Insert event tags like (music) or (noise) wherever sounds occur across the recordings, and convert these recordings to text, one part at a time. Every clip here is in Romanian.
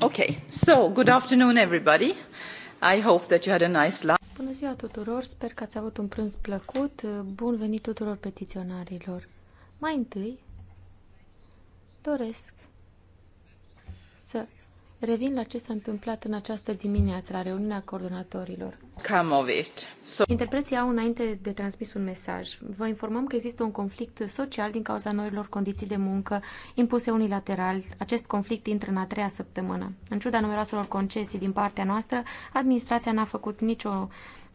Okay, so good afternoon everybody. I hope that you had a nice lunch. Bună ziua tuturor, sper că ați avut un prânz plăcut. Bun venit tuturor petiționarilor. Mai întâi, doresc să revin la ce s-a întâmplat în această dimineață la reuniunea coordonatorilor come of it. So... Interpreții au înainte de transmis un mesaj. Vă informăm că există un conflict social din cauza noilor condiții de muncă impuse unilateral. Acest conflict intră în a treia săptămână. În ciuda numeroaselor concesii din partea noastră, administrația n-a făcut nicio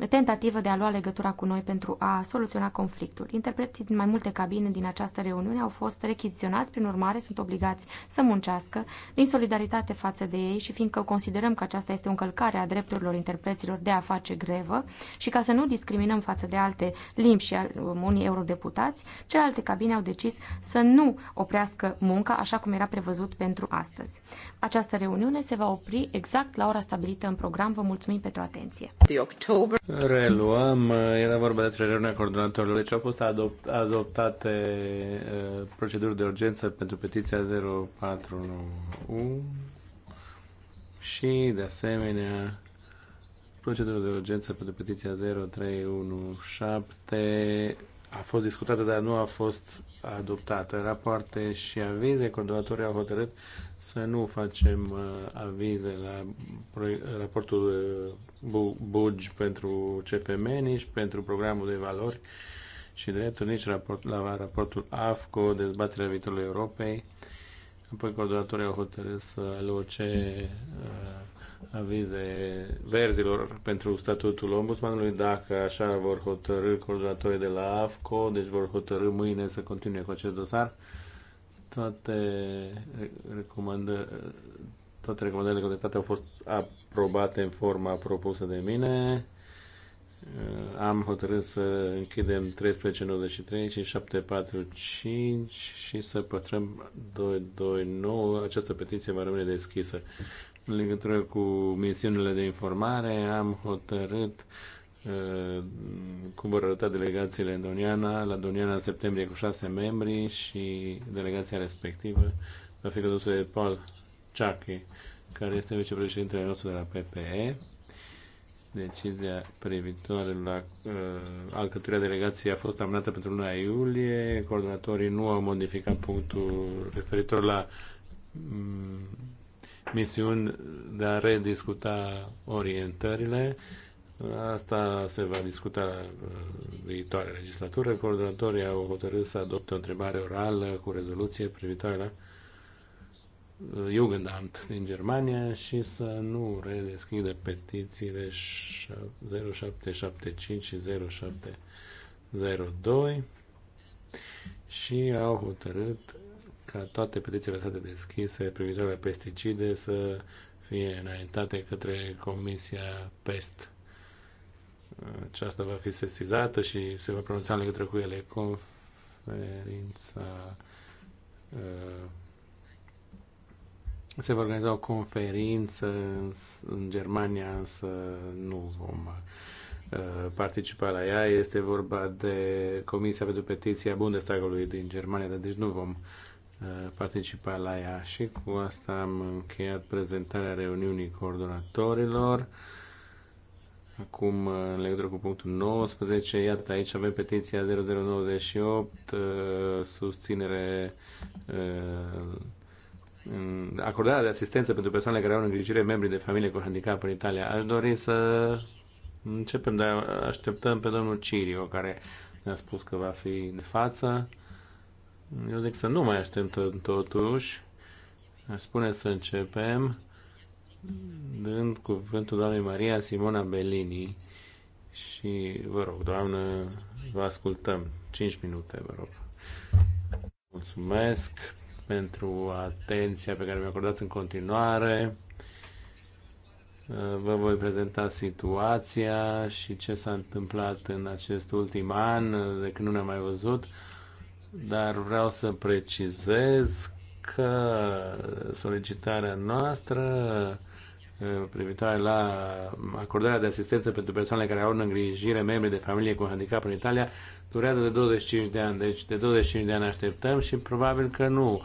tentativă de a lua legătura cu noi pentru a soluționa conflictul. Interpreții din mai multe cabine din această reuniune au fost rechiziționați, prin urmare sunt obligați să muncească din solidaritate față de ei și fiindcă considerăm că aceasta este o încălcare a drepturilor interpreților de a face face grevă și ca să nu discriminăm față de alte limbi și um, unii eurodeputați, celelalte cabine au decis să nu oprească munca așa cum era prevăzut pentru astăzi. Această reuniune se va opri exact la ora stabilită în program. Vă mulțumim pentru atenție. Reluăm, era vorba despre reuniunea coordonatorilor, deci au fost adopt, adoptate uh, proceduri de urgență pentru petiția 041 și, de asemenea, Procedura de urgență pentru petiția 0317 a fost discutată, dar nu a fost adoptată. Rapoarte și avize, coordonatorii au hotărât să nu facem uh, avize la raportul uh, BUGI pentru CFM, nici pentru programul de valori și drepturi, nici raport, la raportul AFCO, dezbaterea viitorului Europei. Apoi coordonatorii au hotărât să aloce uh, avize verzilor pentru statutul ombudsmanului, dacă așa vor hotărâ coordonatorii de la AFCO, deci vor hotărâ mâine să continue cu acest dosar. Toate, recomandă, toate recomandările contestate au fost aprobate în forma propusă de mine. Uh, am hotărât să închidem 1393 și 745 și să păstrăm 229. Această petiție va rămâne deschisă. În legătură cu misiunile de informare, am hotărât uh, cum vor arăta delegațiile în Doniana, la Doniana în septembrie cu șase membri și delegația respectivă va fi condusă de Paul Ciachi, care este vicepreședintele nostru de la PPE. Decizia privitoare la uh, alcătuirea delegației a fost amânată pentru luna iulie. Coordonatorii nu au modificat punctul referitor la um, misiuni de a rediscuta orientările. Asta se va discuta la uh, viitoare legislatură. Coordonatorii au hotărât să adopte o întrebare orală cu rezoluție privitoare la uh, Jugendamt din Germania și să nu redeschidă petițiile 0775 și 0702 și au hotărât ca toate petițiile lăsate deschise privitoare la pesticide să fie înaintate către Comisia PEST. Aceasta va fi sesizată și se va pronunța în legătură cu ele conferința uh, se va organiza o conferință în, în Germania, însă nu vom uh, participa la ea. Este vorba de Comisia pentru Petiția Bundestagului din Germania, dar deci nu vom uh, Uh, participa la ea. Și cu asta am încheiat prezentarea reuniunii coordonatorilor. Acum, uh, în legătură cu punctul 19, iată, aici avem petiția 0098, uh, susținere acordarea de asistență pentru persoanele care au îngrijire membrii de familie cu handicap în Italia. Aș dori să începem, dar așteptăm pe domnul Cirio, care ne-a spus că va fi de față. Eu zic să nu mai așteptăm totuși. Aș spune să începem dând cuvântul doamnei Maria Simona Bellini și vă rog, doamnă, vă ascultăm. 5 minute, vă rog. Mulțumesc pentru atenția pe care mi-o acordați în continuare. Vă voi prezenta situația și ce s-a întâmplat în acest ultim an de când nu ne-am mai văzut dar vreau să precizez că solicitarea noastră privitoare la acordarea de asistență pentru persoanele care au în îngrijire membri de familie cu handicap în Italia durează de 25 de ani. Deci de 25 de ani așteptăm și probabil că nu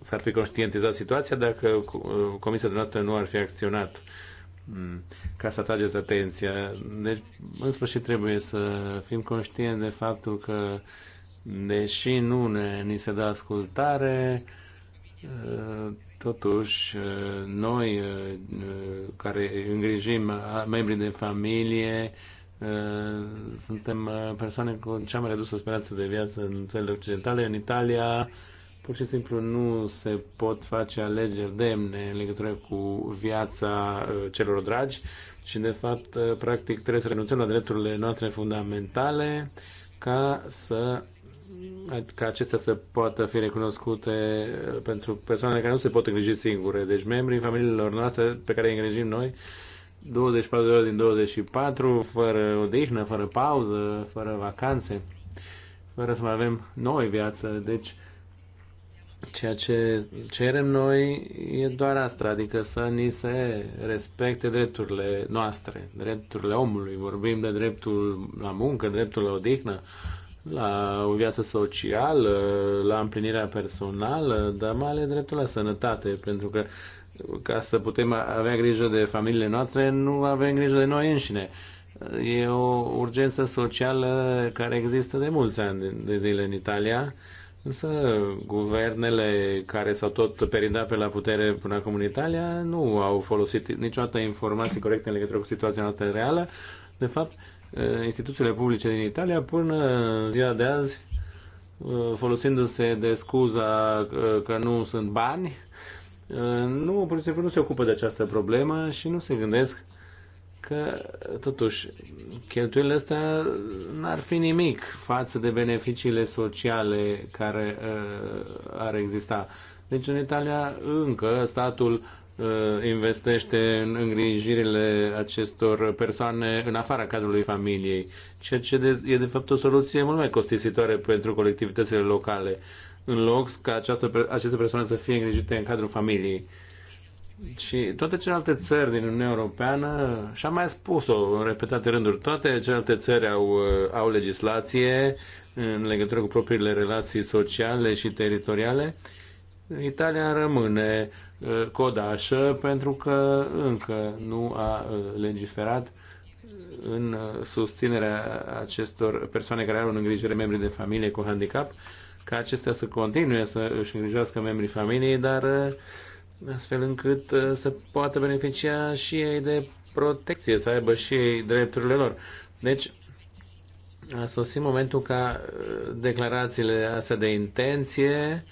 s-ar fi conștientizat situația dacă comisia de noastră nu ar fi acționat Mm. ca să atrageți atenția. Deci, în sfârșit, trebuie să fim conștienți de faptul că, deși nu ne, ni se dă ascultare, uh, totuși, uh, noi uh, care îngrijim membrii de familie, suntem persoane cu cea mai redusă speranță de viață în țările occidentale. În Italia, pur și simplu nu se pot face alegeri demne în legătură cu viața uh, celor dragi și, de fapt, uh, practic trebuie să renunțăm la drepturile noastre fundamentale ca să ca acestea să poată fi recunoscute uh, pentru persoanele care nu se pot îngriji singure. Deci membrii familiilor noastre pe care îi îngrijim noi 24 de ore din 24, fără odihnă, fără pauză, fără vacanțe, fără să mai avem noi viață. Deci, Ceea ce cerem noi e doar asta, adică să ni se respecte drepturile noastre, drepturile omului. Vorbim de dreptul la muncă, dreptul la odihnă, la o viață socială, la împlinirea personală, dar mai ales dreptul la sănătate, pentru că ca să putem avea grijă de familiile noastre, nu avem grijă de noi înșine. E o urgență socială care există de mulți ani de zile în Italia Însă guvernele care s-au tot perindat pe la putere până acum în Italia nu au folosit niciodată informații corecte în legătură cu situația noastră reală. De fapt, eh, instituțiile publice din Italia până eh, în ziua de azi, eh, folosindu-se de scuza că nu sunt bani, nu, pur și simplu nu se ocupă de această problemă și nu se gândesc că, totuși, cheltuielile astea n-ar fi nimic față de beneficiile sociale care uh, ar exista. Deci, în Italia, încă statul uh, investește în îngrijirile acestor persoane în afara cadrului familiei, ceea ce de, e, de fapt, o soluție mult mai costisitoare pentru colectivitățile locale, în loc ca această, aceste persoane să fie îngrijite în cadrul familiei. Uh, și toate celelalte țări din Uniunea Europeană, și am mai spus-o în repetate rânduri, toate celelalte țări au, uh, au legislație în legătură cu propriile relații sociale și teritoriale. Italia rămâne uh, codașă pentru că încă nu a uh, legiferat în susținerea acestor persoane care au în îngrijire membri de familie cu handicap, ca acestea să continue să își îngrijească membrii familiei, dar astfel încât uh, să poată beneficia și ei de protecție, să aibă și ei drepturile lor. Deci, a sosit momentul ca uh, declarațiile astea de intenție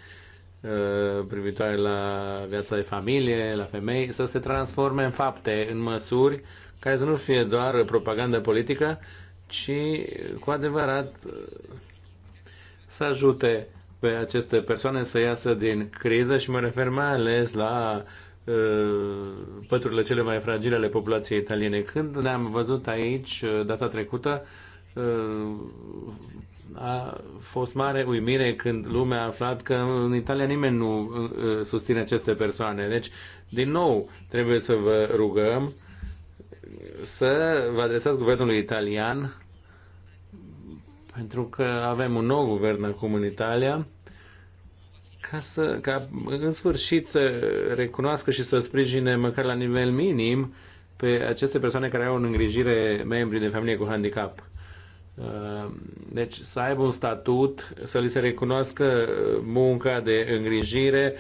uh, privitoare la viața de familie, la femei, să se transforme în fapte, în măsuri care să nu fie doar propagandă politică, ci cu adevărat să ajute pe aceste persoane să iasă din criză și mă refer mai ales la uh, păturile cele mai fragile ale populației italiene. Când ne-am văzut aici uh, data trecută, uh, a fost mare uimire când lumea a aflat că în Italia nimeni nu susține aceste persoane. Deci, din nou, trebuie să vă rugăm să vă adresați guvernului italian pentru că avem un nou guvern acum în Italia, ca, să, ca în sfârșit să recunoască și să sprijine măcar la nivel minim pe aceste persoane care au în îngrijire membri de familie cu handicap. Uh, deci să aibă un statut, să li se recunoască munca de îngrijire,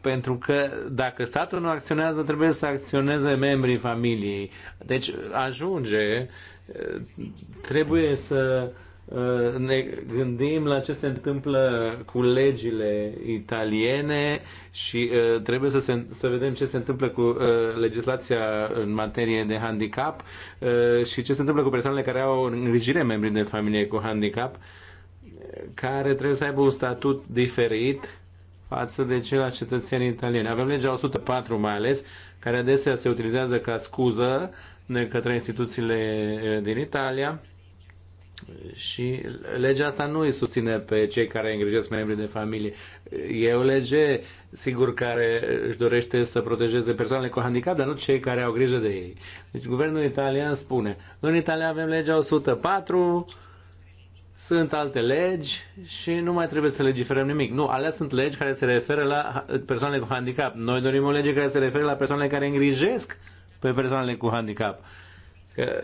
pentru că dacă statul nu acționează, trebuie să acționeze membrii familiei. Deci ajunge, trebuie să ne gândim la ce se întâmplă cu legile italiene și trebuie să, se, să vedem ce se întâmplă cu legislația în materie de handicap și ce se întâmplă cu persoanele care au îngrijire membrii de familie cu handicap, care trebuie să aibă un statut diferit față de cel a cetățenii italieni. Avem legea 104 mai ales, care adesea se utilizează ca scuză de către instituțiile din Italia și legea asta nu îi susține pe cei care îngrijesc membrii de familie. E o lege, sigur, care își dorește să protejeze persoanele cu handicap, dar nu cei care au grijă de ei. Deci guvernul italian spune, în Italia avem legea 104, sunt alte legi și nu mai trebuie să legiferăm nimic. Nu, alea sunt legi care se referă la persoanele cu handicap. Noi dorim o lege care se referă la persoanele care îngrijesc pe persoanele cu handicap. Că,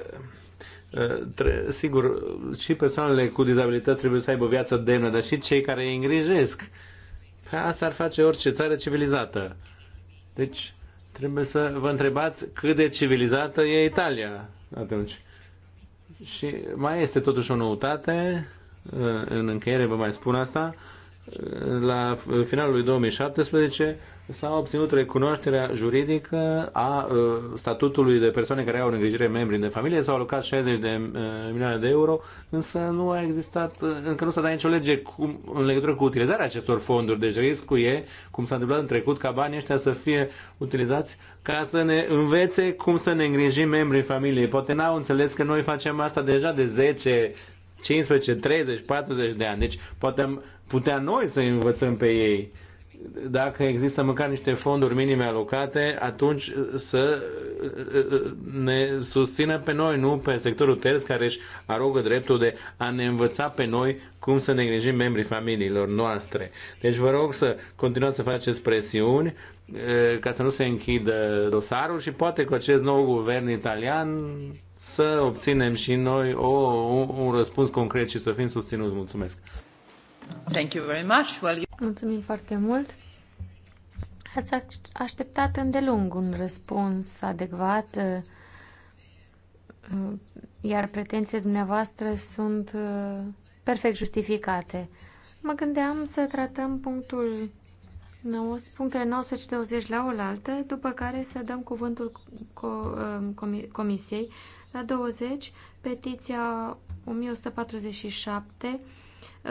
ă, sigur, și persoanele cu dizabilități trebuie să aibă viață demnă, dar și cei care îi îngrijesc. Pe asta ar face orice țară civilizată. Deci, trebuie să vă întrebați cât de civilizată e Italia atunci. Și mai este totuși o noutate, uh, în încheiere vă mai spun asta, la finalul lui 2017 s-a obținut recunoașterea juridică a uh, statutului de persoane care au în îngrijire membri de familie, s-au alocat 60 de uh, milioane de euro, însă nu a existat, uh, încă nu s-a dat nicio lege cum, în legătură cu utilizarea acestor fonduri, deci riscul e, cum s-a întâmplat în trecut, ca banii ăștia să fie utilizați ca să ne învețe cum să ne îngrijim membrii familiei. Poate n-au înțeles că noi facem asta deja de 10 15, 30, 40 de ani. Deci poate am putea noi să învățăm pe ei. Dacă există măcar niște fonduri minime alocate, atunci să ne susțină pe noi, nu pe sectorul terț care își arogă dreptul de a ne învăța pe noi cum să ne îngrijim membrii familiilor noastre. Deci vă rog să continuați să faceți presiuni eh, ca să nu se închidă dosarul și poate cu acest nou guvern italian să obținem și noi o, un răspuns concret și să fim susținuți. Mulțumesc! Mulțumim foarte mult. Ați așteptat îndelung un răspuns adecvat, uh, uh, iar pretențiile dumneavoastră sunt uh, perfect justificate. Mă gândeam să tratăm punctul 9, punctele 19 și 20 la oaltă, după care să dăm cuvântul comisiei. La 20, petiția 1147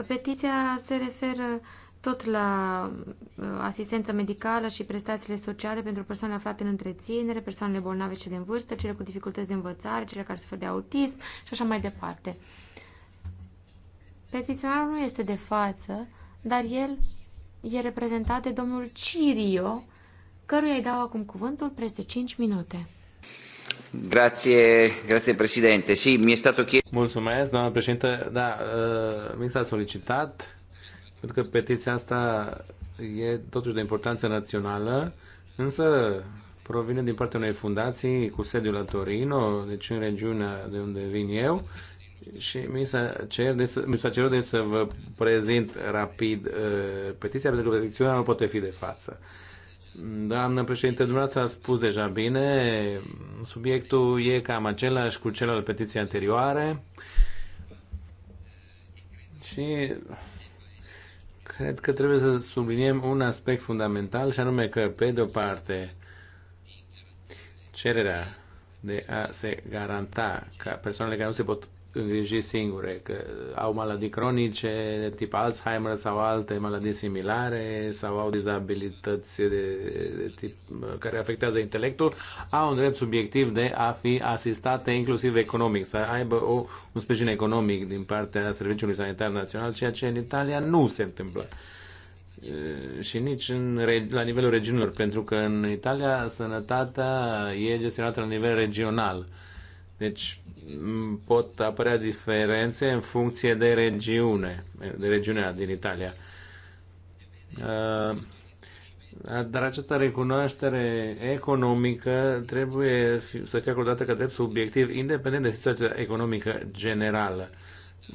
Petiția se referă tot la uh, asistență medicală și prestațiile sociale pentru persoane aflate în întreținere, persoanele bolnave cele în vârstă, cele cu dificultăți de învățare, cele care suferă de autism și așa mai departe. Petiționarul nu este de față, dar el e reprezentat de domnul Cirio, căruia îi dau acum cuvântul peste 5 minute. Grazie, grazie Presidente. Sì, mi è stato chiesto... Mulțumesc, doamnă președinte. Da, uh, mi s-a solicitat, pentru că petiția asta e totuși de importanță națională, însă provine din partea unei fundații cu sediul la Torino, deci în regiunea de unde vin eu, și mi s-a, cer de să, mi s-a cerut de să vă prezint rapid uh, petiția, pentru că petiția nu poate fi de față. Uh, Doamnă președinte, dumneavoastră a spus deja bine, subiectul e cam același cu cel al petiției anterioare și cred că trebuie să subliniem un aspect fundamental și anume că, pe de o parte, cererea de a se garanta ca persoanele care nu se pot îngriji singure, că au maladii cronice, tip Alzheimer sau alte maladii similare, sau au dizabilități de, de tip, care afectează intelectul, au un drept subiectiv de a fi asistate inclusiv economic, să aibă o, un sprijin economic din partea Serviciului Sanitar Național, ceea ce în Italia nu se întâmplă și nici în, la nivelul regiunilor, pentru că în Italia sănătatea e gestionată la nivel regional deci pot apărea diferențe în funcție de regiune, de regiunea din Italia. Uh, dar această recunoaștere economică trebuie să fie acordată ca drept subiectiv, independent de situația economică generală.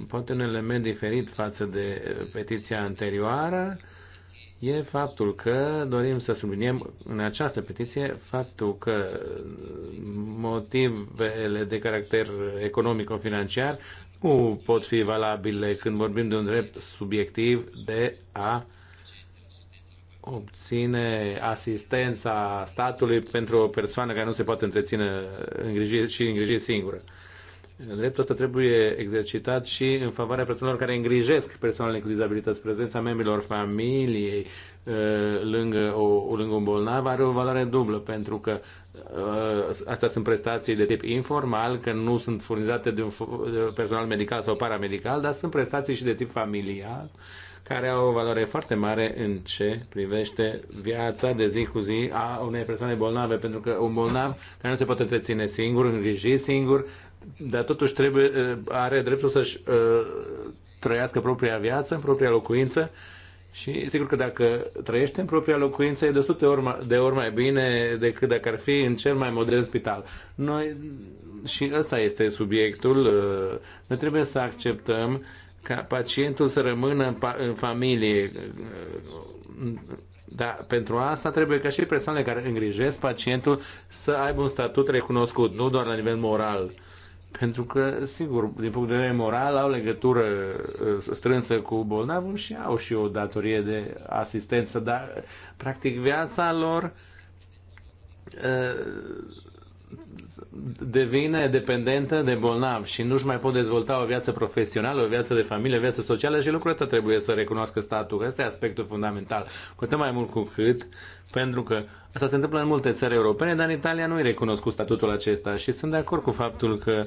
Poate un element diferit față de uh, petiția anterioară, e faptul că dorim să subliniem în această petiție faptul că motivele de caracter economico-financiar nu pot fi valabile când vorbim de un drept subiectiv de a obține asistența statului pentru o persoană care nu se poate întreține îngrijiri și îngrijiri singură. Dreptul ăsta trebuie exercitat și în favoarea persoanelor care îngrijesc persoanele cu dizabilități. Prezența membrilor familiei uh, lângă, o, lângă un bolnav are o valoare dublă, pentru că uh, astea sunt prestații de tip informal, că nu sunt furnizate de un personal medical sau paramedical, dar sunt prestații și de tip familial, care au o valoare foarte mare în ce privește viața de zi cu zi a unei persoane bolnave, pentru că un bolnav care nu se poate întreține singur, îngriji singur, dar totuși trebuie, are dreptul să-și trăiască propria viață, în propria locuință și sigur că dacă trăiește în propria locuință e de sute ori, de ori mai bine decât dacă ar fi în cel mai modern spital. Noi, și ăsta este subiectul, noi trebuie să acceptăm ca pacientul să rămână în, în familie. Dar pentru asta trebuie ca și persoanele care îngrijesc pacientul să aibă un statut recunoscut, nu doar la nivel moral pentru că, sigur, din punct de vedere moral, au legătură uh, strânsă cu bolnavul și au și o datorie de asistență, dar, practic, viața lor uh, devine dependentă de bolnav și nu-și mai pot dezvolta o viață profesională, o viață de familie, o viață socială și lucrul trebuie să recunoască statul. Ăsta e aspectul fundamental. Cu atât mai mult cu cât pentru că asta se întâmplă în multe țări europene, dar în Italia nu-i recunoscut statutul acesta și sunt de acord cu faptul că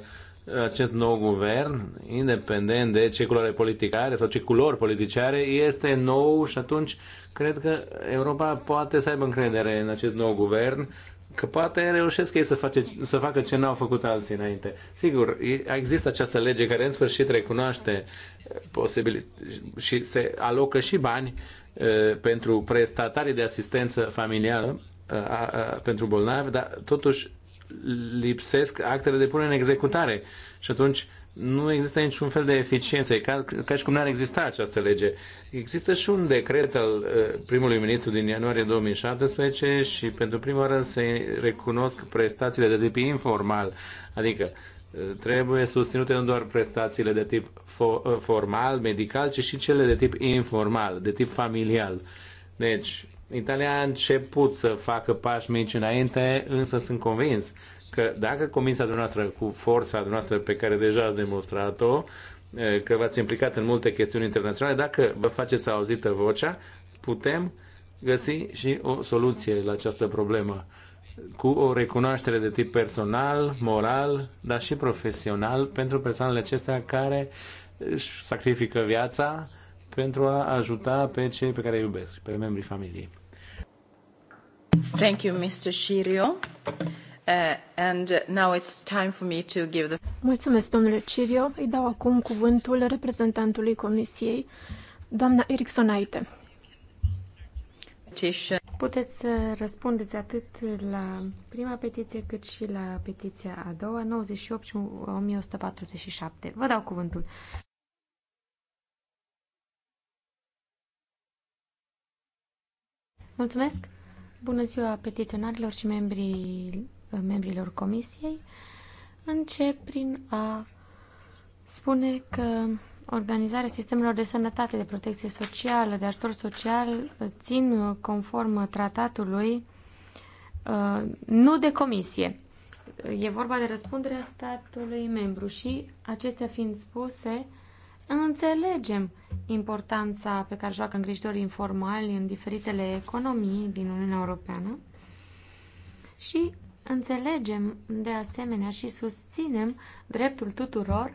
acest nou guvern, independent de ce culoare politică are sau ce culori politice are, este nou și atunci cred că Europa poate să aibă încredere în acest nou guvern că poate reușesc ei să, face, să facă ce n-au făcut alții înainte. Sigur, există această lege care în sfârșit recunoaște posibilități și se alocă și bani pentru prestatarii de asistență familială pentru bolnavi, dar totuși lipsesc actele de punere în executare și atunci nu există niciun fel de eficiență, e ca, ca și cum n-ar exista această lege. Există și un decret al primului ministru din ianuarie 2017 și pentru prima oară se recunosc prestațiile de tip informal, adică trebuie susținute nu doar prestațiile de tip fo- uh, formal, medical, ci și cele de tip informal, de tip familial. Deci, Italia a început să facă pași mici înainte, însă sunt convins că dacă comisia dumneavoastră, cu forța dumneavoastră pe care deja ați demonstrat-o, uh, că v-ați implicat în multe chestiuni internaționale, dacă vă faceți auzită vocea, putem găsi și o soluție la această problemă cu o recunoaștere de tip personal, moral, dar și profesional pentru persoanele acestea care își sacrifică viața pentru a ajuta pe cei pe care îi iubesc, pe membrii familiei. Thank you, Mr. Cirio. Uh, and uh, now it's time for me to give the... Mulțumesc, domnule Cirio. Îi dau acum cuvântul reprezentantului Comisiei, doamna Erickson Aite petition. Puteți să răspundeți atât la prima petiție cât și la petiția a doua, 98 și 1147. Vă dau cuvântul. Mulțumesc! Bună ziua petiționarilor și membrii, membrilor comisiei. Încep prin a spune că organizarea sistemelor de sănătate, de protecție socială, de ajutor social, țin uh, conform tratatului, uh, nu de comisie. E vorba de răspunderea statului membru și, acestea fiind spuse, înțelegem importanța pe care joacă îngrijitorii informali în diferitele economii din Uniunea Europeană și înțelegem de asemenea și susținem dreptul tuturor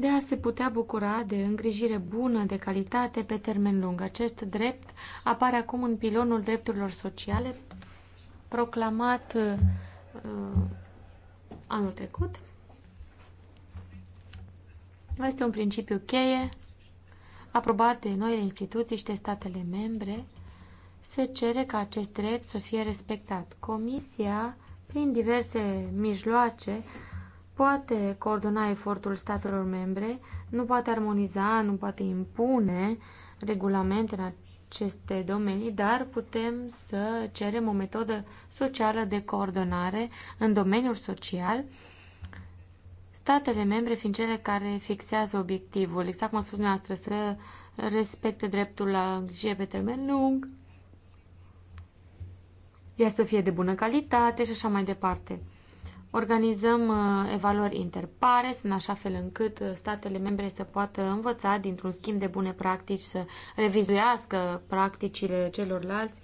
de a se putea bucura de îngrijire bună, de calitate pe termen lung. Acest drept apare acum în pilonul drepturilor sociale, proclamat uh, uh, anul trecut. Este un principiu cheie, aprobat de noile instituții și de statele membre. Se cere ca acest drept să fie respectat. Comisia, prin diverse mijloace, poate coordona efortul statelor membre, nu poate armoniza, nu poate impune regulamente în aceste domenii, dar putem să cerem o metodă socială de coordonare în domeniul social, statele membre fiind cele care fixează obiectivul, exact cum a spus dumneavoastră, să respecte dreptul la îngrijire pe termen lung, ea să fie de bună calitate și așa mai departe organizăm uh, evaluări interpares în așa fel încât uh, statele membre să poată învăța dintr-un schimb de bune practici, să revizuiască practicile celorlalți.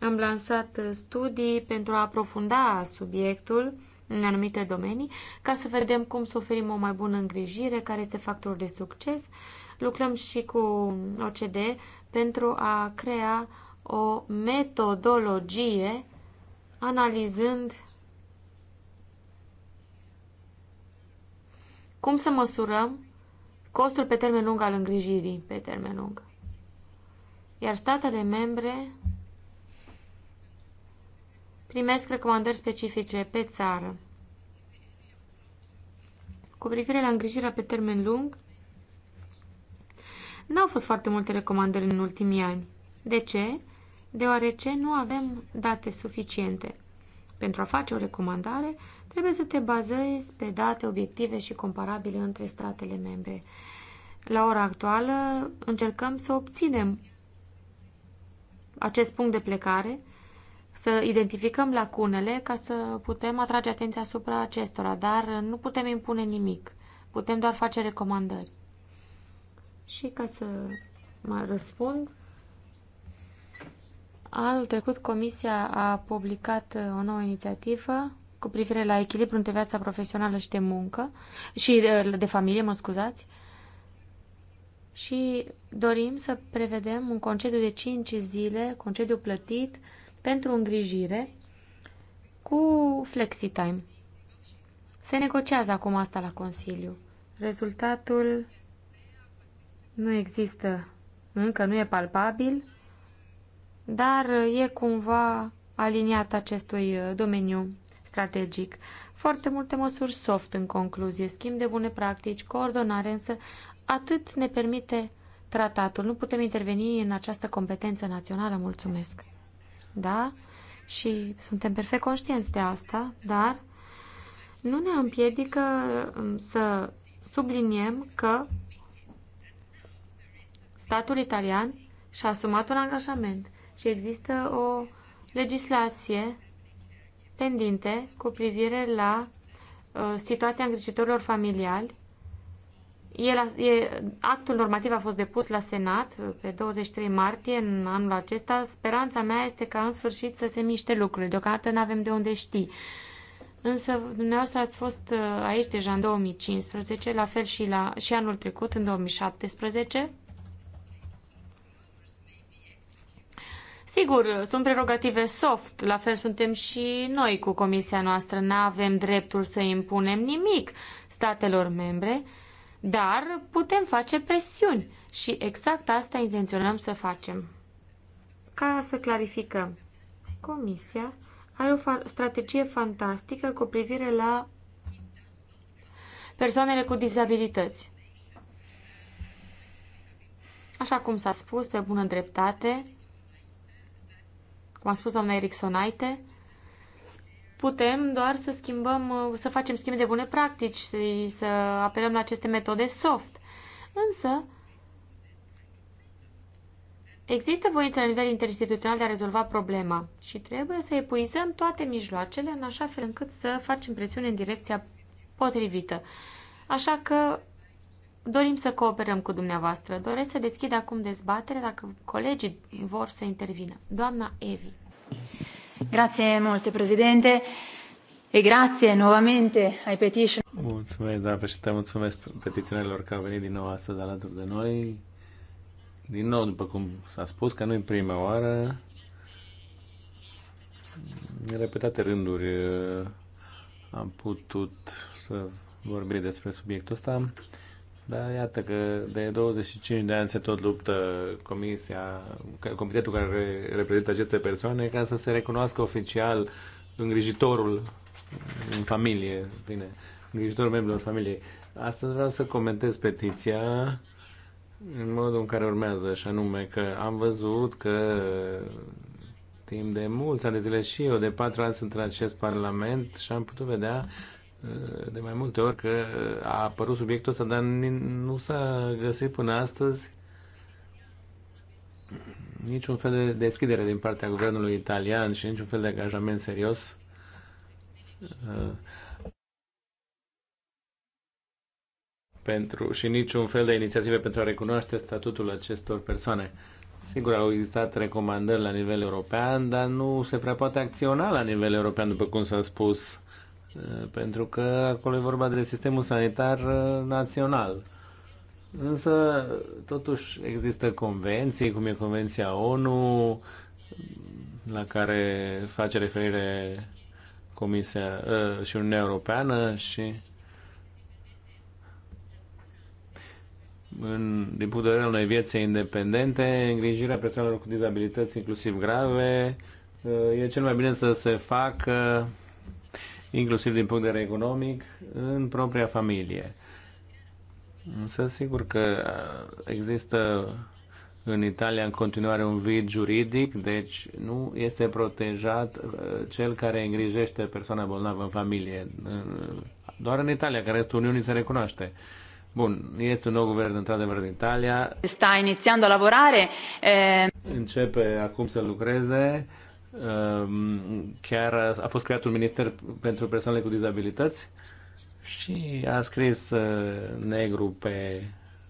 Am lansat uh, studii pentru a aprofunda subiectul în anumite domenii, ca să vedem cum să oferim o mai bună îngrijire, care este factorul de succes. Lucrăm și cu OCD pentru a crea o metodologie analizând Cum să măsurăm costul pe termen lung al îngrijirii pe termen lung? Iar statele membre primesc recomandări specifice pe țară. Cu privire la îngrijirea pe termen lung, nu au fost foarte multe recomandări în ultimii ani. De ce? Deoarece nu avem date suficiente. Pentru a face o recomandare, trebuie să te bazezi pe date obiective și comparabile între statele membre. La ora actuală încercăm să obținem acest punct de plecare, să identificăm lacunele ca să putem atrage atenția asupra acestora, dar nu putem impune nimic. Putem doar face recomandări. Și ca să mă răspund, anul trecut Comisia a publicat o nouă inițiativă cu privire la echilibru între viața profesională și de muncă și uh, de familie, mă scuzați. Și dorim să prevedem un concediu de 5 zile, concediu plătit pentru îngrijire cu flexi-time. Se negociază acum asta la Consiliu. Rezultatul nu există, încă nu e palpabil, dar uh, e cumva aliniat acestui uh, domeniu strategic. Foarte multe măsuri soft în concluzie, schimb de bune practici, coordonare, însă atât ne permite tratatul. Nu putem interveni în această competență națională, mulțumesc. Da? Și suntem perfect conștienți de asta, dar nu ne împiedică um, să subliniem că statul italian și-a asumat un angajament și există o legislație pendinte cu privire la uh, situația îngrijitorilor familiali. El a, e, actul normativ a fost depus la Senat uh, pe 23 martie în anul acesta. Speranța mea este ca în sfârșit să se miște lucrurile. Deocamdată nu avem de unde ști. Însă dumneavoastră ați fost uh, aici deja în 2015, la fel și, la, și anul trecut, în 2017. Sigur, sunt prerogative soft, la fel suntem și noi cu comisia noastră, nu avem dreptul să impunem nimic statelor membre, dar putem face presiuni și exact asta intenționăm să facem. Ca să clarificăm, comisia are o strategie fantastică cu privire la persoanele cu dizabilități. Așa cum s-a spus, pe bună dreptate, cum a spus doamna Ericsonaite, putem doar să schimbăm, să facem schimb de bune practici, să, să apelăm la aceste metode soft. Însă, există voință la nivel interinstituțional de a rezolva problema și trebuie să epuizăm toate mijloacele în așa fel încât să facem presiune în direcția potrivită. Așa că Dorim să cooperăm cu dumneavoastră. Doresc să deschid acum dezbatere dacă colegii vor să intervină. Doamna Evi. Grazie molte, președinte. E grazie nuovamente ai petition. Mulțumesc, doamna președinte, mulțumesc petiționerilor că au venit din nou astăzi alături de noi. Din nou, după cum s-a spus, că nu e prima oară, în repetate rânduri uh, am putut să vorbim despre subiectul ăsta. Da, iată că de 25 de ani se tot luptă comisia, comitetul care reprezintă aceste persoane ca să se recunoască oficial îngrijitorul în familie, bine, îngrijitorul membrilor familiei. Astăzi vreau să comentez petiția în modul în care urmează, și anume că am văzut că timp de mulți ani de zile și eu, de patru ani sunt în acest parlament și am putut vedea de mai multe ori că a apărut subiectul ăsta, dar nu s-a găsit până astăzi niciun fel de deschidere din partea guvernului italian și niciun fel de angajament serios pentru, și niciun fel de inițiative pentru a recunoaște statutul acestor persoane. Sigur, au existat recomandări la nivel european, dar nu se prea poate acționa la nivel european, după cum s-a spus Eh, pentru că acolo e vorba de sistemul sanitar eh, național. Însă, totuși, există convenții, cum e Convenția ONU, la care face referire Comisia eh, și Uniunea Europeană și în, din punct de vedere unei vieți independente, îngrijirea persoanelor cu dizabilități, inclusiv grave, e cel mai bine să se facă inclusiv din punct de vedere economic, în propria familie. Însă, sigur că există în Italia în continuare un vid juridic, deci nu este protejat uh, cel care îngrijește persoana bolnavă în familie. Uh, doar în Italia, care este Uniunii, se recunoaște. Bun, este un nou guvern într-adevăr în Italia. Sta inițiando a lavorare. E... Eh. Începe acum să lucreze Ehm, chiar a fost creat un minister pentru persoanele cu dizabilități și a scris eh, negru pe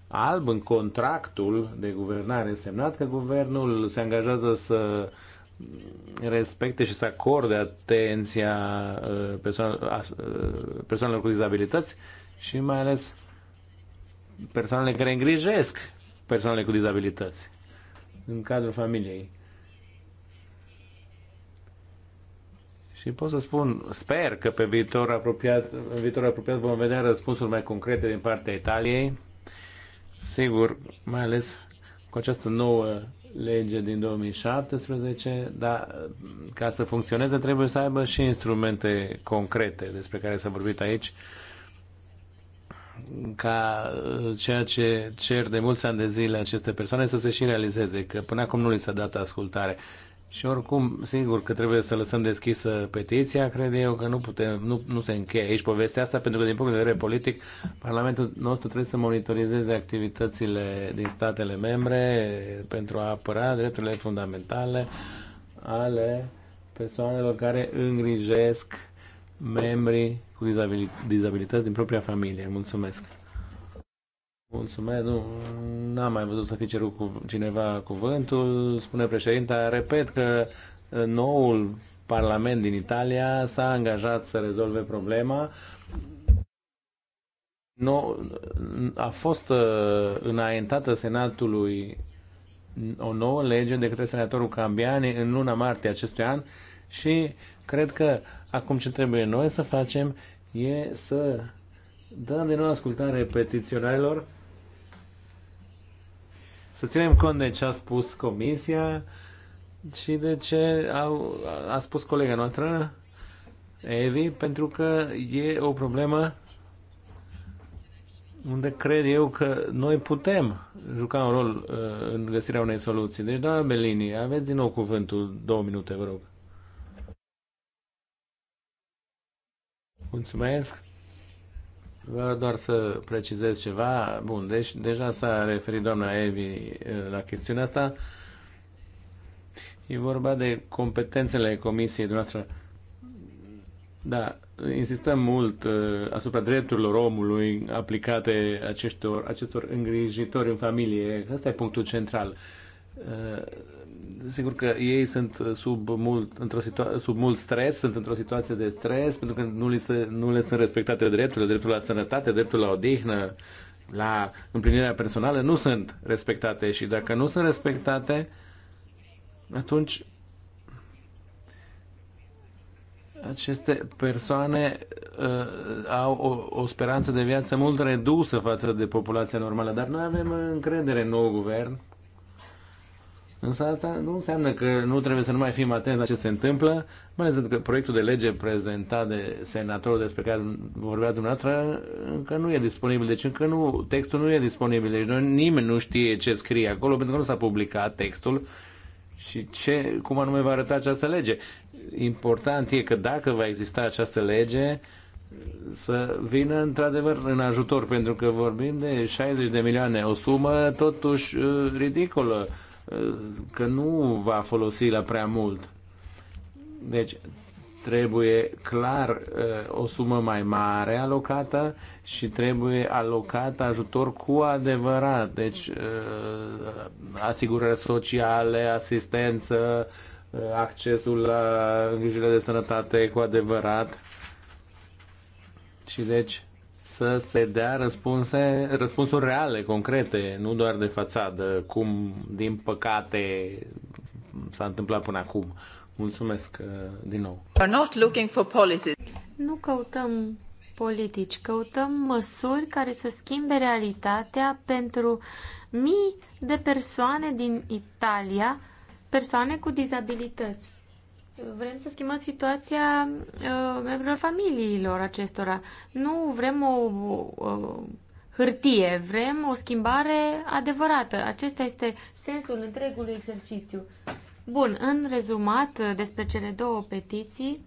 alb în contractul de guvernare semnat că guvernul se angajează să respecte și să acorde atenția eh, eh, persoanelor cu dizabilități și mai ales persoanele care îngrijesc persoanele cu dizabilități în cadrul familiei. Și pot să spun, sper că pe viitor apropiat, în viitor apropiat vom vedea răspunsuri mai concrete din partea Italiei. Sigur, mai ales cu această nouă lege din 2017, dar ca să funcționeze trebuie să aibă și instrumente concrete despre care s-a vorbit aici, ca ceea ce cer de mulți ani de zile aceste persoane să se și realizeze, că până acum nu li s-a dat ascultare. Și oricum, sigur că trebuie să lăsăm deschisă petiția, cred eu că nu, putem, nu, nu se încheie aici povestea asta, pentru că din punct de vedere politic, Parlamentul nostru trebuie să monitorizeze activitățile din statele membre pentru a apăra drepturile fundamentale ale persoanelor care îngrijesc membrii cu dizabilități din propria familie. Mulțumesc! Mulțumesc, nu, n-am mai văzut să fi cerut cu cineva cuvântul. Spune președinta, repet că uh, noul Parlament din Italia s-a angajat să rezolve problema. No, a fost uh, înaintată Senatului o nouă lege de către senatorul Cambiani în luna martie acestui an și cred că acum ce trebuie noi să facem e să dăm din nou ascultare petiționarilor să ținem cont de ce a spus comisia și de ce au, a spus colega noastră, Evi, pentru că e o problemă unde cred eu că noi putem juca un rol uh, în găsirea unei soluții. Deci, doamna Bellini, aveți din nou cuvântul, două minute, vă rog. Mulțumesc. Vreau doar să precizez ceva. Bun, deci deja s-a referit doamna Evi eh, la chestiunea asta. E vorba de competențele comisiei dumneavoastră. Da, insistăm mult uh, asupra drepturilor omului aplicate acestor, acestor îngrijitori în familie. Asta e punctul central. Uh, sigur că ei sunt sub mult, într-o situa- sub mult stres, sunt într-o situație de stres pentru că nu, li se, nu le sunt respectate drepturile, dreptul la sănătate, dreptul la odihnă, la împlinirea personală, nu sunt respectate și dacă nu sunt respectate, atunci aceste persoane uh, au o, o speranță de viață mult redusă față de populația normală, dar noi avem încredere în nou guvern Însă asta nu înseamnă că nu trebuie să nu mai fim atenți la ce se întâmplă, mai ales pentru că proiectul de lege prezentat de senatorul despre care vorbea dumneavoastră încă nu e disponibil. Deci încă nu, textul nu e disponibil. Deci noi, nimeni nu știe ce scrie acolo pentru că nu s-a publicat textul și ce, cum anume va arăta această lege. Important e că dacă va exista această lege, să vină într-adevăr în ajutor, pentru că vorbim de 60 de milioane, o sumă totuși uh, ridicolă că nu va folosi la prea mult. Deci trebuie clar uh, o sumă mai mare alocată și trebuie alocat ajutor cu adevărat. Deci uh, asigurări sociale, asistență, uh, accesul la îngrijire de sănătate cu adevărat. Și deci să se dea răspunse, răspunsuri reale, concrete, nu doar de fațadă, cum, din păcate, s-a întâmplat până acum. Mulțumesc uh, din nou. Not looking for policies. Nu căutăm politici, căutăm măsuri care să schimbe realitatea pentru mii de persoane din Italia, persoane cu dizabilități. Vrem să schimbăm situația uh, membrilor familiilor acestora. Nu vrem o uh, hârtie, vrem o schimbare adevărată. Acesta este sensul întregului exercițiu. Bun, în rezumat uh, despre cele două petiții,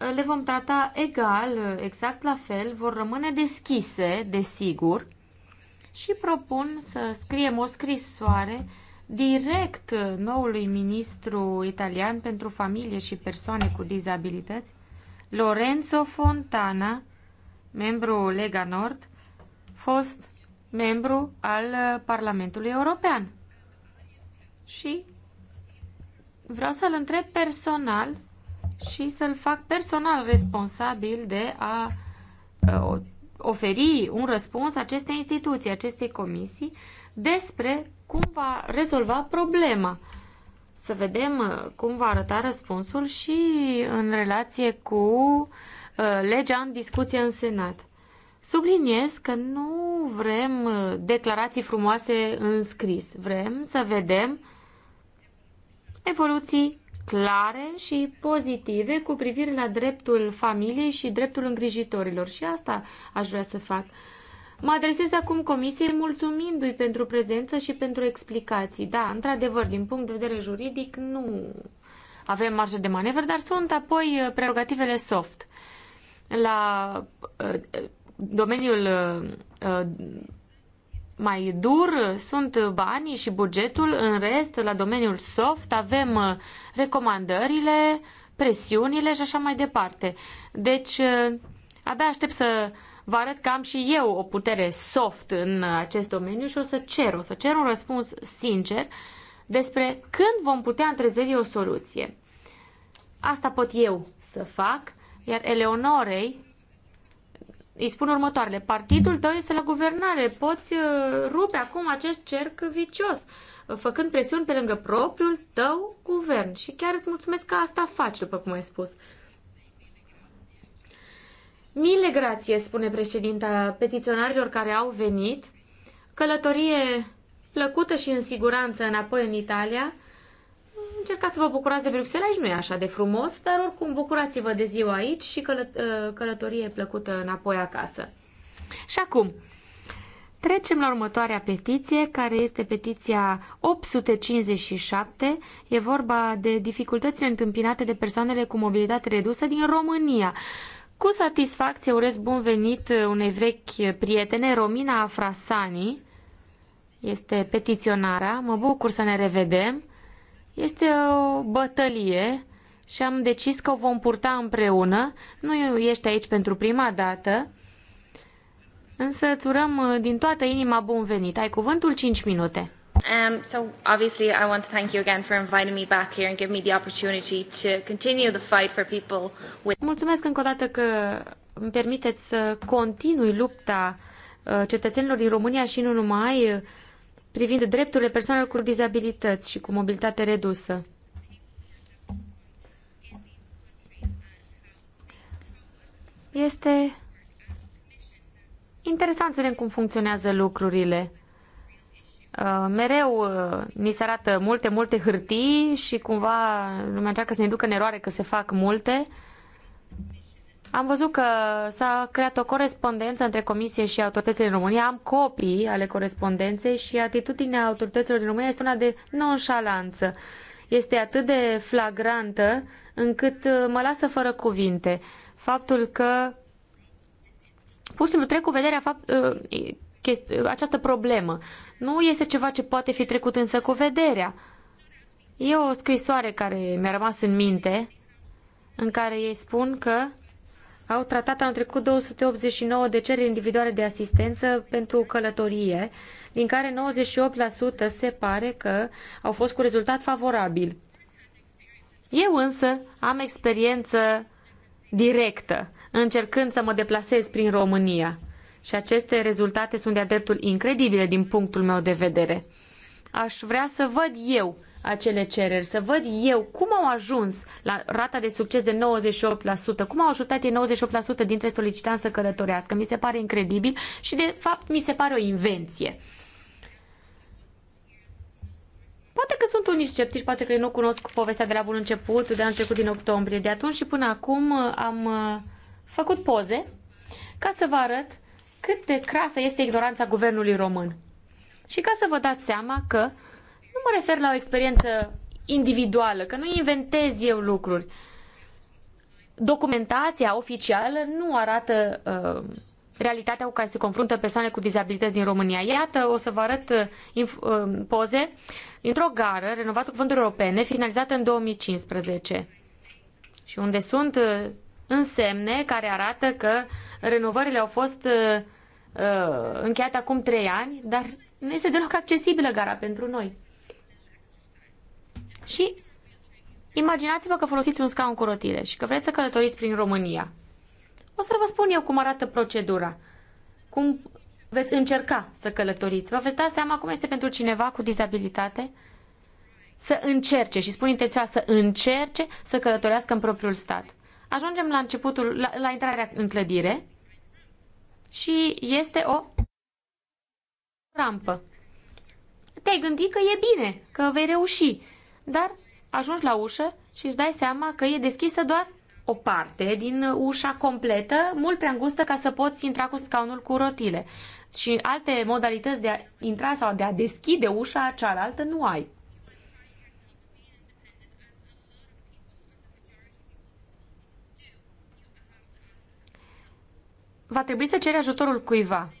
uh, le vom trata egal, uh, exact la fel, vor rămâne deschise, desigur, și propun să scriem o scrisoare uh, direct noului ministru italian pentru familie și persoane cu dizabilități, Lorenzo Fontana, membru Lega Nord, fost membru al Parlamentului European. Și vreau să-l întreb personal și să-l fac personal responsabil de a uh, oferi un răspuns acestei instituții, acestei comisii, despre cum va rezolva problema. Să vedem uh, cum va arăta răspunsul și în relație cu uh, legea în discuție în Senat. Subliniez că nu vrem uh, declarații frumoase în scris. Vrem să vedem evoluții clare și pozitive cu privire la dreptul familiei și dreptul îngrijitorilor. Și asta aș vrea să fac. Mă adresez acum comisiei mulțumindu-i pentru prezență și pentru explicații. Da, într-adevăr, din punct de vedere juridic, nu avem marjă de manevră, dar sunt apoi uh, prerogativele soft. La uh, domeniul uh, mai dur sunt banii și bugetul, în rest, la domeniul soft avem recomandările, presiunile și așa mai departe. Deci, abia aștept să vă arăt că am și eu o putere soft în acest domeniu și o să cer, o să cer un răspuns sincer despre când vom putea întrezări o soluție. Asta pot eu să fac, iar Eleonorei îi spun următoarele. Partidul tău este la guvernare, poți uh, rupe acum acest cerc vicios uh, făcând presiuni pe lângă propriul tău guvern. Și chiar îți mulțumesc că asta faci, după cum ai spus. Mile grație, spune președinta petiționarilor care au venit, călătorie plăcută și în siguranță înapoi în Italia. Încercați să vă bucurați de Bruxelles, aici nu e așa de frumos, dar oricum bucurați-vă de ziua aici și călă ă, călătorie plăcută înapoi acasă. Și acum, Trecem la următoarea petiție, care este petiția 857. E vorba de dificultățile întâmpinate de persoanele cu mobilitate redusă din România. Cu satisfacție urez bun venit unei vechi prietene, Romina Afrasani. Este petiționarea. Mă bucur să ne revedem. Este o bătălie și am decis că o vom purta împreună. Nu ești aici pentru prima dată, însă îți urăm uh, din toată inima bun venit. Ai cuvântul 5 minute. Um, so obviously I want to thank you again for inviting me back here and give me the opportunity to continue the fight for people with... Mulțumesc încă o dată că îmi permiteți să continui lupta uh, cetățenilor din România și nu numai uh, privind drepturile persoanelor cu dizabilități și cu mobilitate redusă. Este interesant să vedem cum funcționează lucrurile. Uh, mereu uh, ni se arată multe, multe hârtii și cumva lumea încearcă să ne ducă în eroare că se fac multe. Am văzut că s-a creat o corespondență între Comisie și autoritățile din România. Am copii ale corespondenței și atitudinea autorităților din România este una de nonșalanță. Este atât de flagrantă încât uh, mă lasă fără cuvinte. Faptul că pur și simplu trec cu vederea fapt, această problemă. Nu este ceva ce poate fi trecut însă cu vederea. E o scrisoare care mi-a rămas în minte, în care ei spun că au tratat anul trecut 289 de cereri individuale de asistență pentru călătorie, din care 98% se pare că au fost cu rezultat favorabil. Eu însă am experiență directă, încercând să mă deplasez prin România. Și aceste rezultate sunt de-a dreptul incredibile din punctul meu de vedere. Aș vrea să văd eu acele cereri, să văd eu cum au ajuns la rata de succes de 98%, cum au ajutat ei 98% dintre solicitanți să călătorească. Mi se pare incredibil și, de fapt, mi se pare o invenție. Poate că sunt unii sceptici, poate că eu nu cunosc povestea de la bun început, de anul trecut din octombrie. De atunci și până acum am uh, făcut poze ca să vă arăt cât de crasă este ignoranța guvernului român. Și ca să vă dați seama că nu mă refer la o experiență individuală, că nu inventez eu lucruri. Documentația oficială nu arată uh, realitatea cu care se confruntă persoane cu dizabilități din România. Iată, o să vă arăt uh, uh poze dintr-o gară renovată cu fonduri europene, finalizată în 2015 și unde sunt uh, însemne care arată că renovările au fost uh, uh, încheiat acum trei ani, dar nu este deloc accesibilă gara pentru noi. Și imaginați-vă că folosiți un scaun cu rotile și că vreți să călătoriți prin România. O să vă spun eu cum arată procedura, cum veți încerca să călătoriți. Vă veți da seama cum este pentru cineva cu dizabilitate să încerce, și spun intenția să încerce să călătorească în propriul stat. Ajungem la începutul, la, la intrarea în clădire, și este o rampă. Te-ai gândit că e bine, că vei reuși, dar ajungi la ușă și îți dai seama că e deschisă doar o parte din ușa completă, mult prea îngustă ca să poți intra cu scaunul cu rotile. Și alte modalități de a intra sau de a deschide ușa cealaltă nu ai. va trebui să ceri ajutorul cuiva.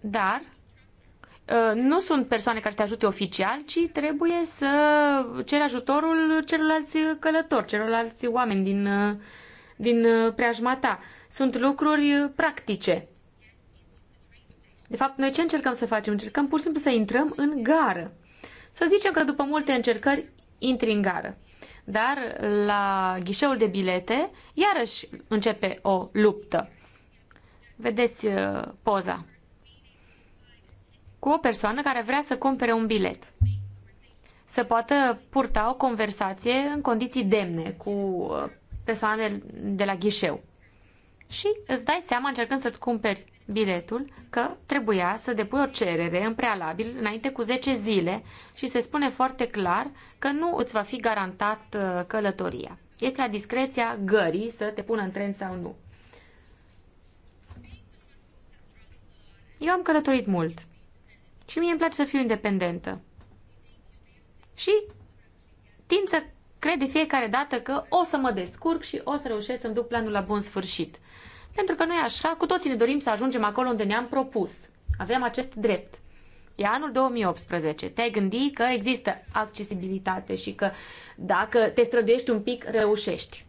Dar uh, nu sunt persoane care să te ajute oficial, ci trebuie să ceri ajutorul celorlalți călători, celorlalți oameni din, uh, din uh, preajma ta. Sunt lucruri practice. De fapt, noi ce încercăm să facem? Încercăm pur și simplu să intrăm în gară. Să zicem că după multe încercări intri în gară. Dar la ghișeul de bilete, iarăși începe o luptă. Vedeți uh, poza. Cu o persoană care vrea să cumpere un bilet. Să poată purta o conversație în condiții demne cu uh, persoanele de la ghișeu. Și îți dai seama, încercând să-ți cumperi biletul că trebuia să depui o cerere în prealabil înainte cu 10 zile și se spune foarte clar că nu îți va fi garantat uh, călătoria. Este la discreția gării să te pună în tren sau nu. Eu am călătorit mult și mie îmi place să fiu independentă. Și tind să cred de fiecare dată că o să mă descurc și o să reușesc să-mi duc planul la bun sfârșit – pentru că noi așa, cu toții ne dorim să ajungem acolo unde ne-am propus. Avem acest drept. E anul 2018. Te-ai gândit că există accesibilitate și că dacă te străduiești un pic, reușești.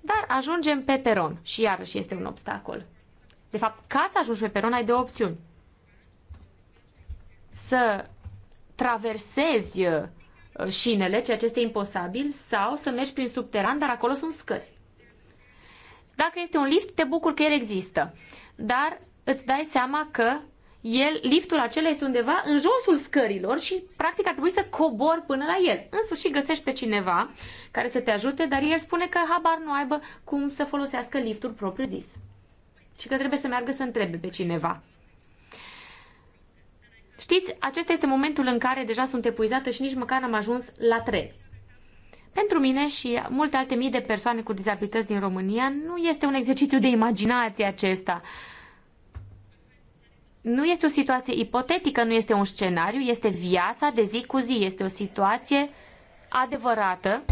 Dar ajungem pe peron și iarăși este un obstacol. De fapt, ca să ajungi pe peron ai două opțiuni. Să traversezi uh, șinele, ceea ce este imposibil, sau să mergi prin subteran, dar acolo sunt scări. Dacă este un lift, te bucur că el există. Dar îți dai seama că el, liftul acela este undeva în josul scărilor și practic ar trebui să cobor până la el. În sfârșit găsești pe cineva care să te ajute, dar el spune că habar nu aibă cum să folosească liftul propriu zis. Și că trebuie să meargă să întrebe pe cineva. Știți, acesta este momentul în care deja sunt epuizată și nici măcar n-am ajuns la tren. Pentru mine și multe alte mii de persoane cu dizabilități din România nu este un exercițiu de imaginație acesta. Nu este o situație ipotetică, nu este un scenariu, este viața de zi cu zi, este o situație adevărată.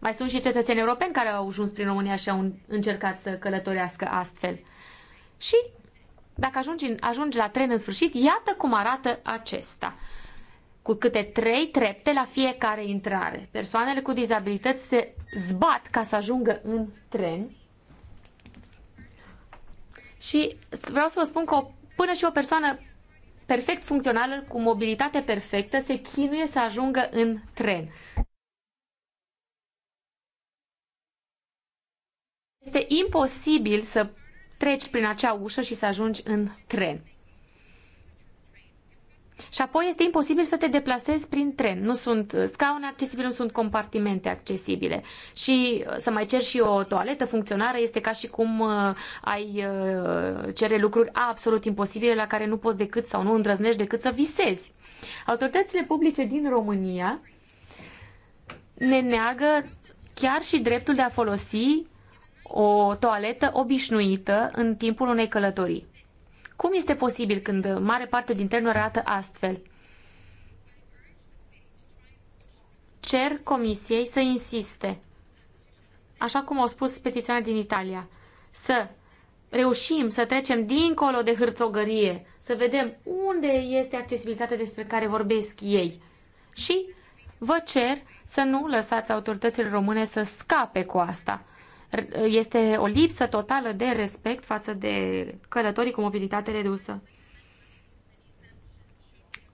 Mai sunt și cetățeni europeni care au ajuns prin România și au încercat să călătorească astfel. Și dacă ajungi, ajungi la tren în sfârșit, iată cum arată acesta cu câte trei trepte la fiecare intrare. Persoanele cu dizabilități se zbat ca să ajungă în tren. Și vreau să vă spun că o, până și o persoană perfect funcțională, cu mobilitate perfectă, se chinuie să ajungă în tren. Este imposibil să treci prin acea ușă și să ajungi în tren. Și apoi este imposibil să te deplasezi prin tren. Nu sunt scaune accesibile, nu sunt compartimente accesibile. Și uh, să mai ceri și o toaletă funcționară este ca și cum uh, ai uh, cere lucruri absolut imposibile la care nu poți decât sau nu îndrăznești decât să visezi. Autoritățile publice din România ne neagă chiar și dreptul de a folosi o toaletă obișnuită în timpul unei călătorii. Cum este posibil când mare parte din trenuri arată astfel? Cer comisiei să insiste, așa cum au spus petiționarii din Italia, să reușim să trecem dincolo de hârțogărie, să vedem unde este accesibilitatea despre care vorbesc ei. Și vă cer să nu lăsați autoritățile române să scape cu asta este o lipsă totală de respect față de călătorii cu mobilitate redusă.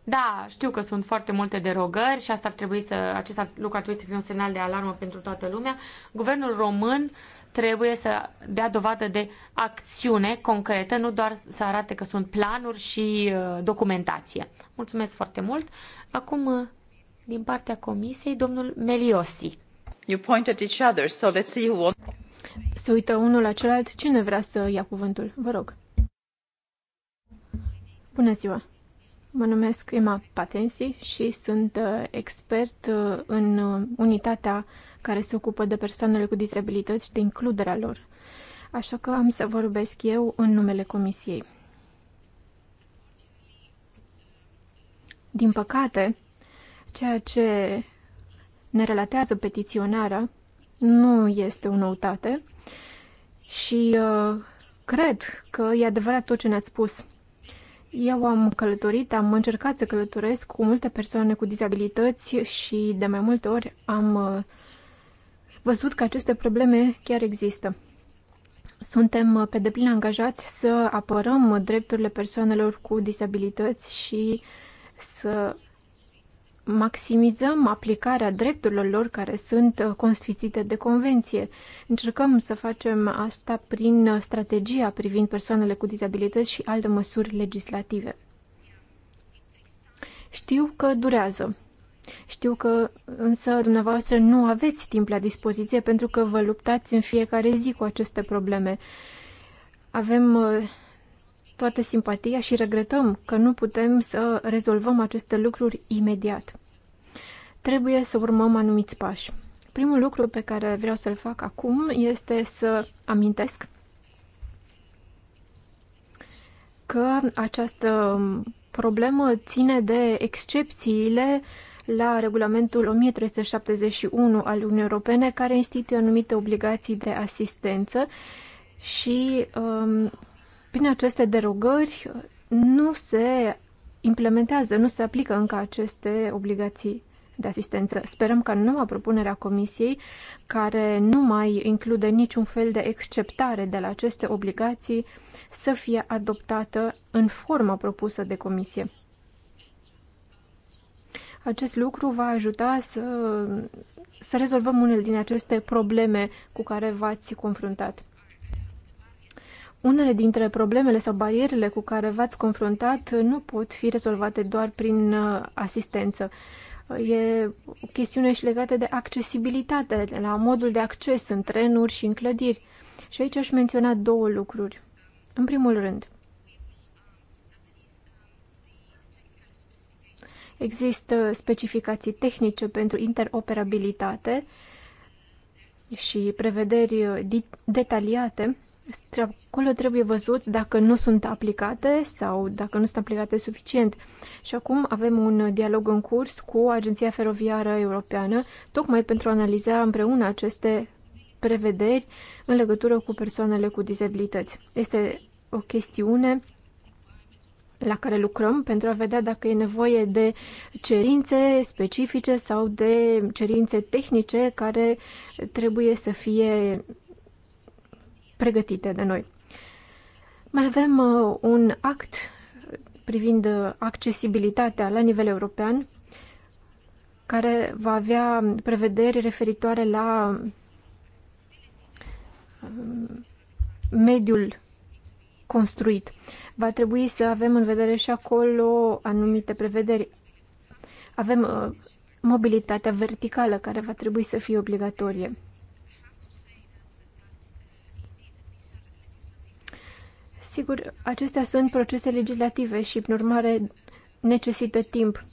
Da, știu că sunt foarte multe derogări și asta ar trebui să, acest lucru ar trebui să fie un semnal de alarmă pentru toată lumea. Guvernul român trebuie să dea dovadă de acțiune concretă, nu doar să arate că sunt planuri și uh, documentație. Mulțumesc foarte mult. Acum, uh, din partea comisiei, domnul Meliosi. You pointed each other, so let's see who wants. Se uită unul la celălalt. Cine vrea să ia cuvântul? Vă rog. Bună ziua! Mă numesc Emma Patensi și sunt uh, expert uh, în uh, unitatea care se ocupă de persoanele cu dizabilități și de includerea lor. Așa că am să vorbesc eu în numele Comisiei. Din păcate, ceea ce ne relatează petiționarea nu este o noutate și uh, cred că e adevărat tot ce ne-ați spus. Eu am călătorit, am încercat să călătoresc cu multe persoane cu dizabilități și de mai multe ori am uh, văzut că aceste probleme chiar există. Suntem uh, pe deplin angajați să apărăm drepturile persoanelor cu disabilități și să maximizăm aplicarea drepturilor lor care sunt uh, constituite de convenție. Încercăm să facem asta prin uh, strategia privind persoanele cu dizabilități și alte măsuri legislative. Știu că durează. Știu că însă dumneavoastră nu aveți timp la dispoziție pentru că vă luptați în fiecare zi cu aceste probleme. Avem uh, toată simpatia și regretăm că nu putem să rezolvăm aceste lucruri imediat. Trebuie să urmăm anumiți pași. Primul lucru pe care vreau să-l fac acum este să amintesc că această problemă ține de excepțiile la regulamentul 1371 al Uniunii Europene, care instituie anumite obligații de asistență și um, prin aceste derogări uh, nu se implementează, nu se aplică încă aceste obligații de asistență. Sperăm ca noua propunere a Comisiei, care nu mai include niciun fel de exceptare de la aceste obligații, să fie adoptată în forma propusă de Comisie. Acest lucru va ajuta să, să rezolvăm unele din aceste probleme cu care v-ați confruntat. Unele dintre problemele sau barierele cu care v-ați confruntat nu pot fi rezolvate doar prin uh, asistență. E o chestiune și legată de accesibilitate, la modul de acces în trenuri și în clădiri. Și aici aș menționa două lucruri. În primul rând, există specificații tehnice pentru interoperabilitate și prevederi uh, detaliate Acolo trebuie văzut dacă nu sunt aplicate sau dacă nu sunt aplicate suficient. Și acum avem un dialog în curs cu Agenția Feroviară Europeană, tocmai pentru a analiza împreună aceste prevederi în legătură cu persoanele cu dizabilități. Este o chestiune la care lucrăm pentru a vedea dacă e nevoie de cerințe specifice sau de cerințe tehnice care trebuie să fie pregătite de noi. Mai avem uh, un act privind accesibilitatea la nivel european, care va avea prevederi referitoare la um, mediul construit. Va trebui să avem în vedere și acolo anumite prevederi. Avem uh, mobilitatea verticală care va trebui să fie obligatorie. Sigur, acestea sunt procese legislative și, prin urmare, necesită timp.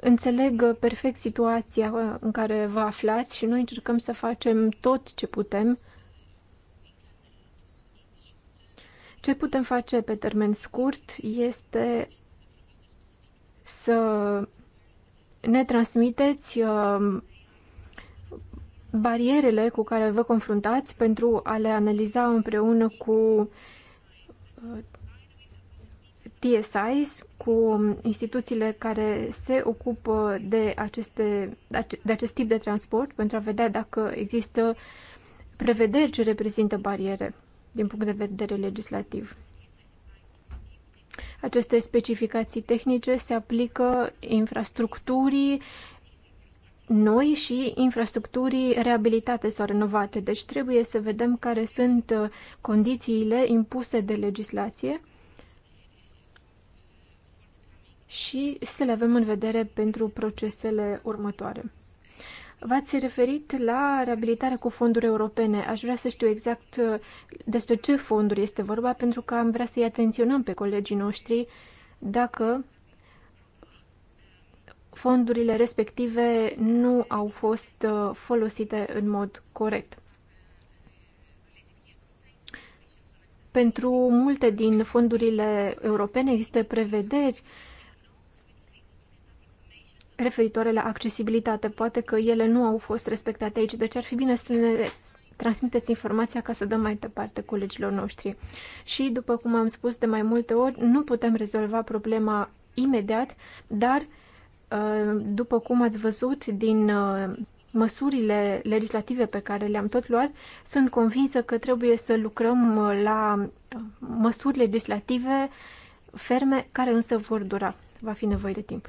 Înțeleg perfect situația în care vă aflați și noi încercăm să facem tot ce putem. Ce putem face pe termen scurt este să ne transmiteți uh, barierele cu care vă confruntați pentru a le analiza împreună cu TSIs cu instituțiile care se ocupă de, aceste, de acest tip de transport pentru a vedea dacă există prevederi ce reprezintă bariere din punct de vedere legislativ. Aceste specificații tehnice se aplică infrastructurii noi și infrastructurii reabilitate sau renovate. Deci trebuie să vedem care sunt uh, condițiile impuse de legislație și să le avem în vedere pentru procesele următoare. V-ați referit la reabilitare cu fonduri europene. Aș vrea să știu exact uh, despre ce fonduri este vorba, pentru că am vrea să-i atenționăm pe colegii noștri dacă fondurile respective nu au fost uh, folosite în mod corect. Pentru multe din fondurile europene există prevederi referitoare la accesibilitate. Poate că ele nu au fost respectate aici, deci ar fi bine să ne transmiteți informația ca să o dăm mai departe colegilor noștri. Și, după cum am spus de mai multe ori, nu putem rezolva problema imediat, dar uh, Uh, după cum ați văzut din uh, măsurile legislative pe care le-am tot luat, sunt convinsă că trebuie să lucrăm uh, la măsuri legislative ferme, care însă vor dura. Va fi nevoie de timp.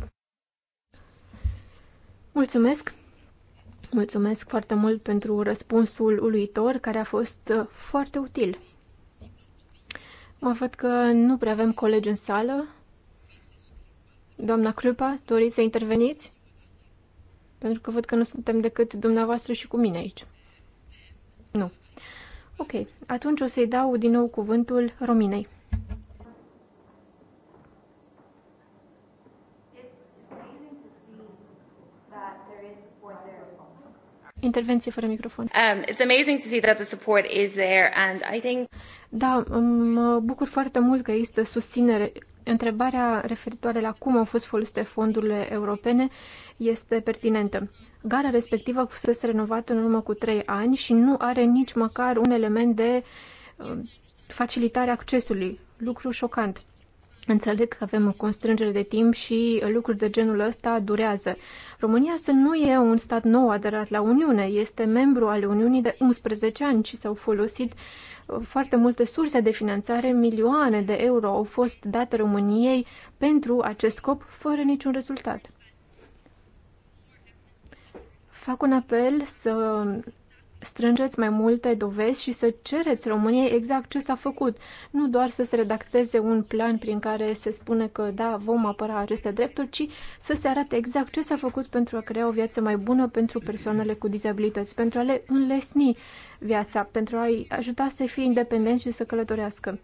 Mulțumesc! Mulțumesc foarte mult pentru răspunsul uluitor, care a fost foarte util. Mă văd că nu prea avem colegi în sală, Doamna Crupa, doriți să interveniți? Pentru că văd că nu suntem decât dumneavoastră și cu mine aici. Nu. Ok, atunci o să-i dau din nou cuvântul Rominei. Intervenție fără microfon. Um, it's amazing to see that the support is there and I think... Da, mă bucur foarte mult că există susținere Întrebarea referitoare la cum au fost folosite fondurile europene este pertinentă. Gara respectivă fusese renovată în urmă cu trei ani și nu are nici măcar un element de uh, facilitare accesului. Lucru șocant. Înțeleg că avem o constrângere de timp și lucruri de genul ăsta durează. România să nu e un stat nou aderat la Uniune, este membru al Uniunii de 11 ani și s-au folosit uh, foarte multe surse de finanțare, milioane de euro au fost date României pentru acest scop, fără niciun rezultat. Fac un apel să strângeți mai multe dovezi și să cereți României exact ce s-a făcut. Nu doar să se redacteze un plan prin care se spune că da, vom apăra aceste drepturi, ci să se arate exact ce s-a făcut pentru a crea o viață mai bună pentru persoanele cu dizabilități, pentru a le înlesni viața, pentru a-i ajuta să fie independenți și să călătorească.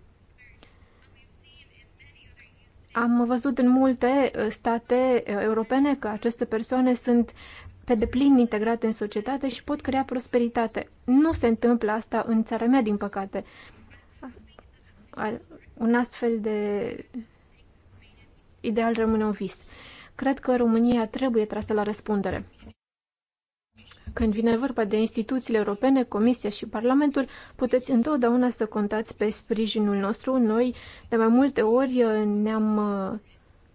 Am văzut în multe uh, state uh, europene că aceste persoane sunt pe deplin integrate în societate și pot crea prosperitate. Nu se întâmplă asta în țara mea, din păcate. Un astfel de ideal rămâne un vis. Cred că România trebuie trasă la răspundere. Când vine vorba de instituțiile europene, Comisia și Parlamentul, puteți întotdeauna să contați pe sprijinul nostru. Noi, de mai multe ori, ne-am uh,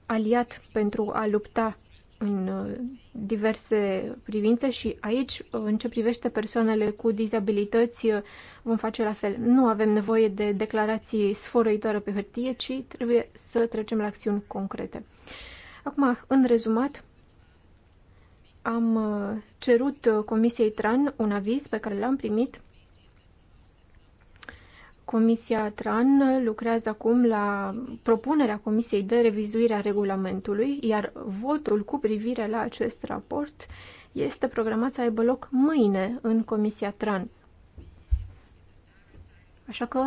aliat pentru a lupta în uh, diverse privințe și aici, uh, în ce privește persoanele cu dizabilități, uh, vom face la fel. Nu avem nevoie de declarații sfărăitoare pe hârtie, ci trebuie să trecem la acțiuni concrete. Acum, în rezumat, am cerut Comisiei TRAN un aviz pe care l-am primit Comisia TRAN lucrează acum la propunerea Comisiei de revizuire a regulamentului, iar votul cu privire la acest raport este programat să aibă loc mâine în Comisia TRAN. Așa că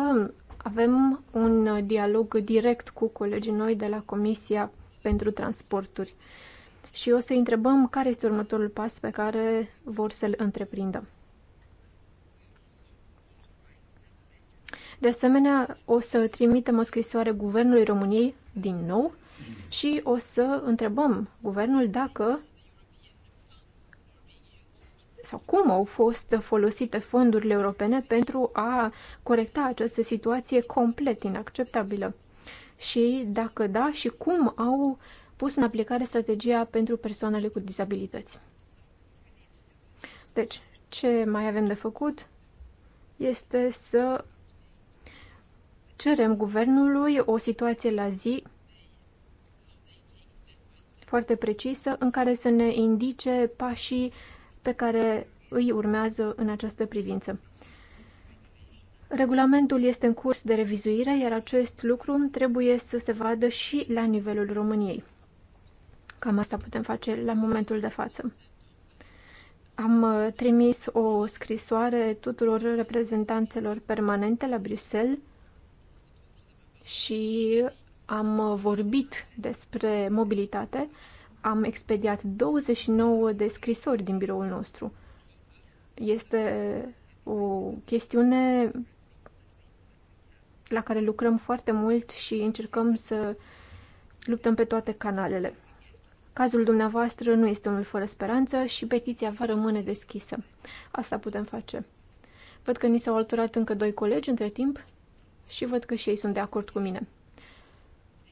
avem un dialog direct cu colegii noi de la Comisia pentru Transporturi și o să întrebăm care este următorul pas pe care vor să-l întreprindă. De asemenea, o să trimitem o scrisoare Guvernului României din nou și o să întrebăm Guvernul dacă sau cum au fost folosite fondurile europene pentru a corecta această situație complet inacceptabilă și dacă da și cum au pus în aplicare strategia pentru persoanele cu dizabilități. Deci, ce mai avem de făcut este să Cerem guvernului o situație la zi foarte precisă în care să ne indice pașii pe care îi urmează în această privință. Regulamentul este în curs de revizuire, iar acest lucru trebuie să se vadă și la nivelul României. Cam asta putem face la momentul de față. Am uh, trimis o scrisoare tuturor reprezentanțelor permanente la Bruxelles și am vorbit despre mobilitate, am expediat 29 de scrisori din biroul nostru. Este o chestiune la care lucrăm foarte mult și încercăm să luptăm pe toate canalele. Cazul dumneavoastră nu este unul fără speranță și petiția va rămâne deschisă. Asta putem face. Văd că ni s-au alturat încă doi colegi între timp și văd că și ei sunt de acord cu mine.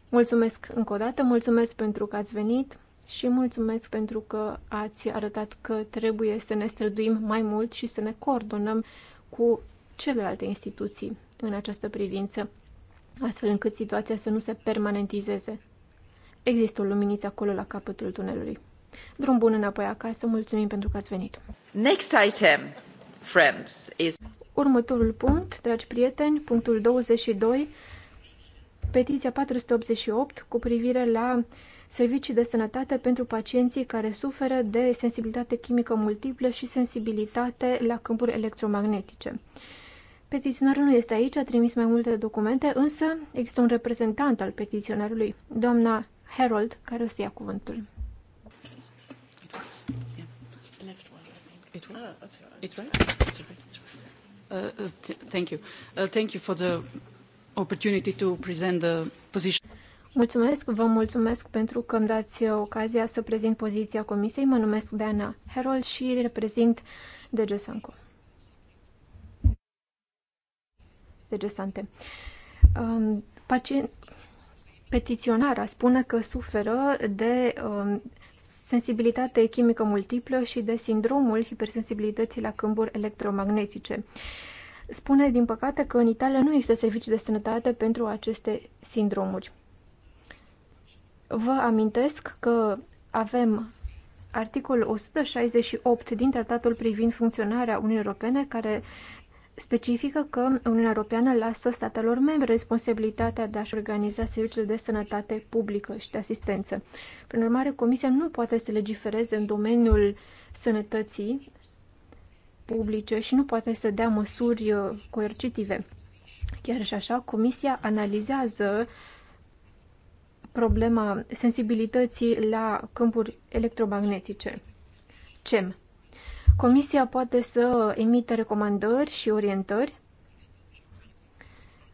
Mulțumesc încă o dată, mulțumesc pentru că ați venit și mulțumesc pentru că ați arătat că trebuie să ne străduim mai mult și să ne coordonăm cu celelalte instituții în această privință, astfel încât situația să nu se permanentizeze. Există o luminiță acolo la capătul tunelului. Drum bun înapoi acasă, mulțumim pentru că ați venit. Next item, friends, is... Următorul punct, dragi prieteni, punctul 22, petiția 488 cu privire la servicii de sănătate pentru pacienții care suferă de sensibilitate chimică multiplă și sensibilitate la câmpuri electromagnetice. Petiționarul nu este aici, a trimis mai multe documente, însă există un reprezentant al petiționarului, doamna Harold, care o să ia cuvântul. It was. Yeah. Left one, I think. It was. Ah, that's right. Mulțumesc, vă mulțumesc pentru că îmi dați ocazia să prezint poziția Comisiei. Mă numesc Deana Herol și reprezint DG Sanco. DG Sante. Um, petiționarea spune că suferă de um, sensibilitate chimică multiplă și de sindromul hipersensibilității la câmburi electromagnetice. Spune, din păcate, că în Italia nu există servicii de sănătate pentru aceste sindromuri. Vă amintesc că avem articolul 168 din Tratatul privind funcționarea Uniunii Europene, care specifică că Uniunea Europeană lasă statelor membre responsabilitatea de a-și organiza serviciile de sănătate publică și de asistență. Prin urmare, Comisia nu poate să legifereze în domeniul sănătății publice și nu poate să dea măsuri uh, coercitive. Chiar și așa, Comisia analizează problema sensibilității la câmpuri electromagnetice. CEM. Comisia poate să emită recomandări și orientări.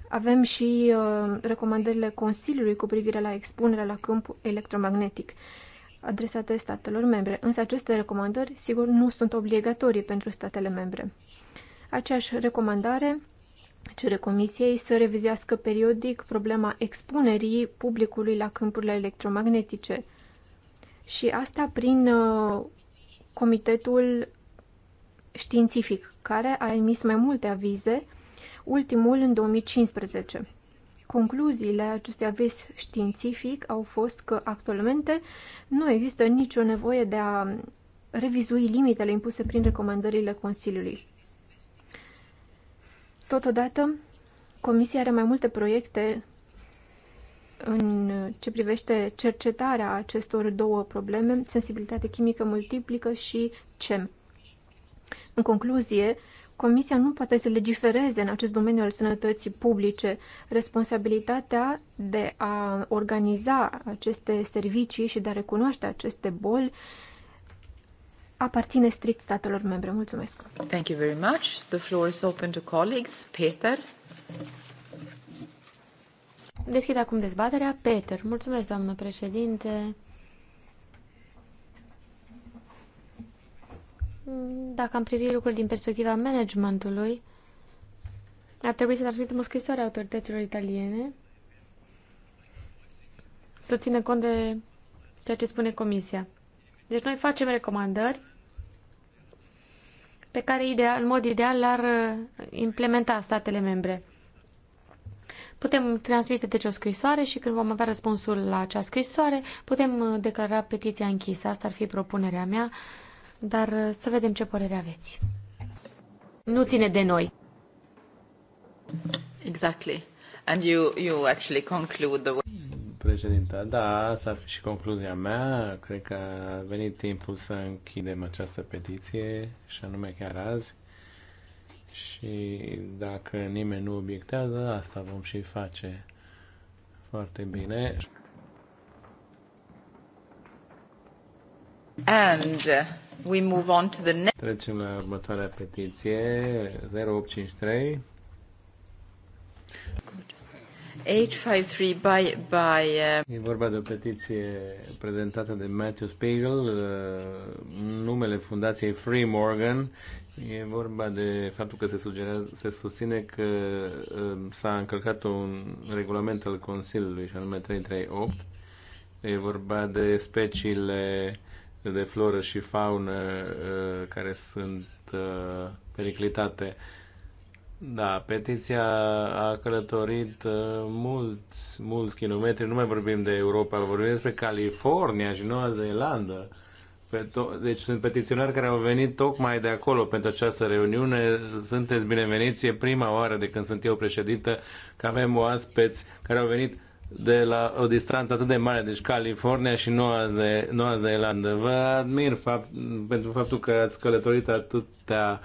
Avem și uh, recomandările Consiliului cu privire la expunerea la câmpul electromagnetic adresate statelor membre, însă aceste recomandări, sigur, nu sunt obligatorii pentru statele membre. Aceeași recomandare cere Comisiei să revizuiască periodic problema expunerii publicului la câmpurile electromagnetice și asta prin uh, Comitetul științific, care a emis mai multe avize, ultimul în 2015. Concluziile acestui aviz științific au fost că actualmente nu există nicio nevoie de a revizui limitele impuse prin recomandările Consiliului. Totodată, Comisia are mai multe proiecte în ce privește cercetarea acestor două probleme, sensibilitate chimică multiplică și CEM. În concluzie, Comisia nu poate să legifereze în acest domeniu al sănătății publice. Responsabilitatea de a organiza aceste servicii și de a recunoaște aceste boli aparține strict statelor membre. Mulțumesc. Thank you very much. The floor is open to colleagues. Peter. Deschid acum dezbaterea. Peter, mulțumesc, doamnă președinte. Mm, dacă am privit lucrul din perspectiva managementului, ar trebui să transmitem o scrisoare autorităților italiene să țină cont de ceea ce spune Comisia. Deci noi facem recomandări pe care ideal, în mod ideal l-ar uh, implementa statele membre. Putem transmite deci o scrisoare și când vom avea răspunsul la acea scrisoare, putem uh, declara petiția închisă. Asta ar fi propunerea mea dar uh, să vedem ce părere aveți. Nu ține de noi. Exactly. And you, you actually conclude the... Președinta, da, asta ar fi și concluzia mea. Cred că a venit timpul să închidem această petiție și anume chiar azi. Și dacă nimeni nu obiectează, asta vom și face foarte bine. And uh, We move on to the next. Trecem la următoarea petiție 0853. Good. 853 by, by, uh... E vorba de o petiție prezentată de Matthew Spiegel, uh, numele fundației Free Morgan. E vorba de faptul că se, sugerează, se susține că uh, s-a încălcat un regulament al Consiliului, și anume 338. E vorba de speciile de floră și faună uh, care sunt uh, periclitate. Da, petiția a călătorit uh, mulți, mulți kilometri, nu mai vorbim de Europa, vorbim despre California și Noua Zeelandă. Deci sunt petiționari care au venit tocmai de acolo pentru această reuniune. Sunteți bineveniți, e prima oară de când sunt eu președintă că avem oaspeți care au venit de la o distanță atât de mare, deci California și Noua, Ze- Noua Zeelandă. Vă admir fapt, pentru faptul că ați călătorit atâtea,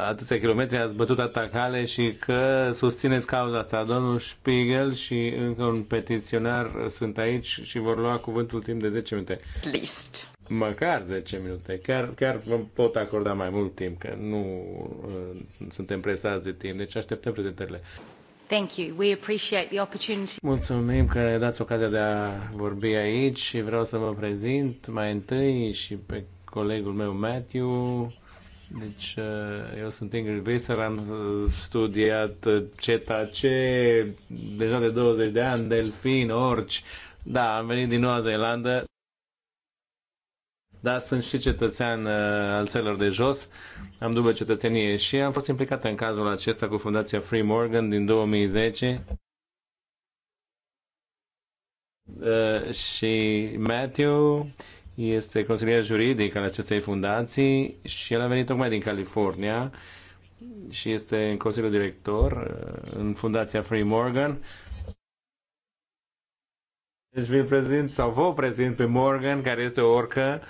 atâția kilometri, ați bătut atacale și că susțineți cauza asta. Domnul Spiegel și încă un petiționar sunt aici și vor lua cuvântul timp de 10 minute. List. Măcar 10 minute. Chiar, chiar vă pot acorda mai mult timp, că nu uh, suntem presați de timp, deci așteptăm prezentările. Thank you. We appreciate the opportunity. Mulțumim că ne dați ocazia de a vorbi aici și vreau să vă prezint mai întâi și pe colegul meu Matthew. Deci, uh, eu sunt Ingrid Visser, am uh, studiat uh, CTAC deja de 20 de ani, delfin, orci. Da, am venit din Noua Zeelandă dar sunt și cetățean uh, al țărilor de jos, am dublă cetățenie și am fost implicat în cazul acesta cu Fundația Free Morgan din 2010 uh, și Matthew este consilier juridic al acestei fundații și el a venit tocmai din California și este în consiliul director uh, în fundația Free Morgan. Deci vi prezint sau vă prezint pe Morgan, care este o orcă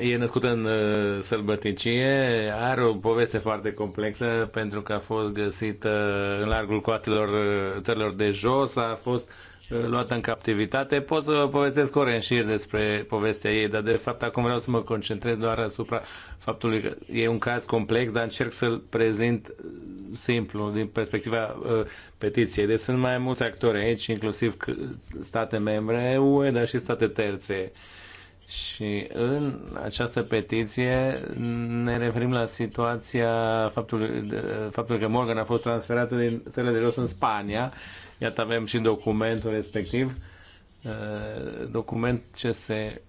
E născut în uh, sălbăticie, are o poveste foarte complexă pentru că a fost găsită în largul coatelor tărilor uh, de jos, a fost uh, luată în captivitate. Pot să vă povestesc o renșir despre povestea ei, dar de fapt acum vreau să mă concentrez doar asupra faptului că e un caz complex, dar încerc să-l prezint uh, simplu din perspectiva uh, petiției. Deci sunt mai mulți actori aici, inclusiv state membre UE, dar și state terțe. Uh, și în această petiție ne referim la situația faptului, faptul că Morgan a fost transferată din țările de jos în Spania. Iată avem și documentul respectiv, uh, document ce se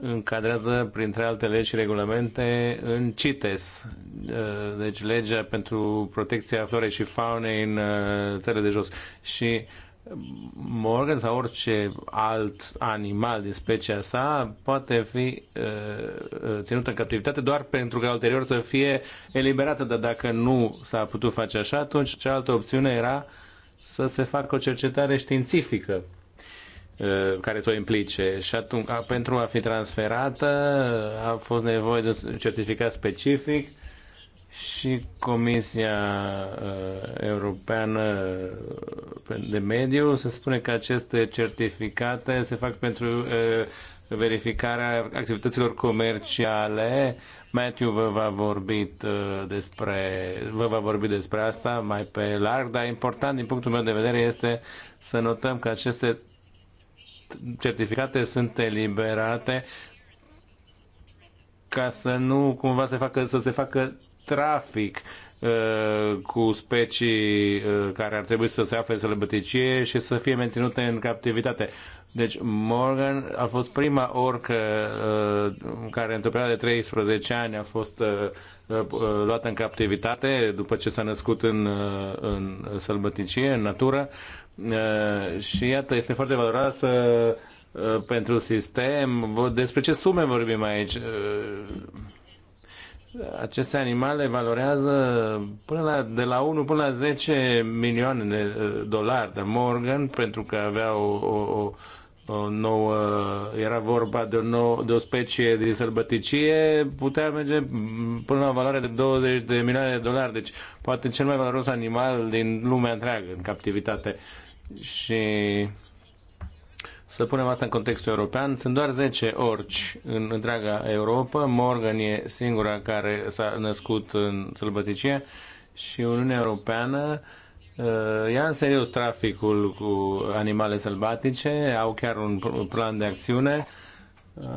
încadrează printre alte legi și regulamente în CITES, uh, deci legea pentru protecția florei și faunei în uh, țările de jos. Și Morgan sau orice alt animal din specia sa poate fi uh, uh, ținut în captivitate doar pentru ca ulterior să fie eliberată, dar dacă nu s-a putut face așa, atunci cealaltă opțiune era să se facă o cercetare științifică uh, care să o implice și atunci pentru a fi transferată a fost nevoie de un certificat specific și Comisia uh, Europeană de Mediu se spune că aceste certificate se fac pentru uh, verificarea activităților comerciale. Matthew vă va vorbi uh, despre, vă va vorbi despre asta mai pe larg, dar important din punctul meu de vedere este să notăm că aceste certificate sunt eliberate ca să nu cumva se facă, să se facă trafic uh, cu specii uh, care ar trebui să se afle în sălbăticie și să fie menținute în captivitate. Deci Morgan a fost prima orcă uh, care într-o perioadă de 13 ani a fost luată în captivitate după ce s-a născut în, în sălbăticie, în natură și iată, este foarte valoroasă pentru sistem. Despre ce sume vorbim aici? aceste animale valorează până la, de la 1 până la 10 milioane de eh, dolari de Morgan pentru că avea o, o, o, o nouă, era vorba de o, nou, de o specie de sălbăticie, putea merge până la valoare de 20 de milioane de dolari, deci poate cel mai valoros animal din lumea întreagă în captivitate. Și să punem asta în contextul european. Sunt doar 10 orci în întreaga Europa. Morgan e singura care s-a născut în sălbăticie și Uniunea Europeană uh, ia în serios traficul cu animale sălbatice, au chiar un plan de acțiune uh,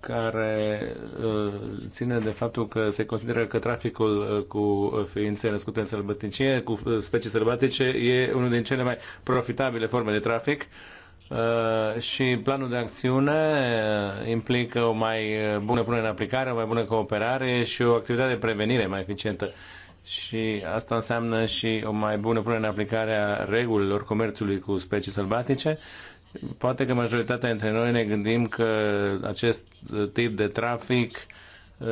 care uh, ține de faptul că se consideră că traficul cu ființe născute în sălbăticie, cu specii sălbatice, e unul din cele mai profitabile forme de trafic Uh, și planul de acțiune uh, implică o mai uh, bună punere în aplicare, o mai bună cooperare și o activitate de prevenire mai eficientă. Și asta înseamnă și o mai bună punere în aplicare a regulilor comerțului cu specii sălbatice. Poate că majoritatea dintre noi ne gândim că acest tip de trafic uh, Uh,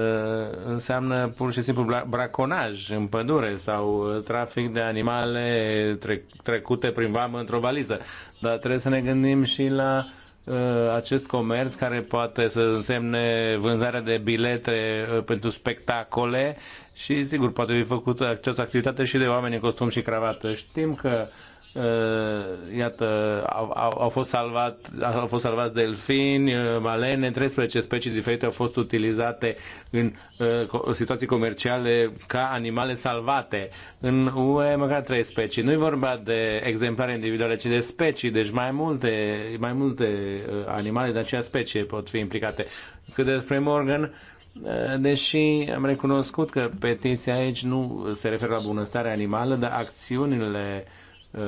înseamnă pur și simplu braconaj în pădure sau uh, trafic de animale trecute prin vamă într-o valiză. Dar trebuie să ne gândim și la uh, acest comerț care poate să însemne vânzarea de bilete pentru spectacole și sigur poate fi făcută această activitate și de oameni în costum și cravată. Știm că uh, Eh, iată, au, au, fost salvat, au fost salvați delfini, malene, eh, 13 specii diferite au fost utilizate în uh, situații comerciale ca animale salvate. În UE, măcar 3 specii. Nu e vorba de exemplare individuale, ci de specii, deci mai multe, mai multe animale de aceea specie pot fi implicate. Cât despre Morgan, deși am recunoscut că petiția aici nu se referă la bunăstarea animală, dar acțiunile uh, Uh,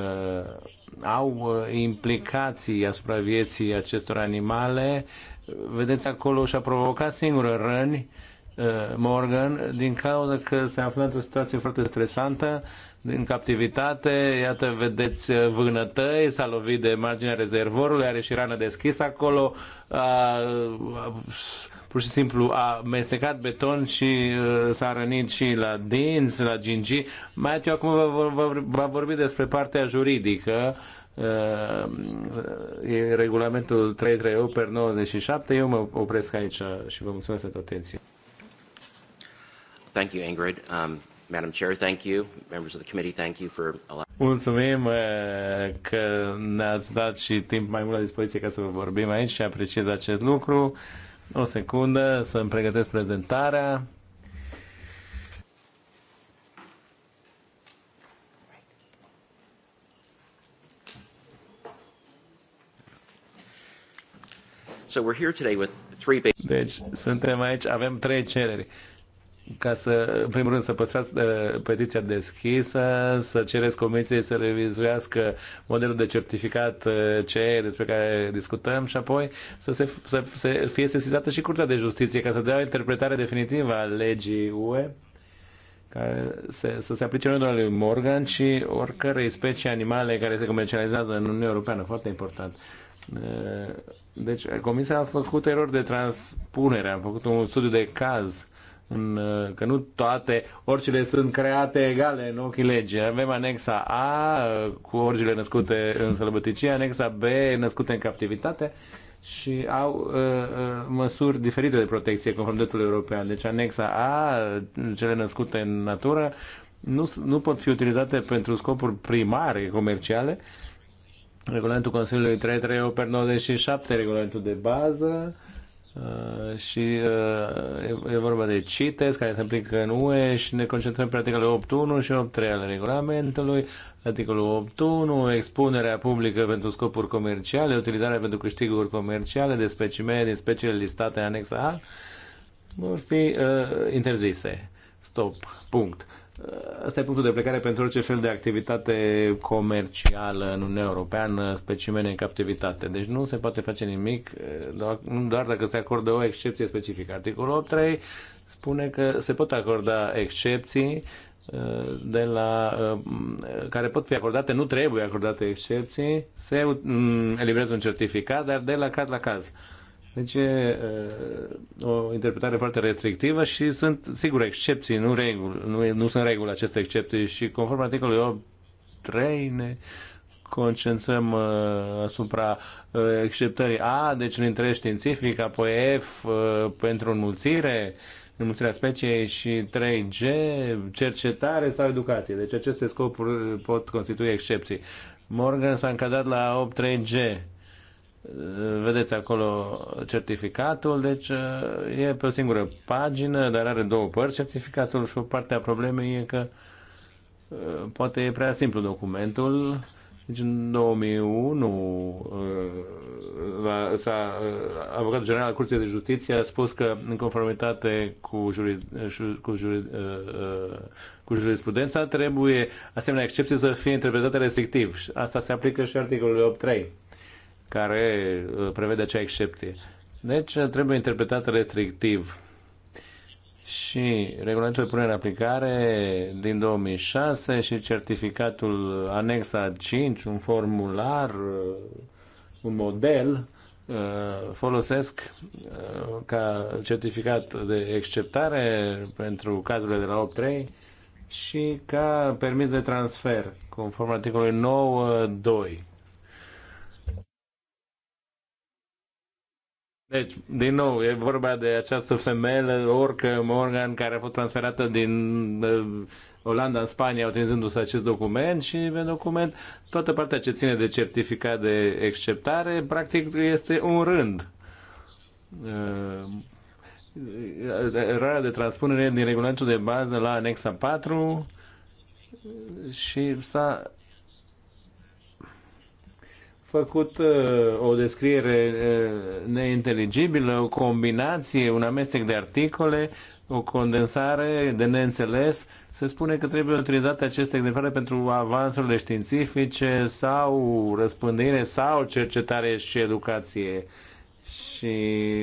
au uh, implicații asupra vieții acestor animale. Vedeți acolo și-a provocat singură răni uh, Morgan din cauza că se află într-o situație foarte stresantă din captivitate, iată, vedeți vânătăi, s-a lovit de marginea rezervorului, are și rană deschisă acolo, a, a, pur și simplu a mestecat beton și uh, s-a rănit și la dinți, la gingi. Mai Matthew acum va vorbi despre partea juridică, uh, e regulamentul 338 per 97. Eu mă opresc aici și vă mulțumesc pentru atenție. Thank you, Ingrid. Um, Madam Chair, thank you. Members of the committee, thank you for allowing Mulțumim uh, că ne-ați dat și timp mai mult la dispoziție ca să vă vorbim aici și apreciez acest lucru. O secundă să-mi pregătesc prezentarea. So we're here today with three deci suntem aici, avem trei cereri ca să, în primul rând, să păstrați uh, petiția deschisă, să cereți comisiei să revizuiască modelul de certificat uh, eh, CE despre care discutăm și apoi să, se, să, să fie sesizată și Curtea de Justiție ca să dea o interpretare definitivă a legii UE care se, să se aplice nu doar lui Morgan, ci oricărei specii animale care se comercializează în Uniunea Europeană. Foarte important. Eh, deci, Comisia a făcut erori de transpunere, a făcut un studiu de caz în, uh, că nu toate orcile sunt create egale în ochii legii. Avem anexa A uh, cu orgile născute în sălbăticie, anexa B născute în captivitate și au uh, uh, măsuri diferite de protecție conform dreptului european. Deci anexa A, uh, cele născute în natură, nu, nu pot fi utilizate pentru scopuri primare comerciale. Regulamentul Consiliului 338 97, regulamentul de bază, uh, Uh, și uh, e, e vorba de CITES care se aplică în UE și ne concentrăm pe articolul 8.1 și 8.3 al regulamentului. Articolul 8.1, expunerea publică pentru scopuri comerciale, utilizarea pentru câștiguri comerciale de specimene din speciile listate în anexa A vor fi uh, interzise. Stop. Punct. Asta e punctul de plecare pentru orice fel de activitate comercială în Uniunea Europeană, specimene în captivitate. Deci nu se poate face nimic, eh, doar, doar dacă se acordă o excepție specifică. Articolul 8.3 spune că se pot acorda excepții eh, de la, eh, care pot fi acordate, nu trebuie acordate excepții, se mm, eliberează un certificat, dar de la caz la caz. Deci e o interpretare foarte restrictivă și sunt, sigur, excepții, nu reguli. Nu, nu sunt reguli aceste excepții și conform articolului 8, 3 ne concentrăm uh, asupra uh, exceptării A, deci în interes științific, apoi F uh, pentru înmulțire, înmulțirea speciei și 3G, cercetare sau educație. Deci aceste scopuri pot constitui excepții. Morgan s-a încadrat la 8 3G Vedeți acolo certificatul, deci e pe o singură pagină, dar are două părți certificatul și o parte a problemei e că uh, poate e prea simplu documentul. Deci în 2001 uh, s-a, uh, avocatul general al Curții de Justiție a spus că în conformitate cu, juri, cu, juri, cu jurisprudența trebuie asemenea excepții să fie interpretate restrictiv. Asta se aplică și articolului 8.3 care uh, prevede acea excepție. Deci uh, trebuie interpretat restrictiv. Și regulamentul de punere în aplicare din 2006 și certificatul anexa 5, un formular, uh, un model, folosesc ca certificat de exceptare pentru cazurile de la 8.3 și ca permis de transfer, conform articolului 9.2. Deci, din nou, e vorba de această femeie, orică Morgan, care a fost transferată din Olanda în Spania utilizându-se acest document și pe document toată partea ce ține de certificat de acceptare, practic este un rând. Uh, Rara de transpunere din regulamentul de bază la anexa 4 și s-a făcut uh, o descriere uh, neinteligibilă, o combinație, un amestec de articole, o condensare de neînțeles. Se spune că trebuie utilizate aceste exemplare pentru avansurile științifice sau răspândire sau cercetare și educație. Și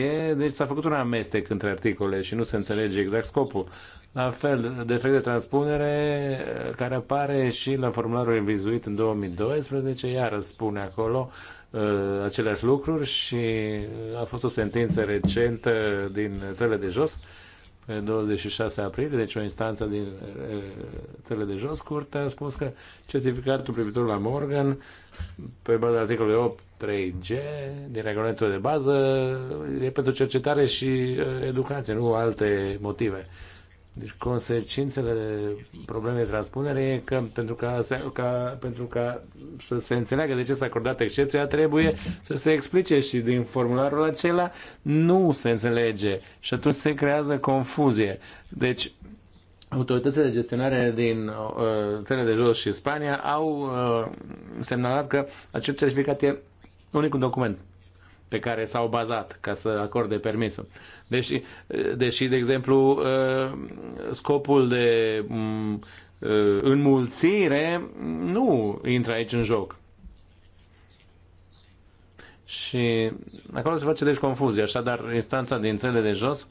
e, deci s-a făcut un amestec între articole și nu se înțelege exact scopul. La fel, defect de transpunere care apare și la formularul invizuit în 2012, iar spune acolo uh, aceleași lucruri și uh, a fost o sentință recentă din țările de jos, pe 26 aprilie, deci o instanță din uh, țările de jos, curtea a spus că certificatul privitor la Morgan, pe baza articolului 8.3g din regulamentul de bază, e pentru cercetare și uh, educație, nu alte motive. Deci consecințele problemei de transpunere e că pentru ca, ca, pentru ca să se înțeleagă de ce s-a acordat excepția, trebuie să se explice și din formularul acela nu se înțelege și atunci se creează confuzie. Deci autoritățile de gestionare din uh, țările de jos și Spania au uh, semnalat că acest certificat e unicul document pe care s-au bazat ca să acorde permisul. Deși, deși de exemplu, ă, scopul de ă, înmulțire nu intră aici în joc. Și acolo se face deci confuzie. Așadar, instanța din țările de jos,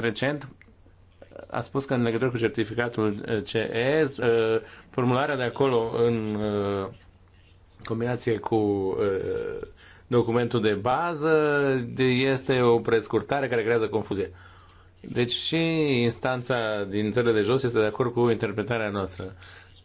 recent, a spus că în legătură cu certificatul CE, ă, formularea de acolo în combinație cu documentul de bază este o prescurtare care creează confuzie. Deci și instanța din țările de jos este de acord cu interpretarea noastră.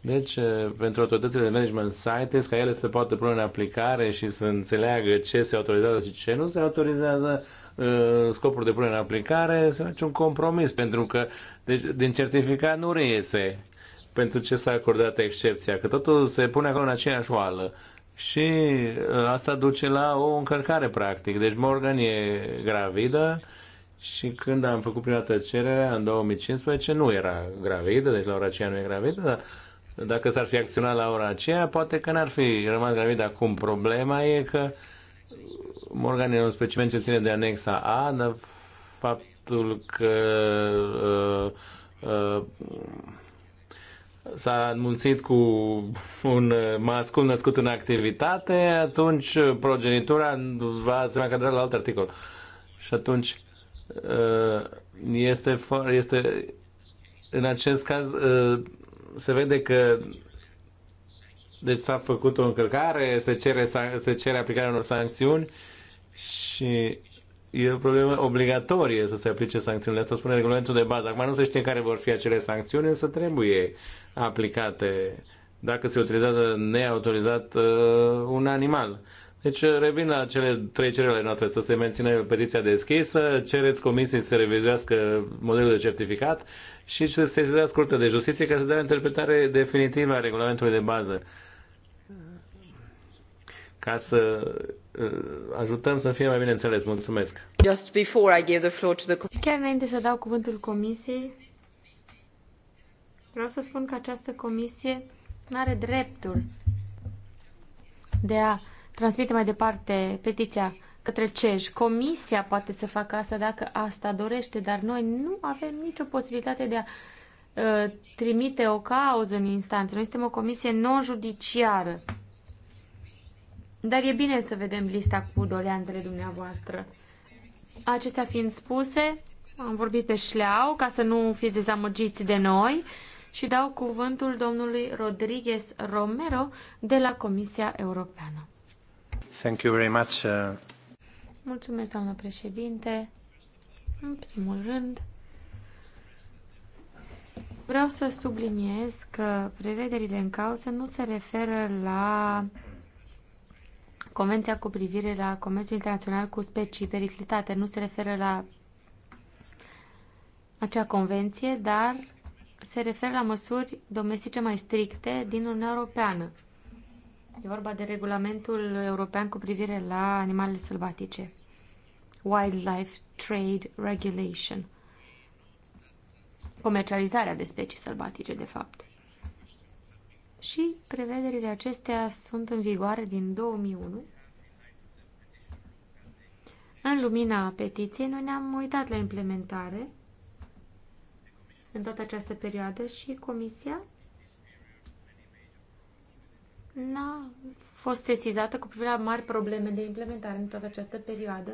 Deci, eh, pentru autoritățile de management site, ca ele să poată pune în aplicare și să înțeleagă ce se autorizează și ce nu se autorizează, eh, scopul de pune în aplicare, să face un compromis, pentru că deci, din certificat nu reiese pentru ce s-a acordat excepția, că totul se pune acolo în aceeași oală și uh, asta duce la o încărcare practic. Deci Morgan e gravidă și când am făcut prima dată cererea în 2015 nu era gravidă, deci la ora aceea nu e gravidă, dar dacă s-ar fi acționat la ora aceea, poate că n-ar fi rămas gravidă acum. Problema e că Morgan e un specimen ce ține de anexa A, dar faptul că uh, uh, s-a înmulțit cu un mascul născut în activitate, atunci progenitura va se mai cadra la alt articol. Și atunci uh, este, este în acest caz uh, se vede că deci s-a făcut o încălcare, se cere, se cere aplicarea unor sancțiuni și e o problemă obligatorie să se aplice sancțiunile. Asta spune regulamentul de bază. Acum nu se știe care vor fi acele sancțiuni, însă trebuie aplicate dacă se utilizează neautorizat uh, un animal. Deci uh, revin la cele trei cereri noastre, să se mențină petiția deschisă, cereți comisiei să revizuiască modelul de certificat și să se sesizească curtea de justiție ca să dea interpretare definitivă a regulamentului de bază ca să uh, ajutăm să fie mai bine înțeles. Mulțumesc. Just before I give the floor to the Chiar înainte să dau cuvântul comisiei, vreau să spun că această comisie nu are dreptul de a transmite mai departe petiția către CEJ. Comisia poate să facă asta dacă asta dorește, dar noi nu avem nicio posibilitate de a uh, trimite o cauză în instanță. Noi suntem o comisie non-judiciară. Dar e bine să vedem lista cu doleantele dumneavoastră. Acestea fiind spuse, am vorbit pe șleau ca să nu fiți dezamăgiți de noi și dau cuvântul domnului Rodriguez Romero de la Comisia Europeană. Thank you very much. Uh, Mulțumesc, doamnă președinte. În primul rând, vreau să subliniez că prevederile în cauză nu se referă la Convenția cu privire la comerțul internațional cu specii periclitate nu se referă la acea convenție, dar se referă la măsuri domestice mai stricte din Uniunea Europeană. E vorba de regulamentul european cu privire la animalele sălbatice. Wildlife Trade Regulation. Comercializarea de specii sălbatice, de fapt și prevederile acestea sunt în vigoare din 2001. În lumina petiției, noi ne-am uitat la implementare în toată această perioadă și Comisia n-a fost sesizată cu privire la mari probleme de implementare în toată această perioadă.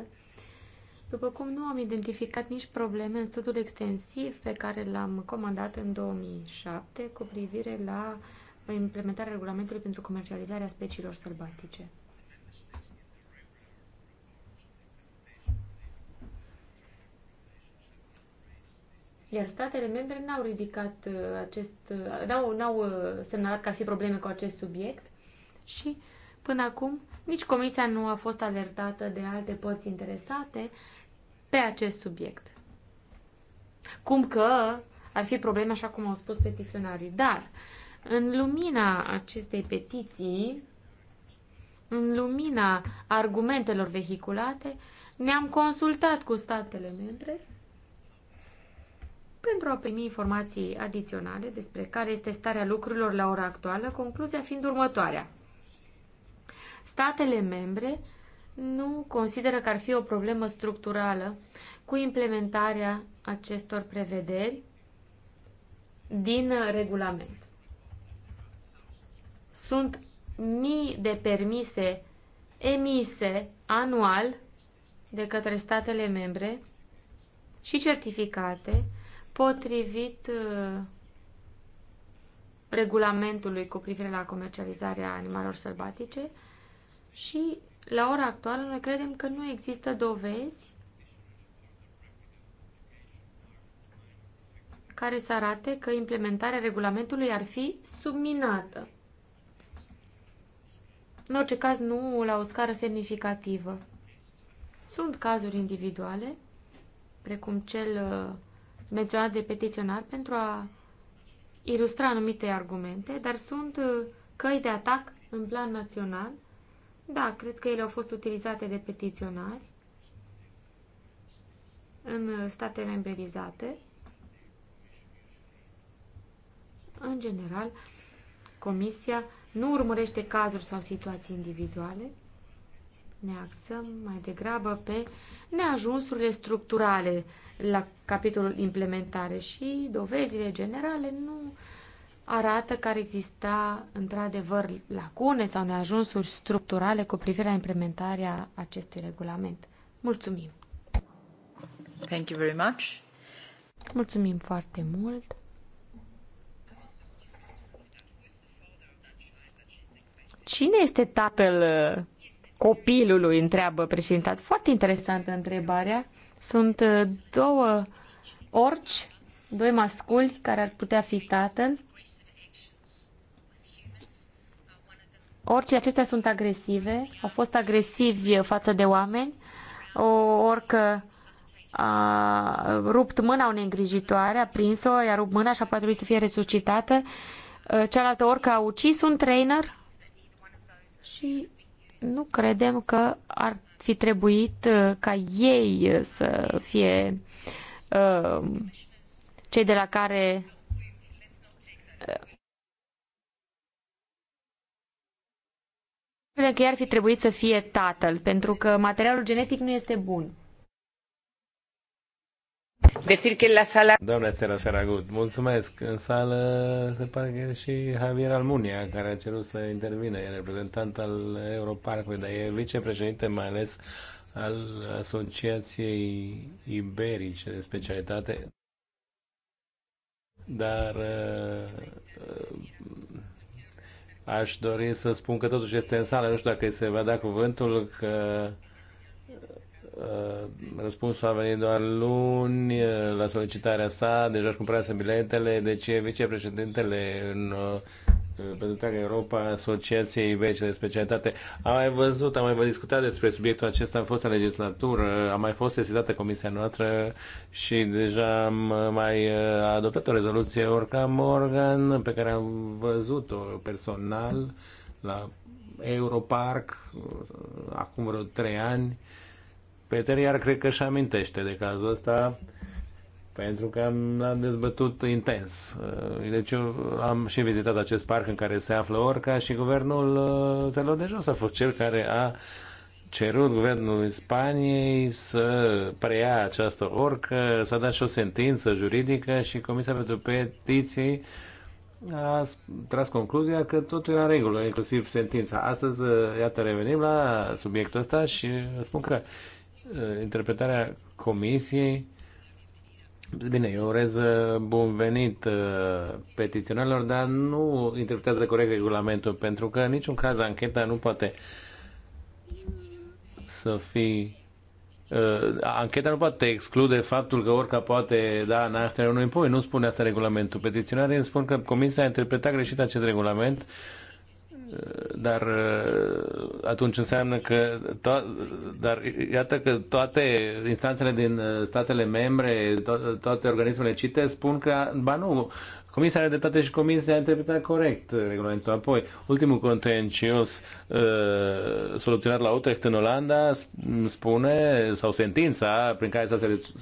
După cum nu am identificat nici probleme în studiul extensiv pe care l-am comandat în 2007 cu privire la uh, implementarea regulamentului pentru comercializarea speciilor sălbatice. Iar statele membre n-au ridicat uh, acest, uh, n-au, n-au uh, semnalat că ar fi probleme cu acest subiect și până acum nici Comisia nu a fost alertată de alte părți interesate pe acest subiect. Cum că ar fi probleme, așa cum au spus petiționarii, dar uh, în lumina acestei petiții, în lumina argumentelor vehiculate, ne-am consultat cu statele membre pentru a primi informații adiționale despre care este starea lucrurilor la ora actuală, concluzia fiind următoarea. Statele membre nu consideră că ar fi o problemă structurală cu implementarea acestor prevederi din regulament. Sunt mii de permise emise anual de către statele membre și certificate potrivit uh, regulamentului cu privire la comercializarea animalelor sălbatice și la ora actuală noi credem că nu există dovezi care să arate că implementarea regulamentului ar fi subminată în orice caz nu la o scară semnificativă. Sunt cazuri individuale, precum cel uh, menționat de petiționar, pentru a ilustra anumite argumente, dar sunt uh, căi de atac în plan național. Da, cred că ele au fost utilizate de petiționari în state membrizate. În general, Comisia nu urmărește cazuri sau situații individuale, ne axăm mai degrabă pe neajunsurile structurale la capitolul implementare și dovezile generale nu arată că ar exista într-adevăr lacune sau neajunsuri structurale cu privire la implementarea acestui regulament. Mulțumim! Thank you very much. Mulțumim foarte mult! Cine este tatăl uh, copilului, întreabă președinta. Foarte interesantă întrebarea. Sunt uh, două orci, doi masculi care ar putea fi tatăl. Orice acestea sunt agresive, au fost agresivi față de oameni, o orcă a rupt mâna unei îngrijitoare, a prins-o, i-a rupt mâna și a trebuit să fie resuscitată. Uh, cealaltă orcă a ucis un trainer, și nu credem că ar fi trebuit uh, ca ei uh, să fie uh, cei de la care credem uh, că i-ar fi trebuit să fie tatăl, pentru că materialul genetic nu este bun. Decir că la sala... Doamna Estela Saragut, mulțumesc. În sală se pare că e și Javier Almunia, care a cerut să intervine. E reprezentant al Europarcului, dar e vicepreședinte mai ales al Asociației Iberice de Specialitate. Dar uh, aș dori să spun că totuși este în sală, nu știu dacă se va da cuvântul, că Uh, răspunsul a venit doar luni uh, la solicitarea sa, deja își cumpărase biletele, deci vicepreședintele în uh, pentru întreaga Europa, Asociației Vece de Specialitate. Am mai văzut, am mai vă discutat despre subiectul acesta în fosta legislatură, a mai fost sesizată comisia noastră și deja am mai adoptat o rezoluție Orca Morgan pe care am văzut-o personal la Europark acum vreo trei ani Peter iar cred că își amintește de cazul ăsta pentru că am, am dezbătut intens. Uh, deci eu am și vizitat acest parc în care se află Orca și guvernul te uh, de Jos a fost cel care a cerut guvernului Spaniei să preia această orcă, s-a dat și o sentință juridică și Comisia pentru Petiții a tras concluzia că totul era în regulă, inclusiv sentința. Astăzi, uh, iată, revenim la subiectul ăsta și spun că Uh, interpretarea comisiei. Bine, eu urez uh, bun venit uh, petiționarilor, dar nu interpretează corect regulamentul, pentru că în niciun caz ancheta nu poate să fie Uh, ancheta nu poate exclude faptul că orca poate da naștere unui pui. Nu spune asta regulamentul. Petiționarii îmi spun că Comisia a interpretat greșit acest regulament dar uh, atunci înseamnă că to- dar iată că toate instanțele din uh, statele membre, to- toate organismele CITE spun că, ba nu, Comisia are dreptate și Comisia a interpretat corect uh, regulamentul. Apoi, ultimul contencios uh, soluționat la Utrecht în Olanda spune, sau sentința prin care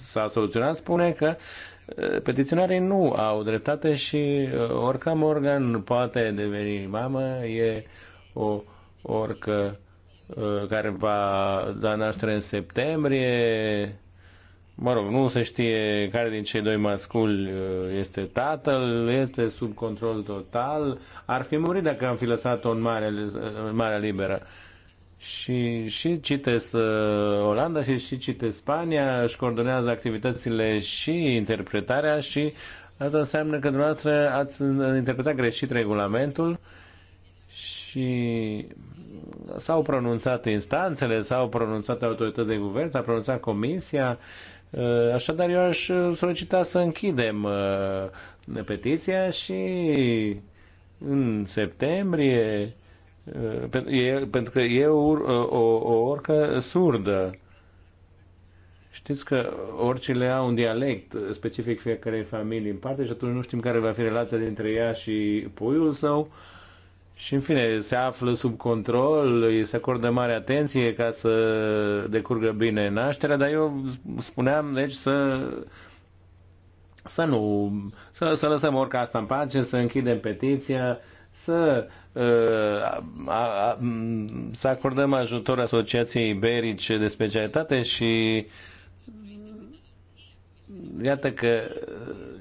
s-a, soluționat spune că uh, Eh, petiționarii nu au dreptate și eh, Orca Morgan poate deveni mamă, e o orcă eh, care va da naștere în septembrie. Mă rog, nu se știe care din cei doi masculi este tatăl, este sub control total. Ar fi murit dacă am fi lăsat-o în mare în marea liberă. Uh, și, și uh, Olanda și, și citesc Spania își coordonează activitățile și interpretarea și asta înseamnă că dumneavoastră ați interpretat greșit regulamentul și s-au pronunțat instanțele, s-au pronunțat autorități de guvern, s-a pronunțat comisia, uh, așadar eu aș uh, solicita să închidem uh, petiția și în septembrie Eh, e, pentru că e o, o, o orcă surdă. Știți că orcile au un dialect specific fiecarei familii în parte și atunci nu știm care va fi relația dintre ea și puiul său. Și în fine, se află sub control, îi se acordă mare atenție ca să decurgă bine nașterea, dar eu spuneam, deci, să să nu, să, să lăsăm orca asta în pace, să închidem petiția, să, uh, să acordăm ajutor Asociației Iberice de Specialitate și iată că uh,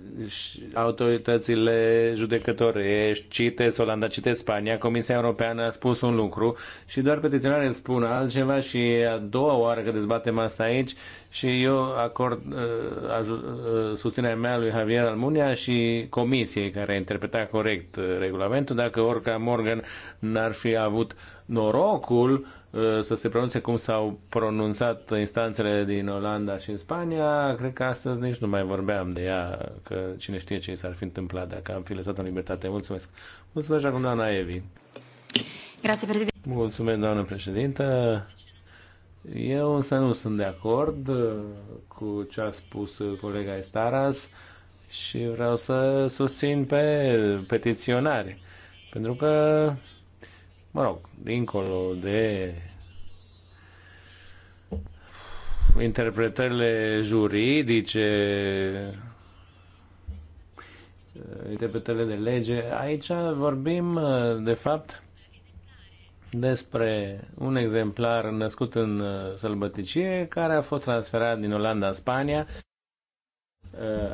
autoritățile judecătorești, citesc Olanda, citesc Spania, Comisia Europeană a spus un lucru și doar petiționarii spun altceva și a doua oară că dezbatem asta aici și eu acord uh, uh, susținerea mea lui Javier Almunia și comisiei care a interpretat corect uh, regulamentul. Dacă Orca Morgan n-ar fi avut norocul Uh, să se pronunțe cum s-au pronunțat instanțele din Olanda și în Spania, cred că astăzi nici nu mai vorbeam de ea, că cine știe ce s-ar fi întâmplat dacă am fi lăsat în libertate. Mulțumesc! Mulțumesc acum doamna Evi! Grazie, președinte! Mulțumesc, doamnă președintă! Eu însă nu sunt de acord uh, cu ce a spus uh, colega Estaras și vreau să susțin pe petiționare. Pentru că mă rog, dincolo de interpretările juridice, interpretările de lege, aici vorbim, de fapt, despre un exemplar născut în sălbăticie care a fost transferat din Olanda în Spania.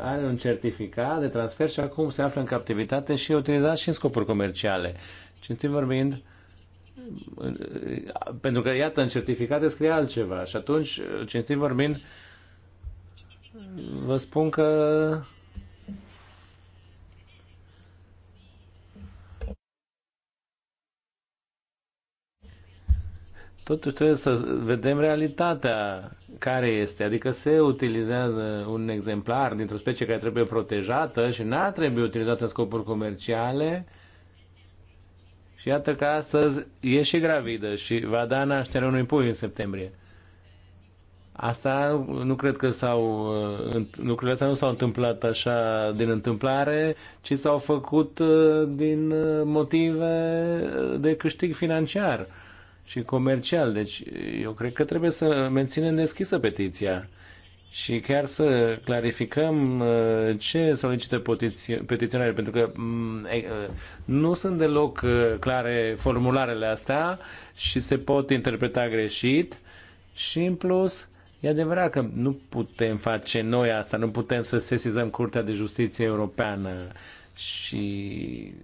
Are un certificat de transfer și acum se află în captivitate și e utilizat și în scopuri comerciale. Cinstit vorbind, pentru că, iată, în certificate scrie altceva și atunci, cinstit vorbind, vă spun că totuși trebuie să vedem realitatea care este. Adică se utilizează un exemplar dintr-o specie care trebuie protejată și n-ar trebui utilizată în scopuri comerciale și iată că astăzi e și gravidă și va da naștere unui pui în septembrie. Asta nu cred că s-au, uh, lucrurile astea nu s-au întâmplat așa din întâmplare, ci s-au făcut uh, din uh, motive de câștig financiar și comercial. Deci eu cred că trebuie să menținem deschisă petiția și chiar să clarificăm uh, ce solicită petiționarii, pentru că mm, uh, nu sunt deloc uh, clare formularele astea și se pot interpreta greșit și în plus E adevărat că nu putem face noi asta, nu putem să sesizăm Curtea de Justiție Europeană și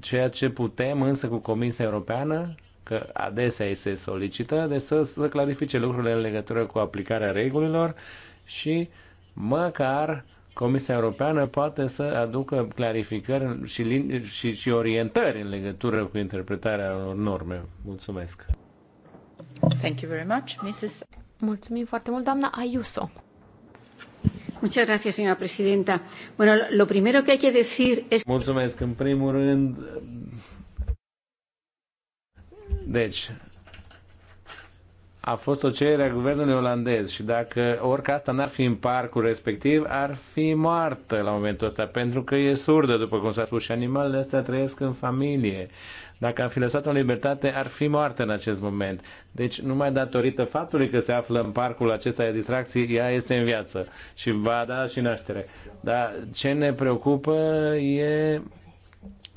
ceea ce putem însă cu Comisia Europeană că adesea îi se solicită, de să, să clarifice lucrurile în legătură cu aplicarea regulilor și măcar Comisia Europeană poate să aducă clarificări și, și, și orientări în legătură cu interpretarea unor norme. Mulțumesc! Thank you very much, Mrs. Mulțumim foarte mult, doamna Ayuso. Muchas gracias, señora presidenta. Bueno, lo primero que hay que decir es... Mulțumesc. În primul rând, deci, a fost o cerere a guvernului olandez și dacă orică asta n-ar fi în parcul respectiv, ar fi moartă la momentul ăsta, pentru că e surdă, după cum s-a spus, și animalele astea trăiesc în familie. Dacă am fi lăsat-o în libertate, ar fi moartă în acest moment. Deci, numai datorită faptului că se află în parcul acesta de distracții, ea este în viață și va da și naștere. Dar ce ne preocupă e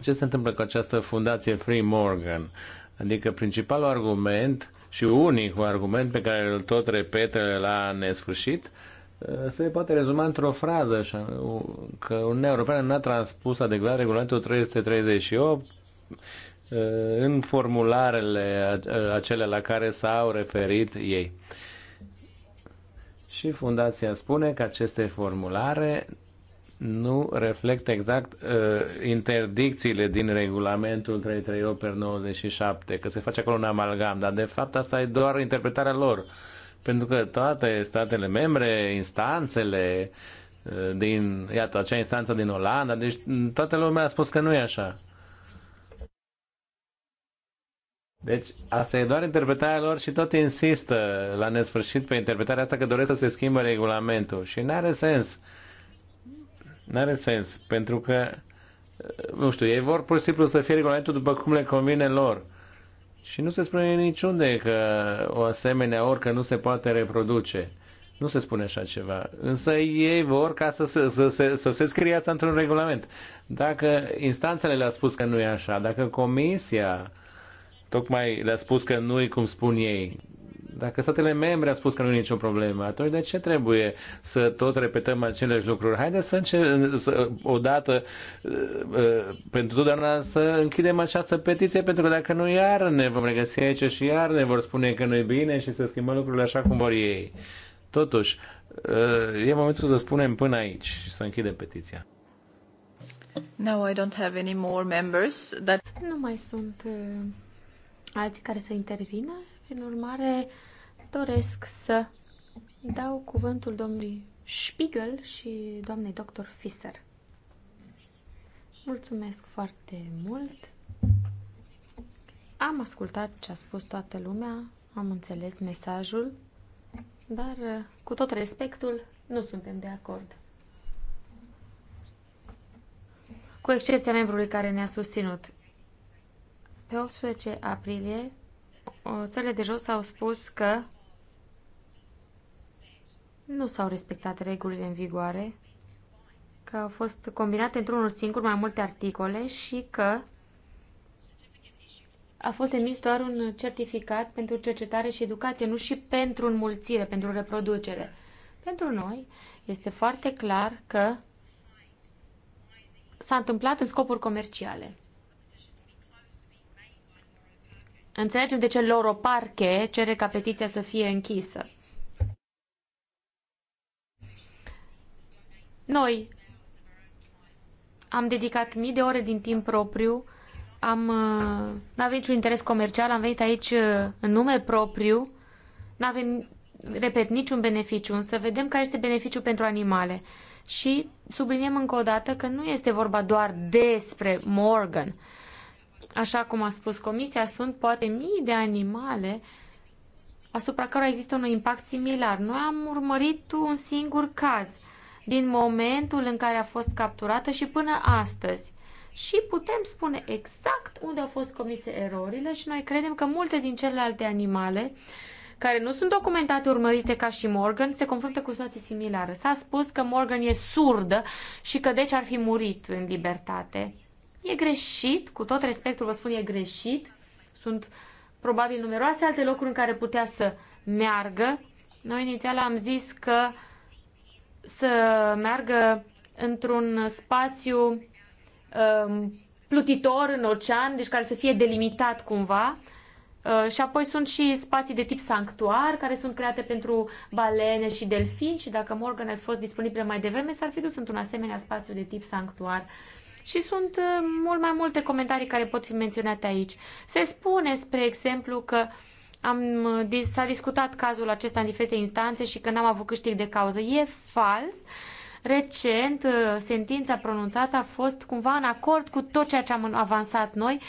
ce se întâmplă cu această fundație Free Morgan. Uh, Adică principalul argument și unicul argument pe care îl tot repetă la nesfârșit uh, se poate rezuma într-o frază că Uniunea Europeană n-a transpus adecvat regulamentul 338 uh, în formularele uh, acele la care s-au referit ei. Și fundația spune că aceste formulare nu reflectă exact uh, interdicțiile din regulamentul 338 per 97, că se face acolo un amalgam, dar de fapt asta e doar interpretarea lor, pentru că toate statele membre, instanțele uh, din, iată, acea instanță din Olanda, deci toată lumea a spus că nu e așa. Deci, asta e doar interpretarea lor și tot insistă la nesfârșit pe interpretarea asta că doresc să se schimbe regulamentul și nu are sens. Uh, N-are sens, pentru că, nu știu, ei vor pur și simplu să fie regulamentul după cum le convine lor. Și nu se spune niciunde că o asemenea orcă nu se poate reproduce. Nu se spune așa ceva. Însă ei vor ca să, să, să, să, să se scrie asta într-un regulament. Dacă instanțele le-au spus că nu e așa, dacă comisia tocmai le-a spus că nu e cum spun ei, dacă statele membre au spus că nu e nicio problemă, atunci de ce trebuie să tot repetăm aceleași lucruri? Haideți să, începem să odată uh, uh, pentru totdeauna să închidem această petiție, pentru că dacă nu, iar ne vom regăsi aici și iar ne vor spune că nu e bine și să schimbăm lucrurile așa cum vor ei. Totuși, uh, e momentul să spunem până aici și să închidem petiția. Now I don't have any more members that... Nu mai sunt alții care să intervină prin urmare, doresc să dau cuvântul domnului Spiegel și doamnei doctor Fisser. Mulțumesc foarte mult! Am ascultat ce a spus toată lumea, am înțeles mesajul, dar cu tot respectul nu suntem de acord. Cu excepția membrului care ne-a susținut. Pe 18 aprilie țările de jos au spus că nu s-au respectat regulile în vigoare, că au fost combinate într-unul singur mai multe articole și că a fost emis doar un certificat pentru cercetare și educație, nu și pentru înmulțire, pentru reproducere. Pentru noi este foarte clar că s-a întâmplat în scopuri comerciale. Înțelegem de ce Loroparche cere ca petiția să fie închisă. Noi am dedicat mii de ore din timp propriu, am, uh, n-avem niciun interes comercial, am venit aici uh, în nume propriu, n-avem, repet, niciun beneficiu, însă vedem care este beneficiul pentru animale. Și subliniem încă o dată că nu este vorba doar despre Morgan, Așa cum a spus comisia, sunt poate mii de animale asupra cărora există un impact similar. Noi am urmărit un singur caz din momentul în care a fost capturată și până astăzi. Și putem spune exact unde au fost comise erorile și noi credem că multe din celelalte animale care nu sunt documentate, urmărite ca și Morgan, se confruntă cu situații similare. S-a spus că Morgan e surdă și că deci ar fi murit în libertate. E greșit, cu tot respectul vă spun, e greșit. Sunt probabil numeroase alte locuri în care putea să meargă. Noi inițial am zis că să meargă într-un spațiu um, plutitor în ocean, deci care să fie delimitat cumva. Uh, și apoi sunt și spații de tip sanctuar, care sunt create pentru balene și delfini și dacă Morgan ar fost disponibil mai devreme, s-ar fi dus într-un asemenea spațiu de tip sanctuar. Uh, și sunt uh, mult mai multe comentarii care pot fi menționate aici. Se spune, spre exemplu, că am, uh, s-a discutat cazul acesta în diferite instanțe și că n-am avut câștig de cauză. E fals. Recent, uh, sentința pronunțată a fost cumva în acord cu tot ceea ce am avansat noi.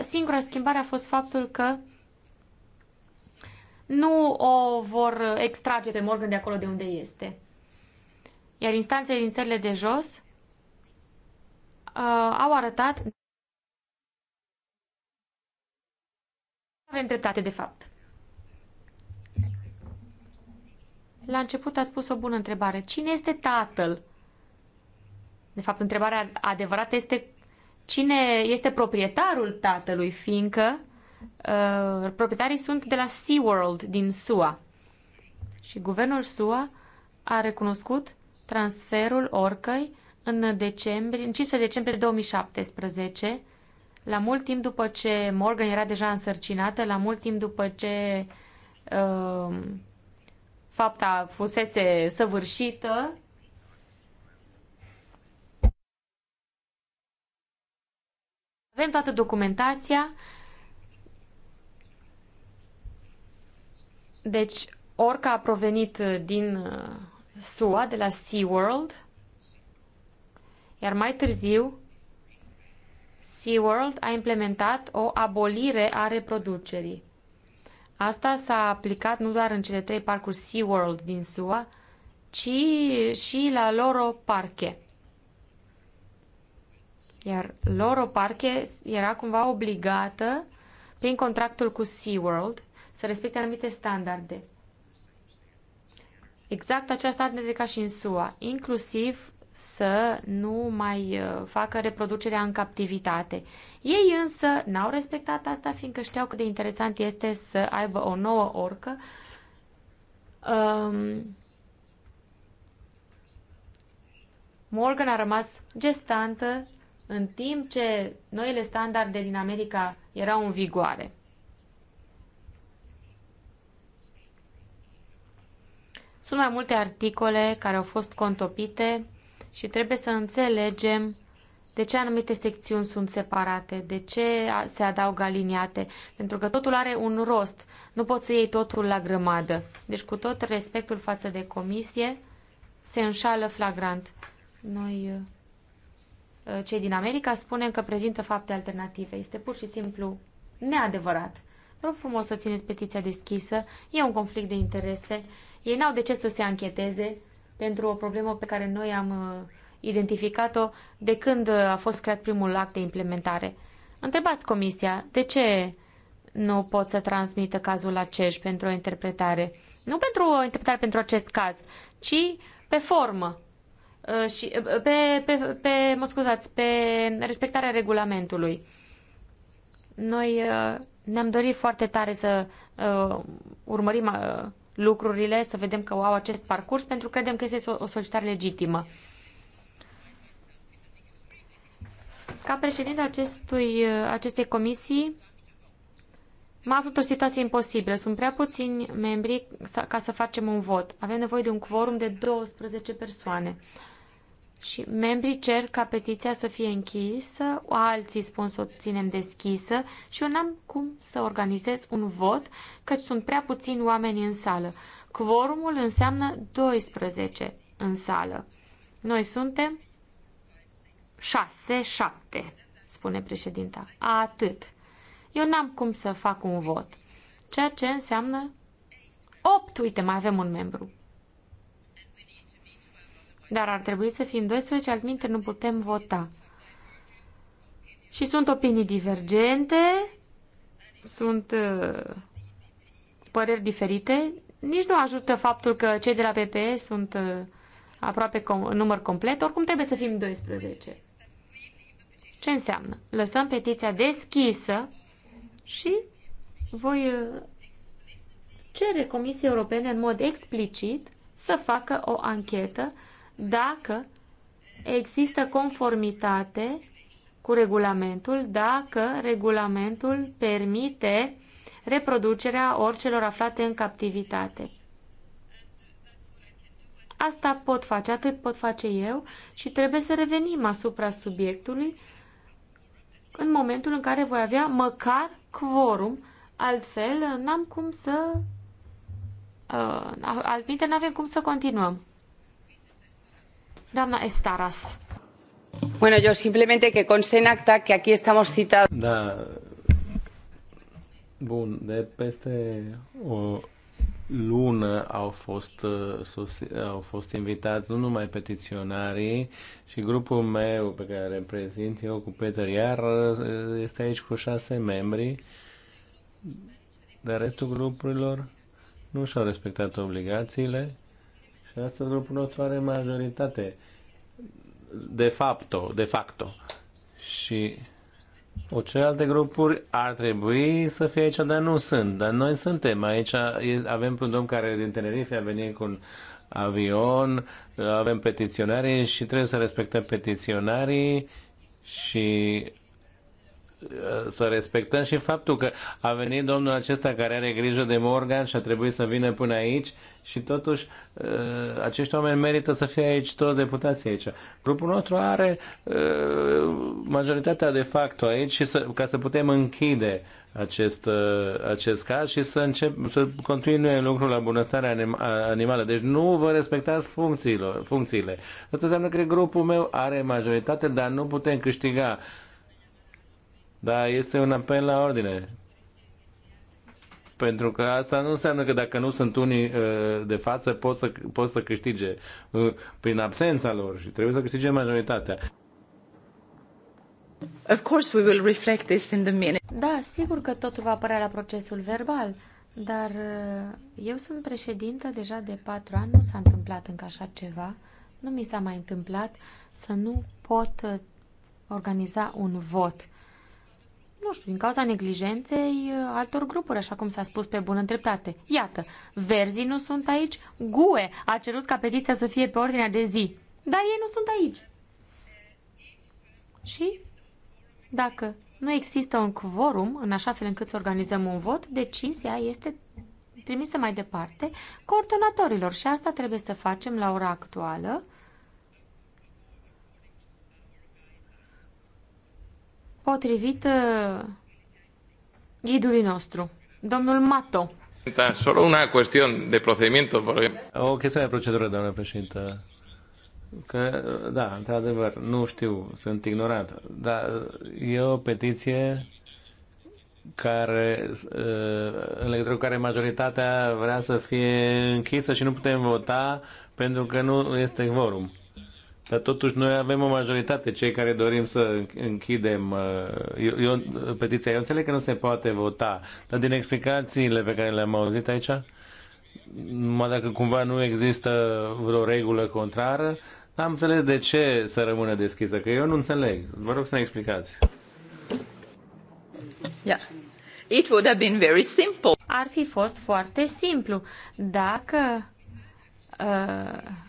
Singura schimbare a fost faptul că nu o vor extrage pe Morgan de acolo de unde este. Iar instanțele din țările de jos uh, au arătat avem dreptate, de fapt. La început ați pus o bună întrebare. Cine este tatăl? De fapt, întrebarea adevărată este cine este proprietarul tatălui, fiindcă uh, proprietarii sunt de la SeaWorld din SUA. Și guvernul SUA a recunoscut transferul orcăi în, decembrie, în 15 decembrie 2017, la mult timp după ce Morgan era deja însărcinată, la mult timp după ce uh, fapta fusese săvârșită, avem toată documentația. Deci, orca a provenit din uh, SUA, de la SeaWorld. Iar mai târziu, SeaWorld a implementat o abolire a reproducerii. Asta s-a aplicat nu doar în cele trei parcuri SeaWorld din SUA, ci și la Loro Parche. Iar Loro Parche era cumva obligată, prin contractul cu SeaWorld, să respecte anumite standarde. Exact acea standarde ca și în SUA, inclusiv să nu mai uh, facă reproducerea în captivitate. Ei însă n-au respectat asta, fiindcă știau cât de interesant este să aibă o nouă orcă. Um, Morgan a rămas gestantă în timp ce noile standarde din America erau în vigoare. Sunt mai multe articole care au fost contopite și trebuie să înțelegem de ce anumite secțiuni sunt separate, de ce se adaugă aliniate, pentru că totul are un rost. Nu poți să iei totul la grămadă. Deci cu tot respectul față de comisie, se înșală flagrant. Noi, uh, uh, cei din America, spunem că prezintă fapte alternative. Este pur și simplu neadevărat. Vreau frumos să țineți petiția deschisă. E un conflict de interese. Ei n-au de ce să se ancheteze pentru o problemă pe care noi am uh, identificat-o de când uh, a fost creat primul act de implementare. Întrebați comisia de ce nu pot să transmită cazul la CEJ pentru o interpretare. Nu pentru o interpretare pentru acest caz, ci pe formă. Uh, și pe, pe, pe, mă scuzați, pe respectarea regulamentului. Noi ne-am dorit foarte tare să urmărim lucrurile, să vedem că au acest parcurs, pentru că credem că este o solicitare legitimă. Ca președinte acestui, acestei comisii, M-a avut o situație imposibilă. Sunt prea puțini membri ca să facem un vot. Avem nevoie de un quorum de 12 persoane. Și membrii cer ca petiția să fie închisă, alții spun să o ținem deschisă și eu n-am cum să organizez un vot, căci sunt prea puțini oameni în sală. Quorumul înseamnă 12 în sală. Noi suntem 6-7, spune președinta. Atât. Eu n-am cum să fac un vot. Ceea ce înseamnă 8, uite, mai avem un membru. Dar ar trebui să fim 12, altminte nu putem vota. Și sunt opinii divergente, sunt uh, păreri diferite. Nici nu ajută faptul că cei de la PPE sunt uh, aproape com- număr complet. Oricum trebuie să fim 12. Ce înseamnă? Lăsăm petiția deschisă și voi uh, cere Comisiei Europene în mod explicit să facă o anchetă dacă există conformitate cu regulamentul, dacă regulamentul permite reproducerea orcelor aflate în captivitate. Asta pot face, atât pot face eu și trebuie să revenim asupra subiectului în momentul în care voi avea măcar quorum, altfel n-am cum să... Uh, altminte n-avem cum să continuăm. Doamna Estaras. Bueno, yo simplemente que conste en acta que aquí estamos citados. Da. Bun, de peste o lună au fost, uh, au fost invitați nu numai petiționarii și grupul meu pe care reprezint eu cu Peter Iar uh, este aici cu șase membri, dar restul grupurilor nu și-au respectat obligațiile și astăzi grupul o are majoritate de fapt, de fapt. Și o celelalte grupuri ar trebui să fie aici, dar nu sunt. Dar noi suntem aici, avem un domn care din Tenerife a venit cu un avion, avem petiționarii și trebuie să respectăm petiționarii și să respectăm și faptul că a venit domnul acesta care are grijă de Morgan și a trebuit să vină până aici și totuși uh, acești oameni merită să fie aici toți deputații aici. Grupul nostru are uh, majoritatea de facto aici și să, ca să putem închide acest, uh, acest caz și să, încep, să continue lucrul la bunăstarea anim, animală. Deci nu vă respectați funcțiile. Asta înseamnă că grupul meu are majoritate, dar nu putem câștiga da, este un apel la ordine. Pentru că asta nu înseamnă că dacă nu sunt unii uh, de față, pot să, pot să câștige uh, prin absența lor și trebuie să câștige majoritatea. Of course we will reflect this in the minute. Da, sigur că totul va apărea la procesul verbal, dar uh, eu sunt președintă deja de patru ani, nu s-a întâmplat încă așa ceva. Nu mi s-a mai întâmplat să nu pot organiza un vot nu știu, din cauza neglijenței uh, altor grupuri, așa cum s-a spus pe bună dreptate. Iată, verzii nu sunt aici, GUE a cerut ca petiția să fie pe ordinea de zi, dar ei nu sunt aici. Și dacă nu există un quorum în așa fel încât să organizăm un vot, decizia este trimisă mai departe coordonatorilor și asta trebuie să facem la ora actuală potrivit uh, ghidului nostru, domnul Mato. Da, solo una cuestión de procedimiento. Porque... O chestiune de procedură, domnule președinte. Că, da, într-adevăr, nu știu, sunt ignorat, dar e o petiție care, uh, în legătură cu care majoritatea vrea să fie închisă și nu putem vota pentru că nu este quorum. Dar totuși noi avem o majoritate, cei care dorim să închidem uh, eu, eu, petiția. Eu înțeleg că nu se poate vota, dar din explicațiile pe care le-am auzit aici, numai dacă cumva nu există vreo regulă contrară, am înțeles de ce să rămână deschisă, că eu nu înțeleg. Vă rog să ne explicați. Yeah. It would have been very simple. Ar fi fost foarte simplu dacă uh,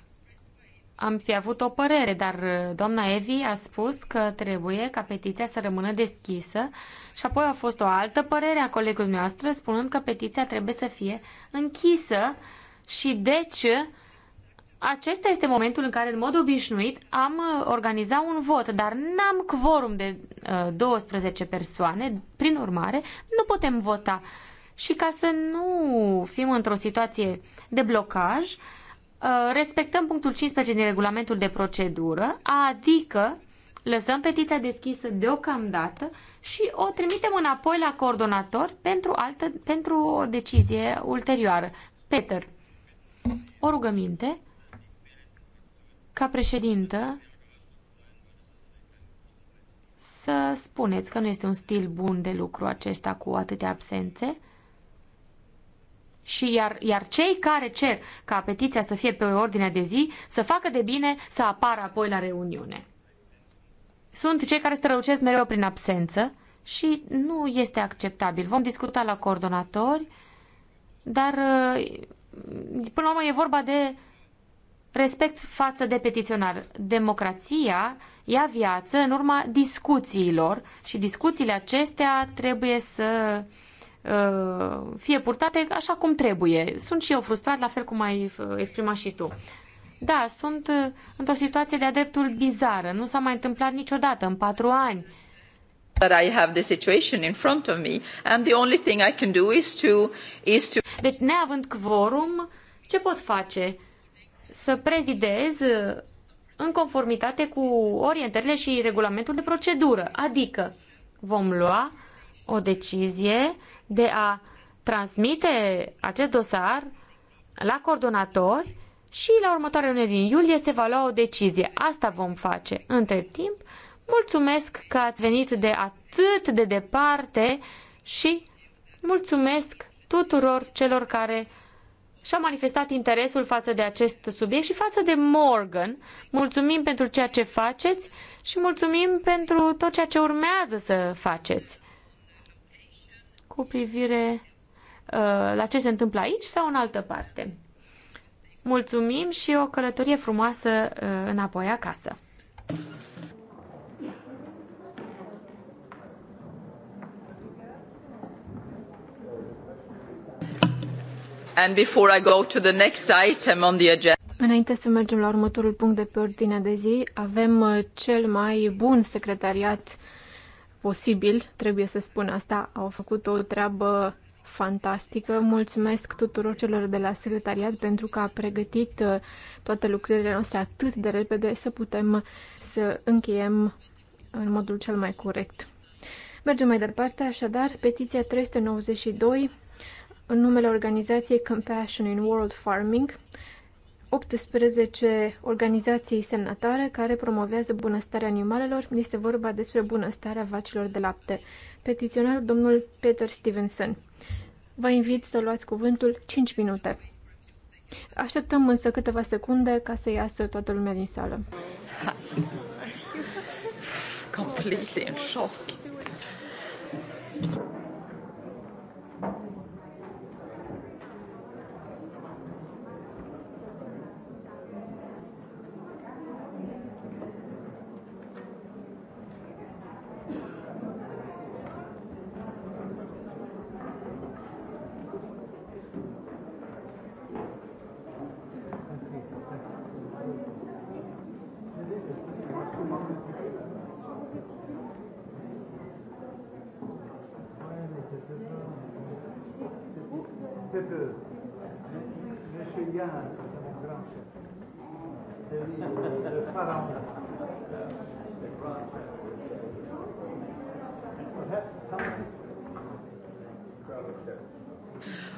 am fi avut o părere, dar uh, doamna Evi a spus că trebuie ca petiția să rămână deschisă și apoi a fost o altă părere a colegului noastră spunând că petiția trebuie să fie închisă și deci acesta este momentul în care, în mod obișnuit, am uh, organizat un vot, dar n-am quorum de uh, 12 persoane, prin urmare, nu putem vota. Și ca să nu fim într-o situație de blocaj, uh, Uh, respectăm punctul 15 din regulamentul de procedură, adică lăsăm petiția deschisă deocamdată și o trimitem înapoi la coordonator pentru, altă, pentru o decizie ulterioară. Peter, o rugăminte ca președintă să spuneți că nu este un stil bun de lucru acesta cu atâtea absențe și iar, iar cei care cer ca petiția să fie pe ordinea de zi, să facă de bine să apară apoi la reuniune. Sunt cei care strălucesc mereu prin absență și nu este acceptabil. Vom discuta la coordonatori, dar uh, până la urmă e vorba de respect față de petiționar. Democrația ia viață în urma discuțiilor și discuțiile acestea trebuie să uh, Uh, fie purtate așa cum trebuie. Sunt și eu frustrat, la fel cum ai uh, exprimat și tu. Da, sunt uh, într-o situație de-a dreptul bizară. Nu s-a mai întâmplat niciodată în patru ani. That I have the situation in front of me and the only thing I can do is to, is to... Deci, neavând quorum, ce pot face? Să prezidez în conformitate cu orientările și regulamentul de procedură. Adică vom lua o decizie de a transmite acest dosar la coordonatori și la următoarea lună din iulie se va lua o decizie. Asta vom face. Între timp, mulțumesc că ați venit de atât de departe și mulțumesc tuturor celor care și-au manifestat interesul față de acest subiect și față de Morgan. Mulțumim pentru ceea ce faceți și mulțumim pentru tot ceea ce urmează să faceți cu privire uh, la ce se întâmplă aici sau în altă parte. Mulțumim și o călătorie frumoasă uh, înapoi acasă. And before I go to the next item on the agenda. Înainte să mergem la următorul punct de pe ordinea de zi, avem uh, cel mai bun secretariat posibil, trebuie să spun asta. Au făcut o treabă fantastică. Mulțumesc tuturor celor de la secretariat pentru că a pregătit uh, toate lucrările noastre atât de repede să putem să încheiem în modul cel mai corect. Mergem mai departe, așadar, petiția 392 în numele organizației Compassion in World Farming 18 organizații semnatare care promovează bunăstarea animalelor. Este vorba despre bunăstarea vacilor de lapte. Petiționar domnul Peter Stevenson. Vă invit să luați cuvântul 5 minute. Așteptăm însă câteva secunde ca să iasă toată lumea din sală. Completely in shock.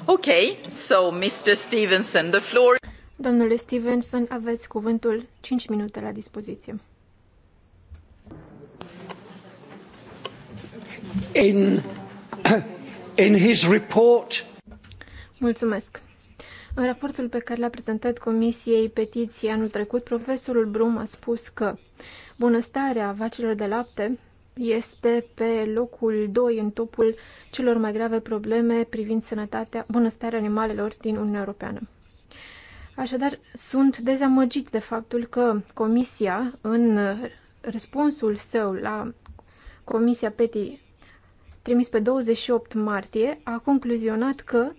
Ok, so Mr. Stevenson, the floor... Domnule Stevenson, aveți cuvântul 5 minute la dispoziție. In, in his report... Mulțumesc. În raportul pe care l-a prezentat Comisiei Petiții anul trecut, profesorul Brum a spus că bunăstarea vacilor de lapte este pe locul 2 în topul celor mai grave probleme privind sănătatea, bunăstarea animalelor din Uniunea Europeană. Așadar, sunt dezamăgit de faptul că Comisia, în răspunsul său la Comisia PETI trimis pe 28 martie, a concluzionat că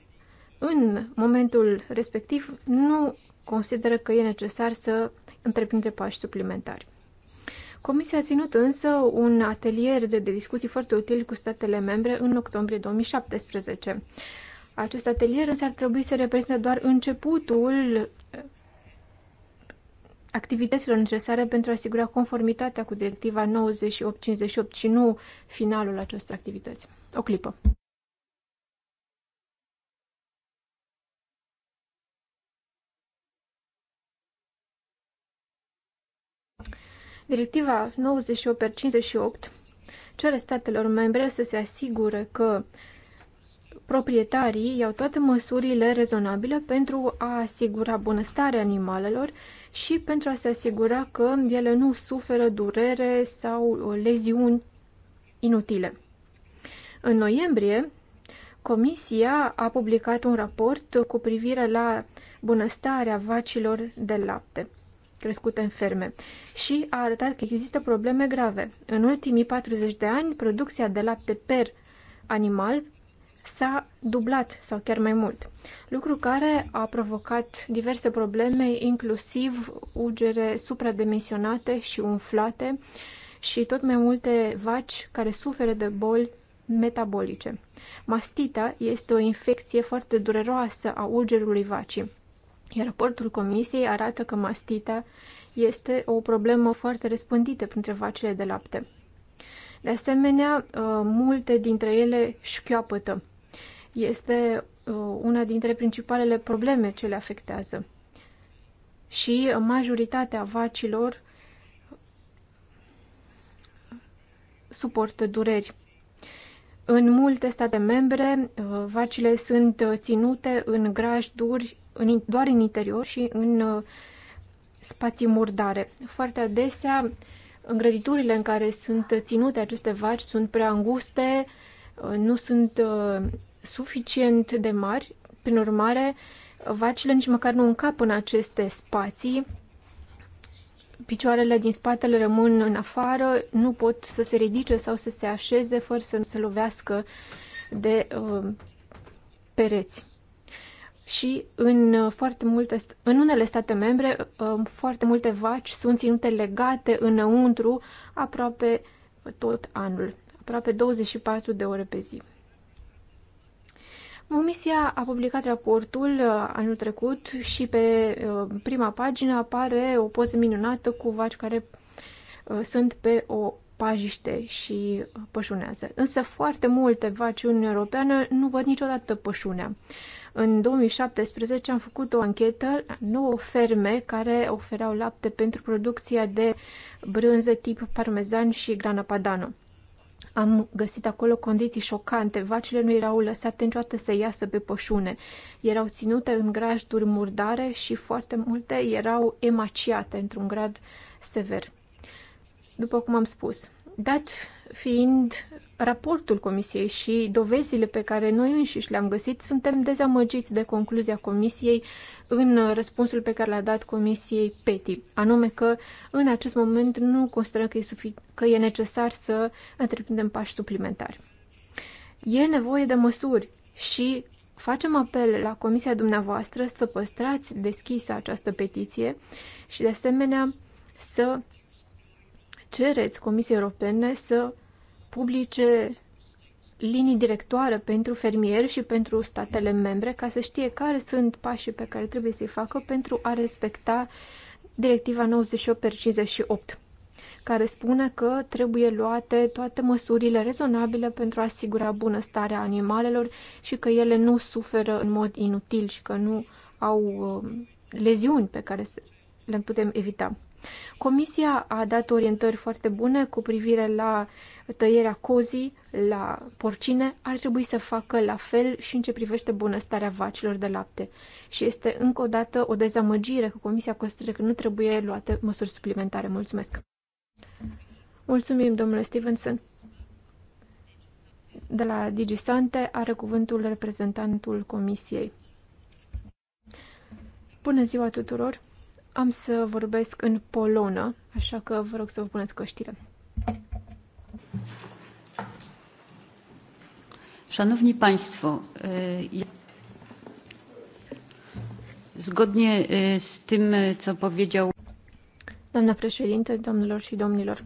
în momentul respectiv nu consideră că e necesar să întreprinde pași suplimentari. Comisia a ținut însă un atelier de, de discuții foarte util cu statele membre în octombrie 2017. Acest atelier însă ar trebui să reprezinte doar începutul eh, activităților necesare pentru a asigura conformitatea cu directiva 9858 și nu finalul acestor activități. O clipă. Directiva 98 58 cere statelor membre să se asigure că proprietarii iau toate măsurile rezonabile pentru a asigura bunăstarea animalelor și pentru a se asigura că ele nu suferă durere sau leziuni inutile. În noiembrie, Comisia a publicat un raport cu privire la bunăstarea vacilor de lapte crescute în ferme și a arătat că există probleme grave. În ultimii 40 de ani, producția de lapte per animal s-a dublat sau chiar mai mult, lucru care a provocat diverse probleme, inclusiv ugere supradimensionate și umflate și tot mai multe vaci care suferă de boli metabolice. Mastita este o infecție foarte dureroasă a ulgerului vacii iar raportul comisiei arată că mastita este o problemă foarte răspândită printre vacile de lapte. De asemenea, uh, multe dintre ele șchioapătă. Este uh, una dintre principalele probleme ce le afectează. Și majoritatea vacilor suportă dureri în multe state membre, uh, vacile sunt uh, ținute în grajduri doar în interior și în uh, spații murdare. Foarte adesea, îngrăditurile în care sunt ținute aceste vaci sunt prea înguste, nu sunt suficient de mari, prin urmare, vacile nici măcar nu încap în aceste spații picioarele din spatele rămân în afară, nu pot să se ridice sau să se așeze fără să se lovească de uh, pereți. Și în uh, foarte multe, în unele state membre, uh, foarte multe vaci sunt ținute legate înăuntru aproape tot anul, aproape 24 de ore pe zi. Comisia a publicat raportul uh, anul trecut și pe uh, prima pagină apare o poză minunată cu vaci care uh, sunt pe o pajiște și pășunează. Însă foarte multe vaci în Europeană nu văd niciodată pășunea. În 2017 am făcut o anchetă la ferme care ofereau lapte pentru producția de brânză tip parmezan și grana padano. Am găsit acolo condiții șocante. Vacile nu erau lăsate niciodată să iasă pe pășune. Erau ținute în grajduri murdare și foarte multe erau emaciate într-un grad sever. După cum am spus, dat fiind raportul comisiei și dovezile pe care noi înșiși le-am găsit, suntem dezamăgiți de concluzia comisiei în răspunsul pe care l-a dat comisiei PETI, anume că în acest moment nu considerăm că e, sufic- că e necesar să întreprindem pași suplimentari. E nevoie de măsuri și facem apel la comisia dumneavoastră să păstrați deschisă această petiție și de asemenea să cereți Comisiei Europene să publice linii directoare pentru fermieri și pentru statele membre ca să știe care sunt pașii pe care trebuie să-i facă pentru a respecta directiva 98-58 care spune că trebuie luate toate măsurile rezonabile pentru a asigura bunăstarea animalelor și că ele nu suferă în mod inutil și că nu au um, leziuni pe care le putem evita. Comisia a dat orientări foarte bune cu privire la tăierea cozii, la porcine. Ar trebui să facă la fel și în ce privește bunăstarea vacilor de lapte. Și este încă o dată o dezamăgire că Comisia consideră că nu trebuie luate măsuri suplimentare. Mulțumesc! Mulțumim, domnule Stevenson. De la DigiSante are cuvântul reprezentantul Comisiei. Bună ziua tuturor! Am să vorbesc în polonă, așa că vă rog să vă puneți căștile. Szanowni Państwo, zgodnie z tym, co powiedział. Doamna președinte, domnilor și domnilor,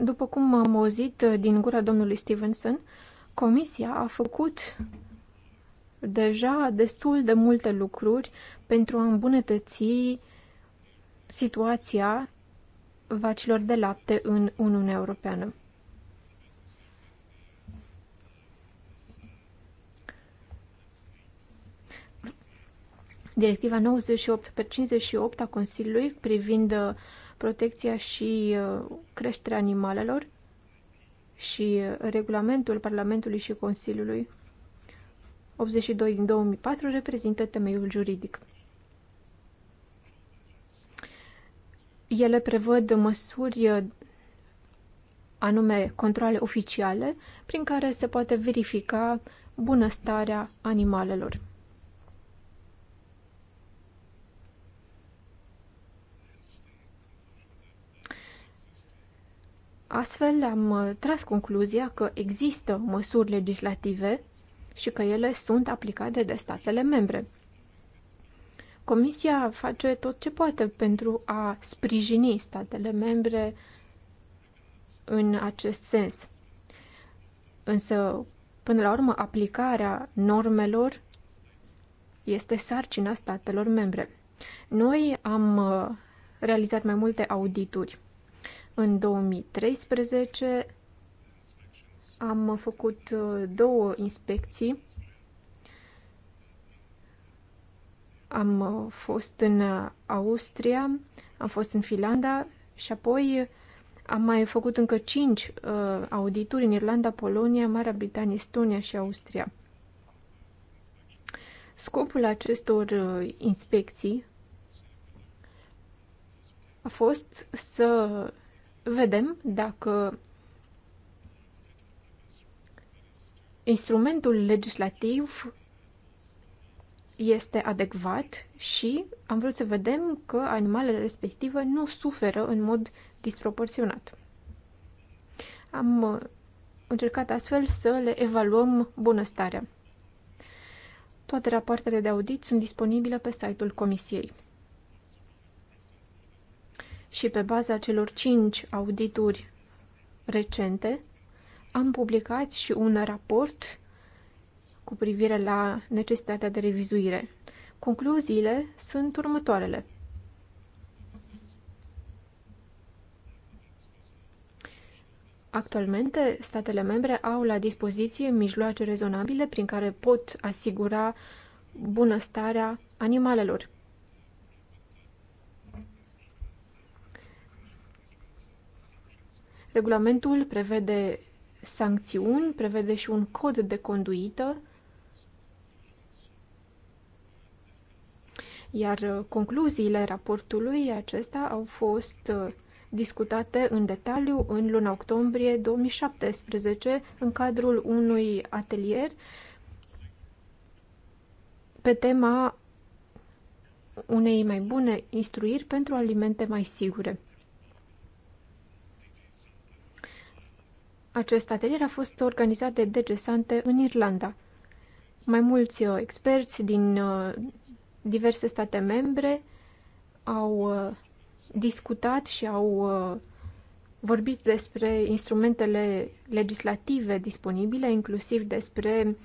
după cum am auzit din gura domnului Stevenson, Comisia a făcut deja destul de multe lucruri pentru a îmbunătăți situația vacilor de lapte în Uniunea Europeană. Directiva 98 pe 58 a Consiliului privind uh, protecția și uh, creșterea animalelor și uh, regulamentul Parlamentului și Consiliului 82 din 2004 reprezintă temeiul juridic. Ele prevăd măsuri anume controle oficiale prin care se poate verifica bunăstarea animalelor. Astfel am tras concluzia că există măsuri legislative și că ele sunt aplicate de statele membre. Comisia face tot ce poate pentru a sprijini statele membre în acest sens. Însă, până la urmă, aplicarea normelor este sarcina statelor membre. Noi am uh, realizat mai multe audituri. În 2013 am făcut uh, două inspecții. Am uh, fost în Austria, am fost în Finlanda și apoi am mai făcut încă cinci uh, audituri în Irlanda, Polonia, Marea Britanie, Estonia și Austria. Scopul acestor inspecții a fost să vedem dacă instrumentul legislativ este adecvat și am vrut să vedem că animalele respective nu suferă în mod disproporționat. Am uh, încercat astfel să le evaluăm bunăstarea. Toate rapoartele de audit sunt disponibile pe site-ul Comisiei. Și pe baza celor 5 audituri recente, am publicat și un raport cu privire la necesitatea de revizuire. Concluziile sunt următoarele. Actualmente, statele membre au la dispoziție mijloace rezonabile prin care pot asigura bunăstarea animalelor. Regulamentul prevede sancțiuni, prevede și un cod de conduită, iar uh, concluziile raportului acesta au fost uh, discutate în detaliu în luna octombrie 2017 în cadrul unui atelier pe tema unei mai bune instruiri pentru alimente mai sigure. Acest atelier a fost organizat de degesante în Irlanda. Mai mulți uh, experți din uh, diverse state membre au uh, discutat și au vorbit despre instrumentele legislative disponibile, inclusiv despre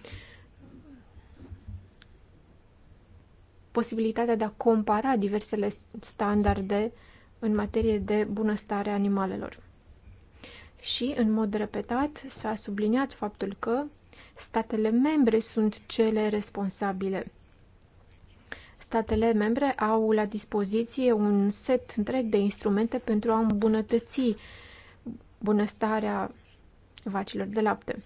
posibilitatea de a compara diversele standarde în materie de bunăstare animalelor și, în mod repetat, s-a subliniat faptul că statele membre sunt cele responsabile. Statele membre au la dispoziție un set întreg de instrumente pentru a îmbunătăți bunăstarea vacilor de lapte.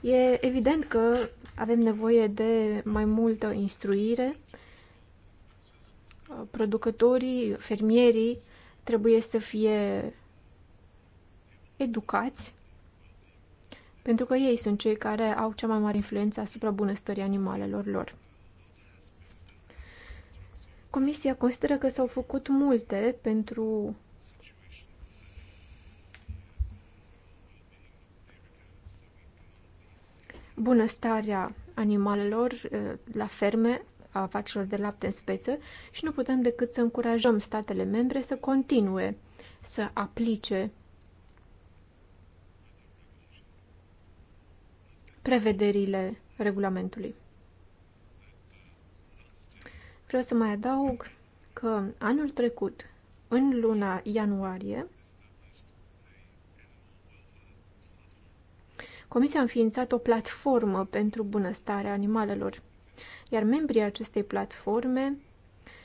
E evident că avem nevoie de mai multă instruire. Producătorii, fermierii trebuie să fie educați, pentru că ei sunt cei care au cea mai mare influență asupra bunăstării animalelor lor. Comisia consideră că s-au făcut multe pentru bunăstarea animalelor eh, la ferme, a afacerilor de lapte în speță și nu putem decât să încurajăm statele membre să continue să aplice prevederile regulamentului. Vreau să mai adaug că anul trecut, în luna ianuarie, Comisia a înființat o platformă pentru bunăstarea animalelor, iar membrii acestei platforme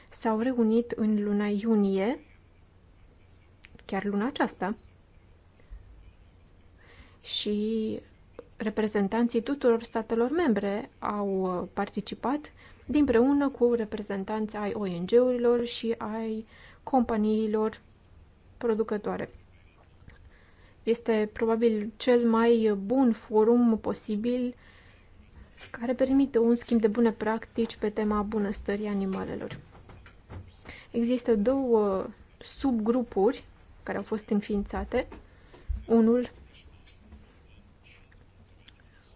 s-au reunit în luna iunie, chiar luna aceasta, și reprezentanții tuturor statelor membre au uh, participat, dinpreună cu reprezentanți ai ONG-urilor și ai companiilor producătoare. Este probabil cel mai bun forum posibil care permite un schimb de bune practici pe tema bunăstării animalelor. Există două subgrupuri care au fost înființate. Unul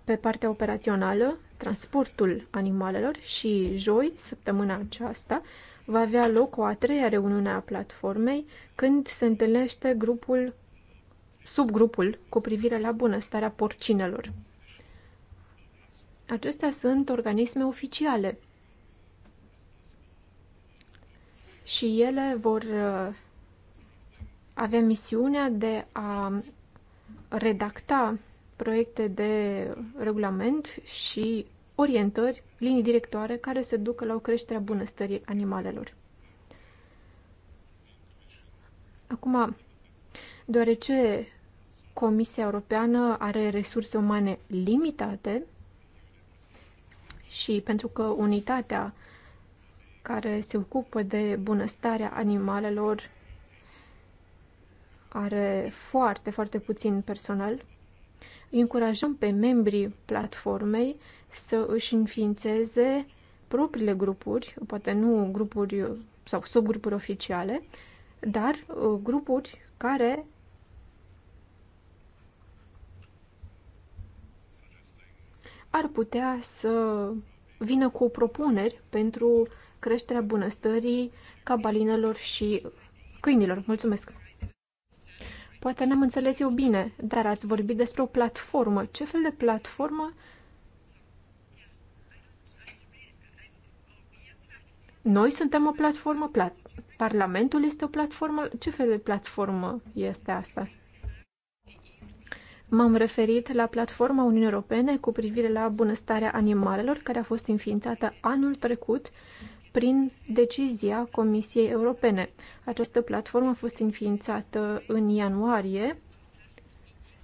pe partea operațională, transportul animalelor și joi, săptămâna aceasta, va avea loc o a treia reuniune a platformei când se întâlnește grupul, subgrupul cu privire la bunăstarea porcinelor. Acestea sunt organisme oficiale și ele vor uh, avea misiunea de a redacta proiecte de regulament și orientări, linii directoare care se ducă la o creștere a bunăstării animalelor. Acum, deoarece Comisia Europeană are resurse umane limitate și pentru că unitatea care se ocupă de bunăstarea animalelor are foarte, foarte puțin personal, încurajăm pe membrii platformei să își înființeze propriile grupuri, poate nu grupuri sau subgrupuri oficiale, dar uh, grupuri care ar putea să vină cu propuneri pentru creșterea bunăstării cabalinelor și câinilor. Mulțumesc! Poate n-am înțeles eu bine, dar ați vorbit despre o platformă. Ce fel de platformă? Noi suntem o platformă, plat- Parlamentul este o platformă. Ce fel de platformă este asta? M-am referit la platforma Uniunii Europene cu privire la bunăstarea animalelor, care a fost înființată anul trecut prin decizia Comisiei Europene. Această platformă a fost înființată în ianuarie.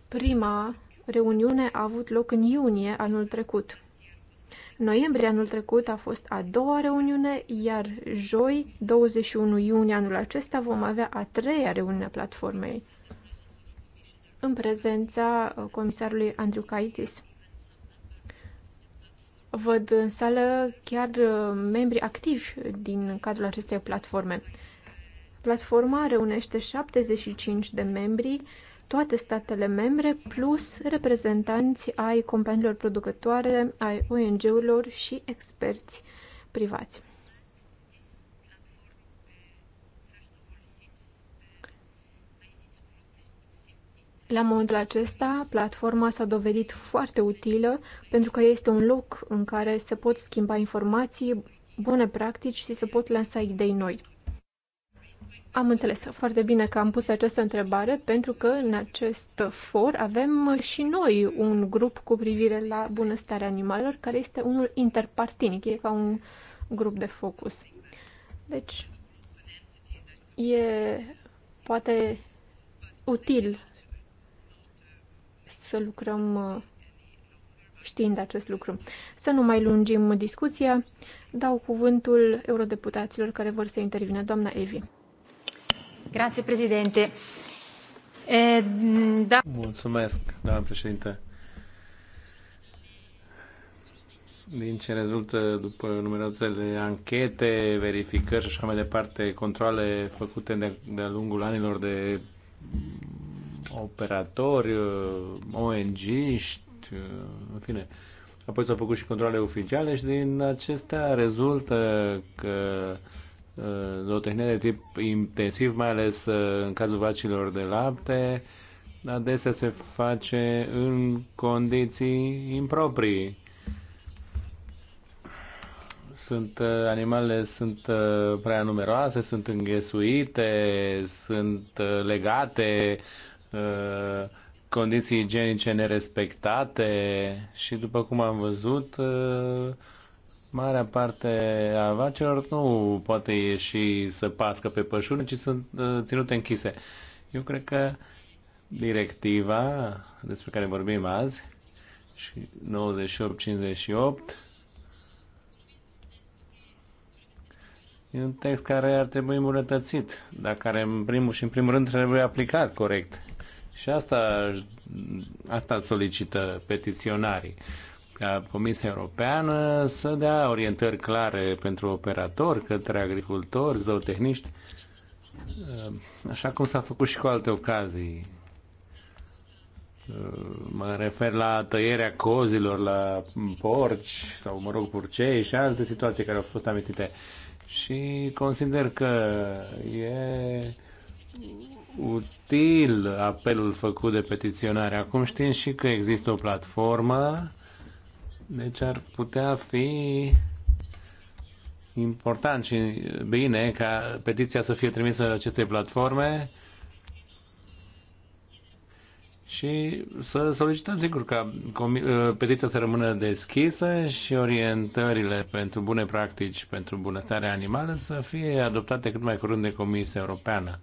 Prima reuniune a avut loc în iunie anul trecut. Noiembrie anul trecut a fost a doua reuniune, iar joi, 21 iunie anul acesta, vom avea a treia reuniune a platformei în prezența uh, comisarului Andriu Caitis. Văd în sală chiar uh, membri activi din cadrul acestei platforme. Platforma reunește 75 de membri, toate statele membre, plus reprezentanți ai companiilor producătoare, ai ONG-urilor și experți privați. La momentul acesta, platforma s-a dovedit foarte utilă pentru că este un loc în care se pot schimba informații, bune practici și se pot lansa idei noi. Am înțeles foarte bine că am pus această întrebare pentru că în acest for avem și noi un grup cu privire la bunăstarea animalelor care este unul interpartinic, e ca un grup de focus. Deci e poate util să lucrăm uh, știind acest lucru. Să nu mai lungim discuția, dau cuvântul eurodeputaților care vor să intervină. Doamna Evi. Grazie, președinte. E, da... Mulțumesc, doamna președinte. Din ce rezultă după numeroasele anchete, verificări și așa mai departe, controle făcute de, de-a lungul anilor de operatori, uh, ong uh, în fine. Apoi s-au făcut și controle oficiale și din acestea rezultă că zootehnia uh, de tip intensiv, mai ales în cazul vacilor de lapte, adesea se face în condiții improprii. Sunt animalele sunt prea numeroase, sunt înghesuite, sunt legate, Uh, condiții igienice nerespectate și după cum am văzut, uh, marea parte a vacilor nu poate ieși să pască pe pășune, ci sunt uh, ținute închise. Eu cred că directiva despre care vorbim azi și 98-58, E un text care ar trebui îmbunătățit, dar care în primul și în primul rând trebuie aplicat corect. Și asta, asta solicită petiționarii ca Comisia Europeană să dea orientări clare pentru operatori, către agricultori, zootehniști, ă, așa cum s-a făcut și cu alte ocazii. Ă, mă refer la tăierea cozilor, la porci sau, mă rog, purcei și alte situații care au fost amintite și consider că e util apelul făcut de petiționare. Acum știm și că există o platformă, deci ar putea fi important și bine ca petiția să fie trimisă acestei platforme și să solicităm, sigur, ca ă, petiția să rămână deschisă și orientările pentru bune practici pentru bunăstarea animală să fie adoptate cât mai curând de Comisia Europeană.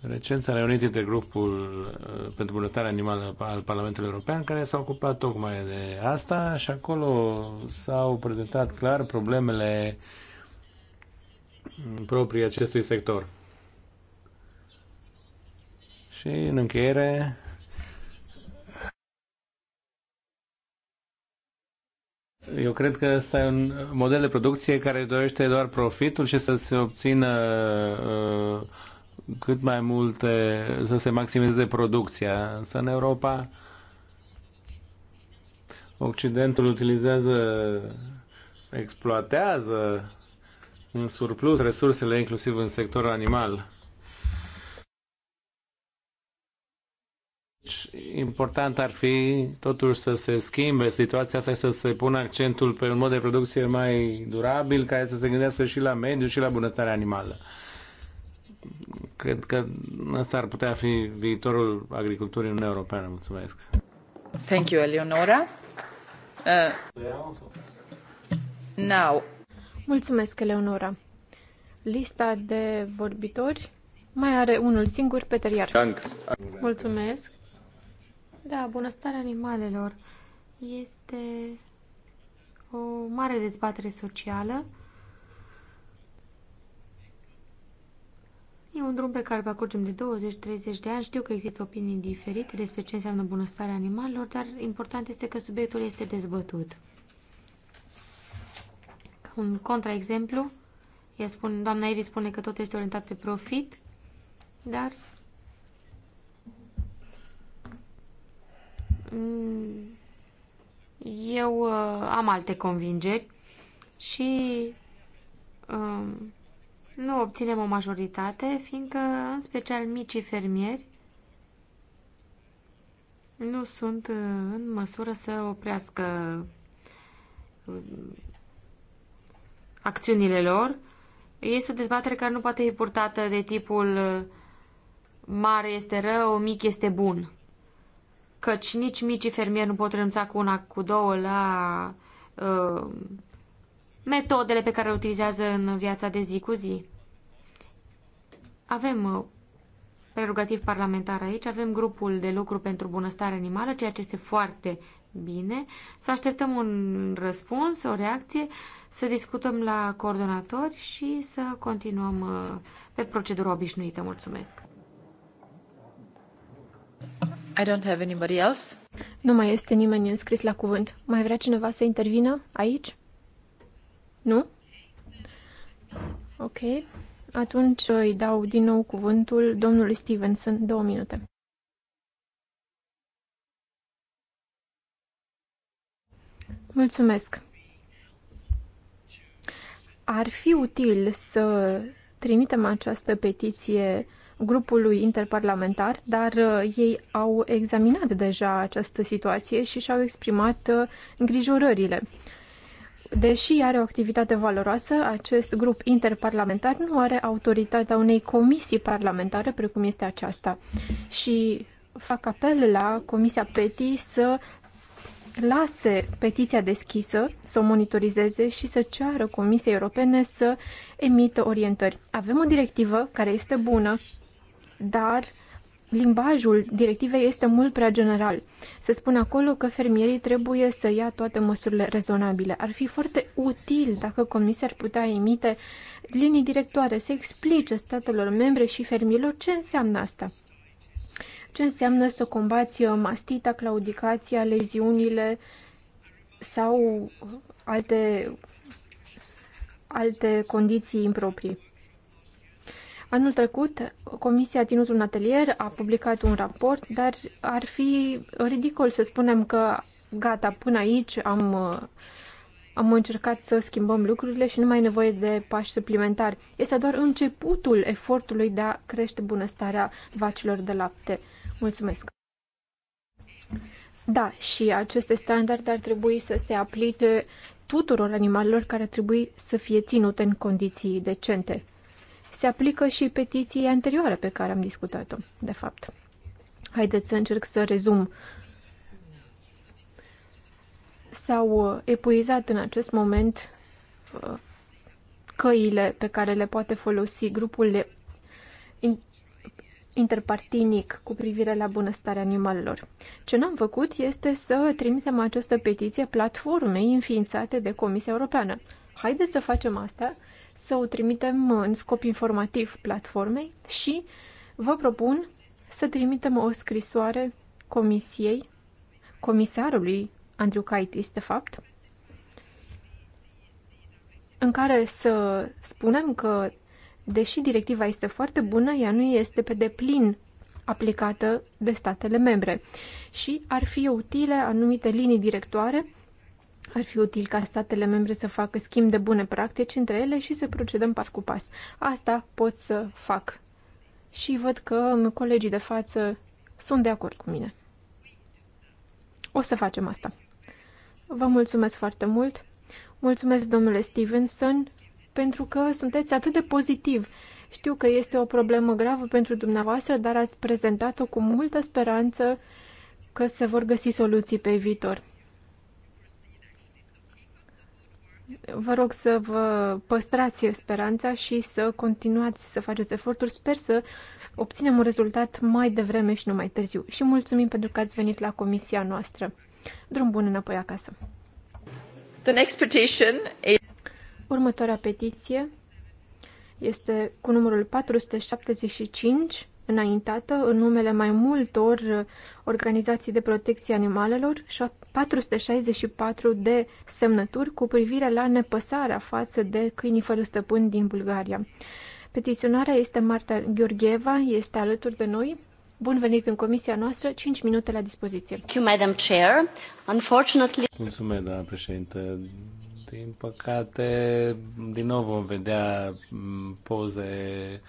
Recent s-a reunit între grupul ă, pentru bunătarea animală al Parlamentului European care s-a ocupat tocmai de asta și acolo s-au prezentat clar problemele proprii acestui sector. Și în încheiere, Eu cred că ăsta e un model de producție care dorește doar profitul și să se obțină uh, cât mai multe, să se maximizeze producția. Însă în Europa, Occidentul utilizează, exploatează în surplus resursele, inclusiv în sectorul animal. Deci, important ar fi totuși să se schimbe situația asta și să se pună accentul pe un mod de producție mai durabil, care să se gândească și la mediu și la bunăstarea animală. Cred că asta ar putea fi viitorul agriculturii în Europeană. Mulțumesc! Thank you, Eleonora. Uh, now. Mulțumesc, Eleonora. Lista de vorbitori mai are unul singur, Peter Iar. Mulțumesc. Da, bunăstarea animalelor este o mare dezbatere socială. E un drum pe care parcurgem de 20-30 de ani. Știu că există opinii diferite despre ce înseamnă bunăstarea animalelor, dar important este că subiectul este dezbătut. un contraexemplu, ea doamna Evi spune că tot este orientat pe profit, dar Mm, eu uh, am alte convingeri și uh, nu obținem o majoritate, fiindcă, în special, micii fermieri nu sunt uh, în măsură să oprească uh, acțiunile lor. Este o dezbatere care nu poate fi purtată de tipul mare este rău, mic este bun căci nici micii fermieri nu pot renunța cu una, cu două la uh, metodele pe care le utilizează în viața de zi cu zi. Avem uh, prerogativ parlamentar aici, avem grupul de lucru pentru bunăstare animală, ceea ce este foarte bine. Să așteptăm un răspuns, o reacție, să discutăm la coordonatori și să continuăm uh, pe procedura obișnuită. Mulțumesc! I don't have anybody else. Nu mai este nimeni înscris la cuvânt. Mai vrea cineva să intervină aici? Nu? Ok. Atunci îi dau din nou cuvântul domnului Stevenson, două minute. Mulțumesc. Ar fi util să trimitem această petiție grupului interparlamentar, dar uh, ei au examinat deja această situație și și-au exprimat uh, îngrijorările. Deși are o activitate valoroasă, acest grup interparlamentar nu are autoritatea unei comisii parlamentare precum este aceasta. Și fac apel la Comisia PETI să lase petiția deschisă, să o monitorizeze și să ceară Comisiei Europene să emită orientări. Avem o directivă care este bună, dar limbajul directivei este mult prea general. Se spune acolo că fermierii trebuie să ia toate măsurile rezonabile. Ar fi foarte util dacă comisia ar putea emite linii directoare, să explice statelor membre și fermierilor ce înseamnă asta. Ce înseamnă să combați mastita, claudicația, leziunile sau alte, alte condiții improprii. Anul trecut, Comisia a ținut un atelier, a publicat un raport, dar ar fi ridicol să spunem că gata, până aici am, am încercat să schimbăm lucrurile și nu mai e nevoie de pași suplimentari. Este doar începutul efortului de a crește bunăstarea vacilor de lapte. Mulțumesc! Da, și aceste standarde ar trebui să se aplice tuturor animalelor care ar trebui să fie ținute în condiții decente se aplică și petiției anterioare pe care am discutat-o, de fapt. Haideți să încerc să rezum. S-au uh, epuizat în acest moment uh, căile pe care le poate folosi grupul interpartinic cu privire la bunăstarea animalelor. Ce n-am făcut este să trimitem această petiție platformei înființate de Comisia Europeană. Haideți să facem asta să o trimitem uh, în scop informativ platformei și vă propun să trimitem o scrisoare comisiei, comisarului Andrew Kaitis, de fapt, în care să spunem că, deși directiva este foarte bună, ea nu este pe deplin aplicată de statele membre și ar fi utile anumite linii directoare ar fi util ca statele membre să facă schimb de bune practici între ele și să procedăm pas cu pas. Asta pot să fac. Și văd că colegii de față sunt de acord cu mine. O să facem asta. Vă mulțumesc foarte mult. Mulțumesc, domnule Stevenson, pentru că sunteți atât de pozitiv. Știu că este o problemă gravă pentru dumneavoastră, dar ați prezentat-o cu multă speranță că se vor găsi soluții pe viitor. Vă rog să vă păstrați speranța și să continuați să faceți eforturi. Sper să obținem un rezultat mai devreme și nu mai târziu. Și mulțumim pentru că ați venit la comisia noastră. Drum bun înapoi acasă. The next petition is... Următoarea petiție este cu numărul 475 înaintată în numele mai multor organizații de protecție animalelor și 464 de semnături cu privire la nepăsarea față de câinii fără stăpân din Bulgaria. Petiționarea este Marta Gheorgheva, este alături de noi. Bun venit în comisia noastră, 5 minute la dispoziție. Thank you, Madam Chair. Unfortunately... Mulțumesc, doamna președintă. Din păcate, din nou vom vedea mm, poze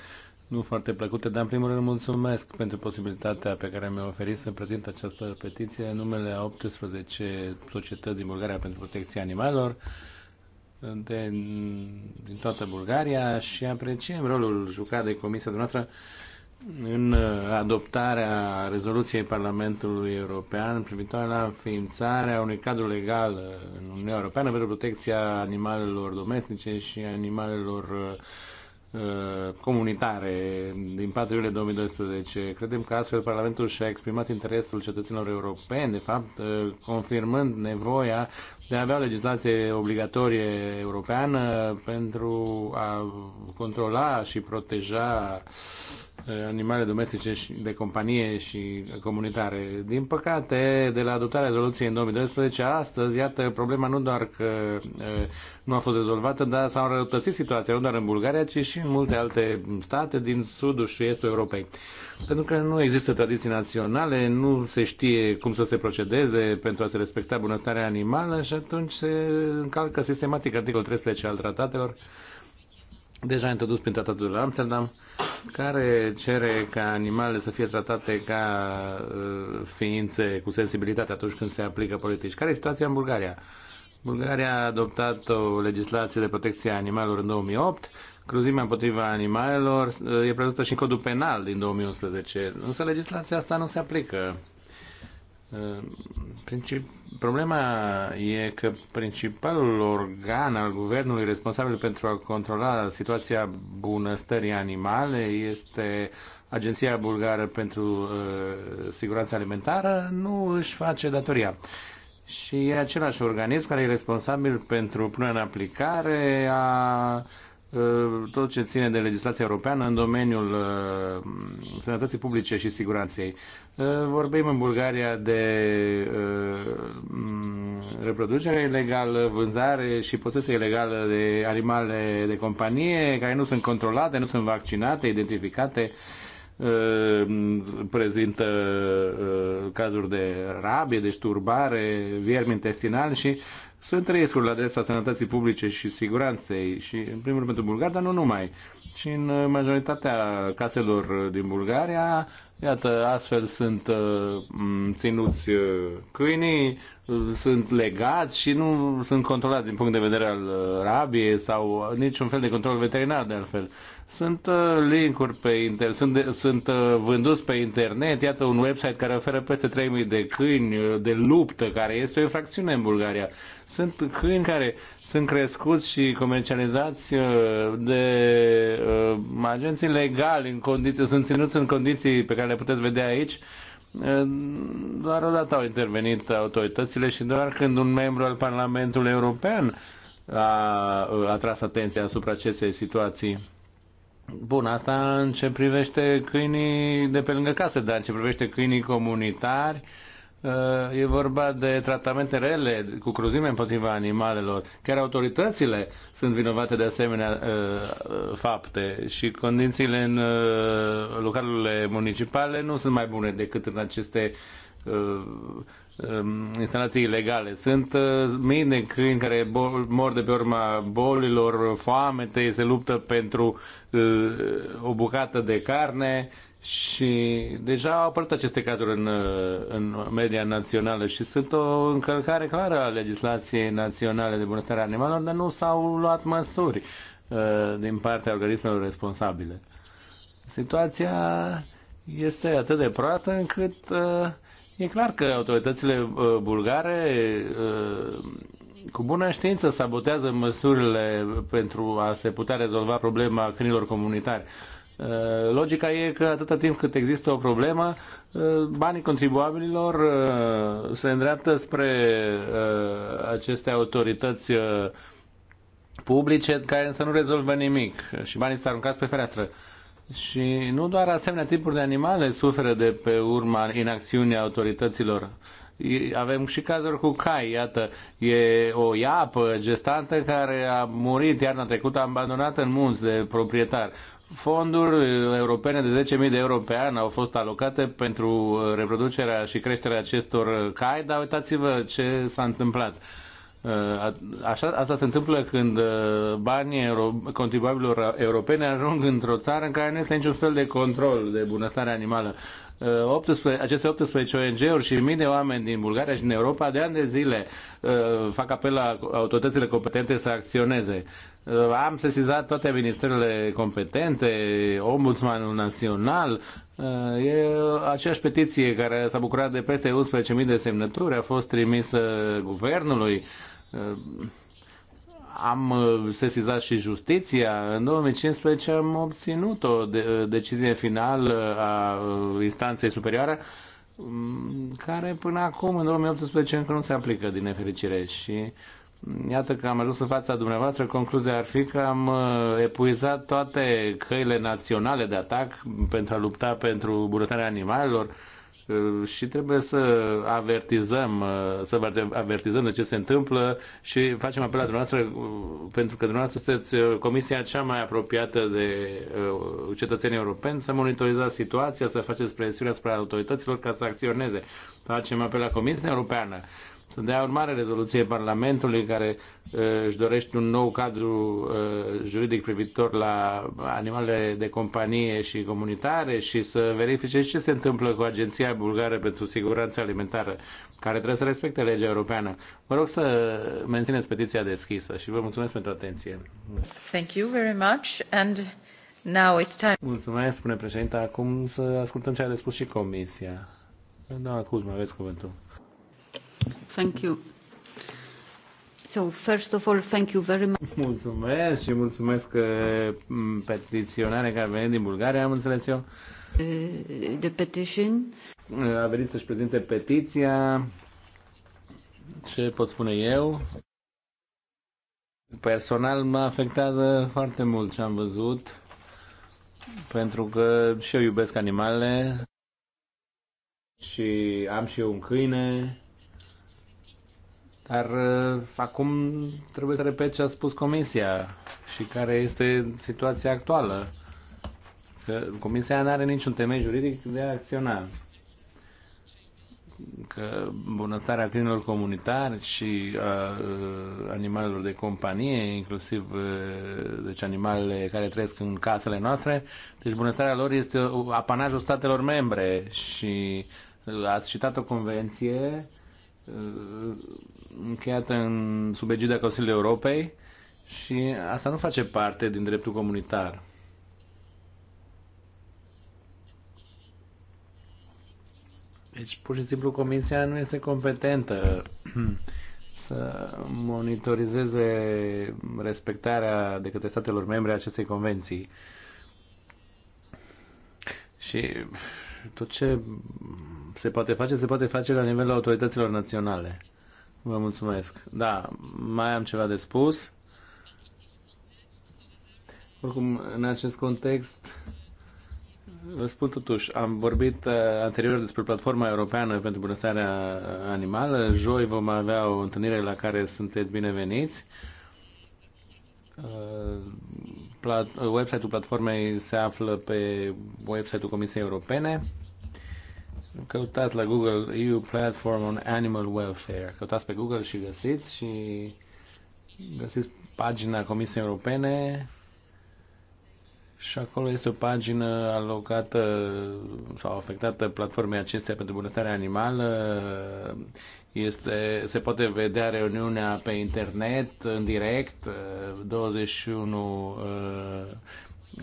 nu foarte plăcute, dar în primul rând mulțumesc pentru posibilitatea pe care mi-a oferit să prezint această petiție în numele a 18 societăți din Bulgaria pentru protecția animalelor de, din toată Bulgaria și apreciem rolul jucat de Comisia dumneavoastră în adoptarea rezoluției Parlamentului European privitoare la ființarea unui cadru legal în Uniunea Europeană pentru protecția animalelor domestice și animalelor uh, Uh, comunitare din 4 iulie 2012. Credem că astfel Parlamentul și-a exprimat interesul cetățenilor europeni, de fapt, uh, confirmând nevoia de a avea o legislație obligatorie europeană pentru a controla și proteja animale domestice și de companie și comunitare. Din păcate, de la adoptarea rezoluției în 2012, astăzi, iată, problema nu doar că nu a fost rezolvată, dar s-a înrăutățit situația nu doar în Bulgaria, ci și în multe alte state din sudul și estul Europei. Pentru că nu există tradiții naționale, nu se știe cum să se procedeze pentru a se respecta bunătatea animală și atunci se încalcă sistematic articolul 13 al tratatelor deja introdus prin tratatul de la Amsterdam, care cere ca animalele să fie tratate ca uh, ființe cu sensibilitate atunci când se aplică politici. Care e situația în Bulgaria? Bulgaria a adoptat o legislație de protecție a animalelor în 2008, cruzimea împotriva animalelor uh, e prevăzută și în codul penal din 2011, însă legislația asta nu se aplică Princip... Problema e că principalul organ al guvernului responsabil pentru a controla situația bunăstării animale este Agenția Bulgară pentru uh, Siguranța Alimentară, nu își face datoria. Și e același organism care e responsabil pentru punerea în aplicare a Uh, tot ce ține de legislația europeană în domeniul uh, sănătății publice și siguranței. Uh, vorbim în Bulgaria de reproducere ilegală, vânzare și posesie ilegală de animale de companie care nu sunt controlate, nu sunt vaccinate, identificate prezintă cazuri de rabie, de deci turbare, viermi intestinali și sunt riscuri la adresa sănătății publice și siguranței și, în primul rând, pentru bulgari, dar nu numai. Și în majoritatea caselor din Bulgaria, iată, astfel sunt uh, ținuți uh, câinii, sunt legați și nu sunt controlați din punct de vedere al uh, rabiei sau niciun fel de control veterinar de altfel. Sunt uh, linkuri pe internet, sunt, sunt uh, vânduți pe internet, iată un website care oferă peste 3000 de câini de luptă, care este o infracțiune în Bulgaria. Sunt câini care sunt crescuți și comercializați de agenții legali, în condiții, sunt ținuți în condiții pe care le puteți vedea aici, doar odată au intervenit autoritățile și doar când un membru al Parlamentului European a atras atenția asupra acestei situații. Bun, asta în ce privește câinii de pe lângă casă, dar în ce privește câinii comunitari, uh, Eh, e vorba de tratamente rele, cu cruzime împotriva animalelor. Chiar autoritățile sunt vinovate de asemenea eh, eh, fapte și condițiile în localurile municipale nu sunt mai bune decât în aceste instalații ilegale. Sunt mii de câini care mor de pe urma bolilor, foamete, se luptă pentru Uh, o bucată de carne și deja au apărut aceste cazuri în, uh, în media națională și sunt o încălcare clară a legislației naționale de bunăstare a animalelor, dar nu s-au luat măsuri uh, din partea organismelor responsabile. Situația este atât de proastă încât e clar că autoritățile bulgare cu bună știință sabotează măsurile pentru a se putea rezolva problema câinilor comunitari. Uh, logica e că atâta timp cât există o problemă, uh, banii contribuabililor uh, se îndreaptă spre aceste autorități publice care însă nu rezolvă nimic și banii sunt aruncați pe fereastră. Și nu doar asemenea tipuri de animale suferă de pe urma inacțiunii autorităților. Avem și cazuri cu cai, iată, e o iapă gestantă care a murit iarna trecută abandonată în munți de proprietar. Fonduri europene de 10.000 de euro pe an au fost alocate pentru reproducerea și creșterea acestor cai, dar uitați-vă ce s-a întâmplat. Uh, așa, asta se întâmplă când uh, banii euro, contribuabililor europene ajung într-o țară în care nu este niciun fel de control de bunăstare animală. 18, uh, aceste 18 ONG-uri și mii de oameni din Bulgaria și din Europa de ani de zile uh, fac apel la autoritățile competente să acționeze. Uh, am sesizat toate ministerele competente, Ombudsmanul Național, E aceeași petiție care s-a bucurat de peste 11.000 de semnături, a fost trimisă guvernului am uh, sesizat și justiția. În 2015 am obținut o de- uh, decizie finală a uh, instanței superioare mm, care până acum, în 2018, încă nu se aplică, din nefericire. Și mm, iată că am ajuns în fața dumneavoastră, concluzia ar fi că am epuizat toate căile naționale de atac pentru a lupta pentru bunătatea animalelor Uh, și trebuie să avertizăm, uh, să avertizăm de ce se întâmplă și facem apel la dumneavoastră uh, pentru că dumneavoastră sunteți comisia cea mai apropiată de cetățenii europeni să monitorizați situația, să faceți presiune asupra autorităților ca să acționeze. Facem apel la Comisia Europeană sunt de urmare rezoluție Parlamentului care uh, își dorește un nou cadru uh, juridic privitor la animalele de companie și comunitare și să verifice ce se întâmplă cu Agenția Bulgară pentru Siguranță Alimentară, care trebuie să respecte legea europeană. Vă rog să mențineți petiția deschisă și vă mulțumesc pentru atenție. Thank you very much and now it's time. Mulțumesc, spune președinte. Acum să ascultăm ce a de spus și comisia. Doamna Cuzma, aveți cuvântul. Thank you. So, first of all, thank you very much. Mulțumesc și mulțumesc uh, petiționare care a venit din Bulgaria, am înțeles eu. Uh, the petition. Uh, a venit să-și prezinte petiția. Ce pot spune eu? Personal mă afectează foarte mult ce am văzut, pentru că și eu iubesc animale și am și eu un câine dar uh, acum trebuie să repet ce a spus Comisia și care este situația actuală. Că Comisia nu are niciun temei juridic de a acționa. Că bunătarea câinilor comunitari și a, uh, uh, animalelor de companie, inclusiv deci animalele care trăiesc în casele noastre, deci bunătarea lor este apanajul statelor membre și ați citat o convenție încheiată în, sub egida Consiliului Europei și asta nu face parte din dreptul comunitar. Deci, pur și simplu, Comisia nu este competentă (clears throat) să monitorizeze respectarea de către statelor membre a acestei convenții. Și tot ce se poate face, se poate face la nivelul autorităților naționale. Vă mulțumesc. Da, mai am ceva de spus. Oricum, în acest context, vă spun totuși, am vorbit uh, anterior despre Platforma Europeană pentru Bunăstarea Animală. Joi vom avea o întâlnire la care sunteți bineveniți. Uh, website-ul platformei se află pe website-ul Comisiei Europene. Căutați la Google EU Platform on Animal Welfare. Căutați pe Google și găsiți și găsiți pagina Comisiei Europene și acolo este o pagină alocată sau afectată platformei acestea pentru bunătarea animală. Este, se poate vedea reuniunea pe internet, în direct, 21 uh,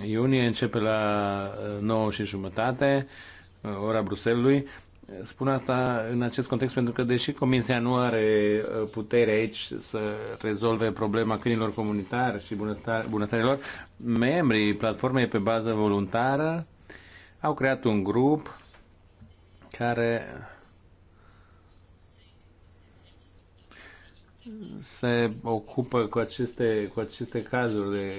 iunie, începe la 9 uh, și jumătate. Uh, ora Bruselului. Spun asta în acest context pentru că, deși Comisia nu are uh, putere aici să rezolve problema câinilor comunitari și bunătărilor, membrii platformei pe bază voluntară au creat un grup care se ocupă cu aceste, cu aceste cazuri de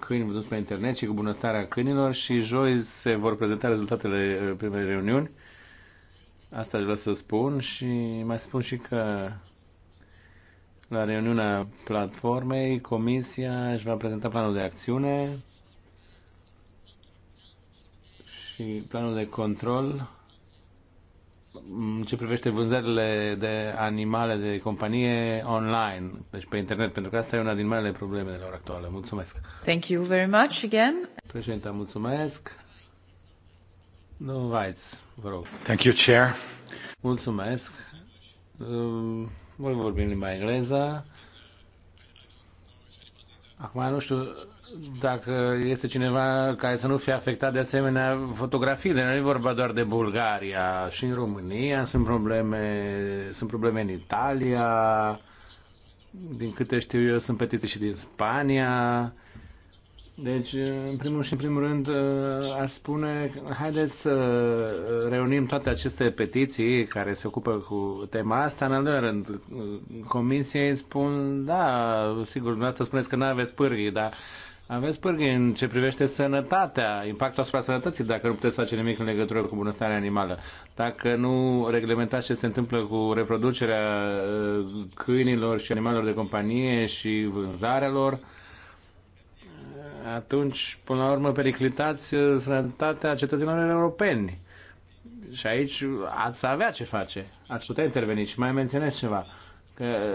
câini văzuți pe internet și cu bunăstarea câinilor și joi se vor prezenta rezultatele uh, primei reuniuni. Asta vreau să spun și mai spun și că la reuniunea platformei, comisia își va prezenta planul de acțiune și planul de control în ce privește vânzările de animale de companie online, deci pe internet, pentru că asta e una din marele probleme de la ora actuală. Mulțumesc! Thank you very much again. Președinte, mulțumesc! Nu vaiți, vă rog. Thank you, Chair. Mulțumesc. Voi vorbi în limba engleză. Acum nu știu dacă este cineva care să nu fie afectat de asemenea fotografiile. Nu e vorba doar de Bulgaria, și în România sunt probleme, sunt probleme în Italia, din câte știu eu sunt petite și din Spania. Deci, în primul și în primul rând, uh, aș spune, haideți să uh, reunim toate aceste petiții care se ocupă cu tema asta. În al doilea rând, uh, comisiei spun, da, sigur, dumneavoastră spuneți că nu aveți pârghii, dar aveți pârghii în ce privește sănătatea, impactul asupra sănătății, dacă nu puteți face nimic în legătură cu bunăstarea animală. Dacă nu reglementați ce se întâmplă cu reproducerea uh, câinilor și animalelor de companie și vânzarea lor, atunci, până la urmă, periclitați uh, sănătatea cetățenilor europeni. Și aici ați avea ce face, ați putea interveni. Și mai menționez ceva că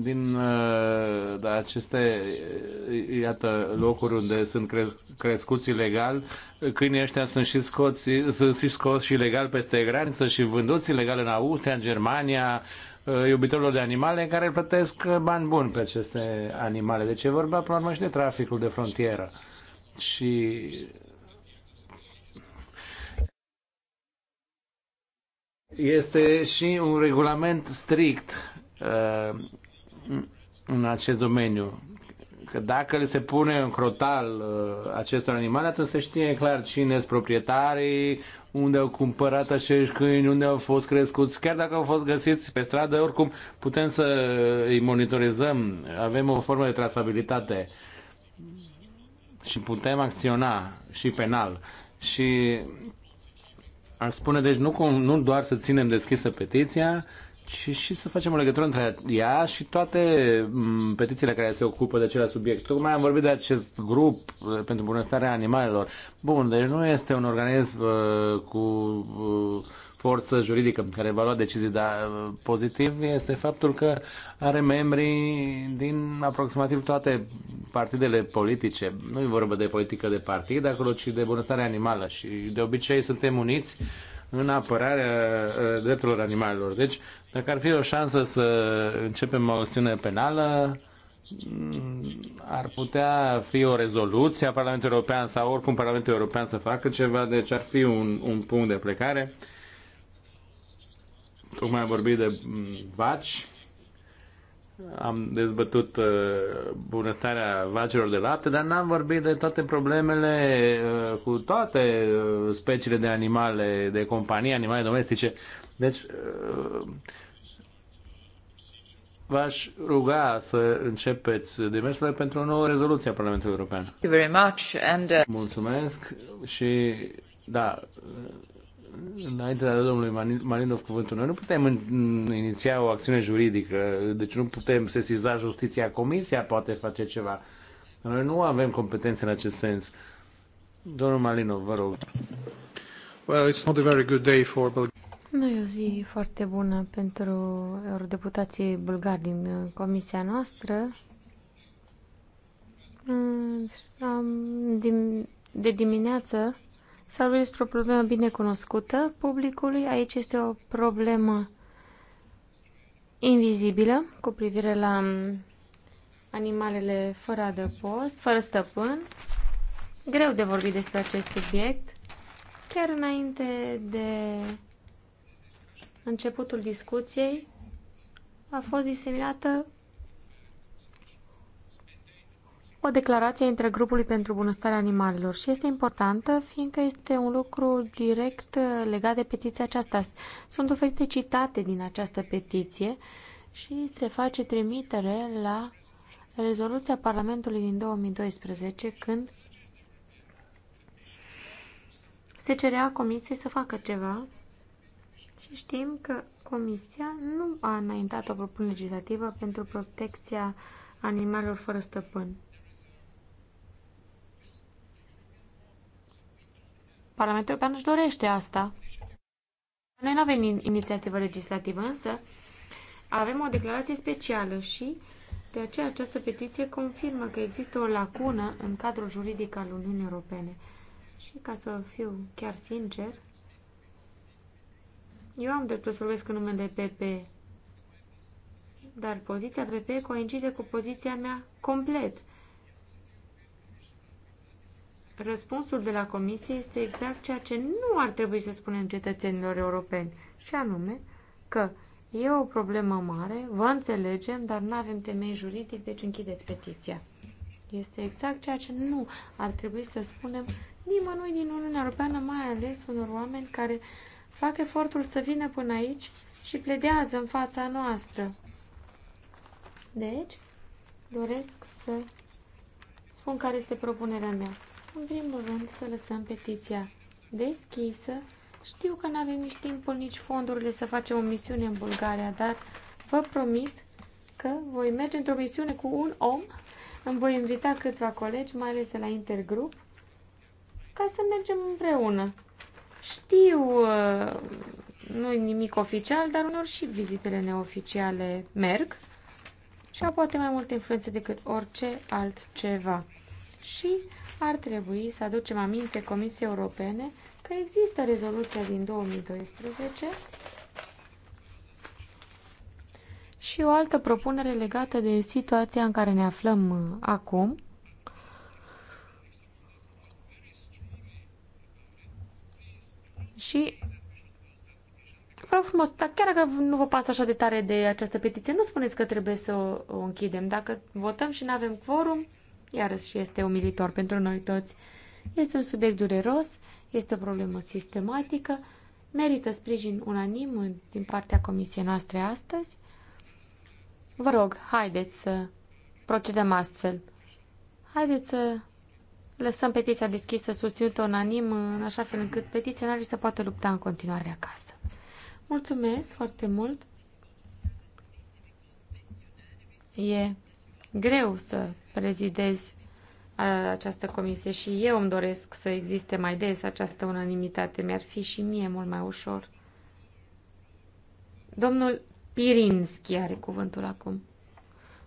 din uh, da, aceste, uh, iată, locuri unde sunt cre- crescuți ilegal, câinii ăștia sunt și, scoți, sunt și scoți și ilegal peste graniță și vânduți ilegal în Austria, în Germania, uh, iubitorilor de animale care plătesc bani buni pe aceste animale. Deci e vorba, până la urmă, și de traficul de frontieră. Și este și un regulament strict Uh, în acest domeniu. Că dacă le se pune în crotal uh, acestor animale, atunci se știe clar cine sunt proprietarii, unde au cumpărat acești câini, unde au fost crescuți. Chiar dacă au fost găsiți pe stradă, oricum putem să îi monitorizăm. Avem o formă de trasabilitate și putem acționa și penal. Și ar spune, deci nu, nu doar să ținem deschisă petiția, și, și să facem o legătură între ea și toate petițiile care se ocupă de același subiect. Tocmai am vorbit de acest grup uh, pentru bunăstarea animalelor. Bun, deci nu este un organism uh, cu uh, forță juridică care va lua decizii, dar uh, pozitiv este faptul că are membri din aproximativ toate partidele politice. Nu e vorba de politică de partid, acolo, ci de bunătare animală și de obicei suntem uniți în apărarea uh, drepturilor animalelor. Deci, dacă ar fi o șansă să începem o acțiune penală, mm, ar putea fi o rezoluție a Parlamentului European sau oricum Parlamentul European să facă ceva, deci ar fi un, un punct de plecare. Tocmai am vorbit de mm, vaci am dezbătut uh, bunăstarea vacilor de lapte, dar n-am vorbit de toate problemele uh, cu toate uh, speciile de animale de companie, animale domestice. Deci, v-aș ruga să începeți demersurile pentru o nouă rezoluție a Parlamentului European. very much and, Mulțumesc și da, înainte de a da domnului Malinov cuvântul, noi nu putem iniția o acțiune juridică, deci nu putem sesiza justiția, comisia poate face ceva. Noi nu avem competențe în acest sens. Domnul Malinov, vă rog. Well, it's not a very good day for Nu e o zi foarte bună pentru eurodeputații bulgari din uh, comisia noastră. Mm, din, de dimineață S-a vorbit despre o problemă bine cunoscută publicului. Aici este o problemă invizibilă cu privire la mm, animalele fără adăpost, fără stăpân. Greu de vorbit despre acest subiect. Chiar înainte de începutul discuției a fost diseminată o declarație între grupului pentru bunăstarea animalelor și este importantă fiindcă este un lucru direct legat de petiția aceasta. Sunt oferite citate din această petiție și se face trimitere la rezoluția Parlamentului din 2012 când se cerea Comisiei să facă ceva și știm că Comisia nu a înaintat o propunere legislativă pentru protecția animalelor fără stăpân. Parlamentul European își dorește asta. Noi nu avem inițiativă legislativă, însă avem o declarație specială și de aceea această petiție confirmă că există o lacună în cadrul juridic al Uniunii Europene. Și ca să fiu chiar sincer, eu am dreptul să vorbesc în numele PP, dar poziția PP coincide cu poziția mea complet răspunsul de la Comisie este exact ceea ce nu ar trebui să spunem cetățenilor europeni, și anume că e o problemă mare, vă înțelegem, dar nu avem temei juridic, deci închideți petiția. Este exact ceea ce nu ar trebui să spunem nimănui din Uniunea Europeană, mai ales unor oameni care fac efortul să vină până aici și pledează în fața noastră. Deci, doresc să spun care este propunerea mea. În primul rând să lăsăm petiția deschisă. Știu că nu avem nici timpul, nici fondurile să facem o misiune în Bulgaria, dar vă promit că voi merge într-o misiune cu un om, îmi voi invita câțiva colegi, mai ales de la Intergrup, ca să mergem împreună. Știu, uh, nu e nimic oficial, dar uneori și vizitele neoficiale merg și au poate mai multă influență decât orice altceva. Și ar trebui să aducem aminte Comisiei Europene că există rezoluția din 2012 și o altă propunere legată de situația în care ne aflăm uh, acum, Și vreau frumos, dar chiar dacă nu vă pasă așa de tare de această petiție, nu spuneți că trebuie să o închidem. Dacă votăm și nu avem quorum, iarăși este umilitor pentru noi toți. Este un subiect dureros, este o problemă sistematică, merită sprijin unanim din partea comisiei noastre astăzi. Vă rog, haideți să procedăm astfel. Haideți să lăsăm petiția deschisă, susținută unanim, în așa fel încât petiționarii să poată lupta în continuare acasă. Mulțumesc foarte mult! E greu să prezidezi această comisie și eu îmi doresc să existe mai des această unanimitate. Mi-ar fi și mie mult mai ușor. Domnul Pirinski are cuvântul acum.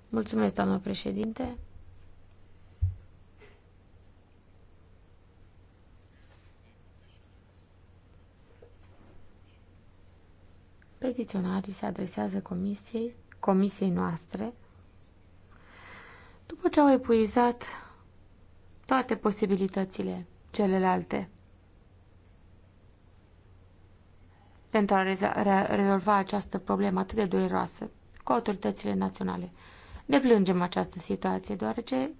Mulțumesc, doamnă președinte. Petiționarii se adresează comisiei, comisiei noastre, după ce au epuizat toate posibilitățile celelalte pentru a rezolva această problemă atât de dureroasă cu autoritățile naționale. plângem această situație, deoarece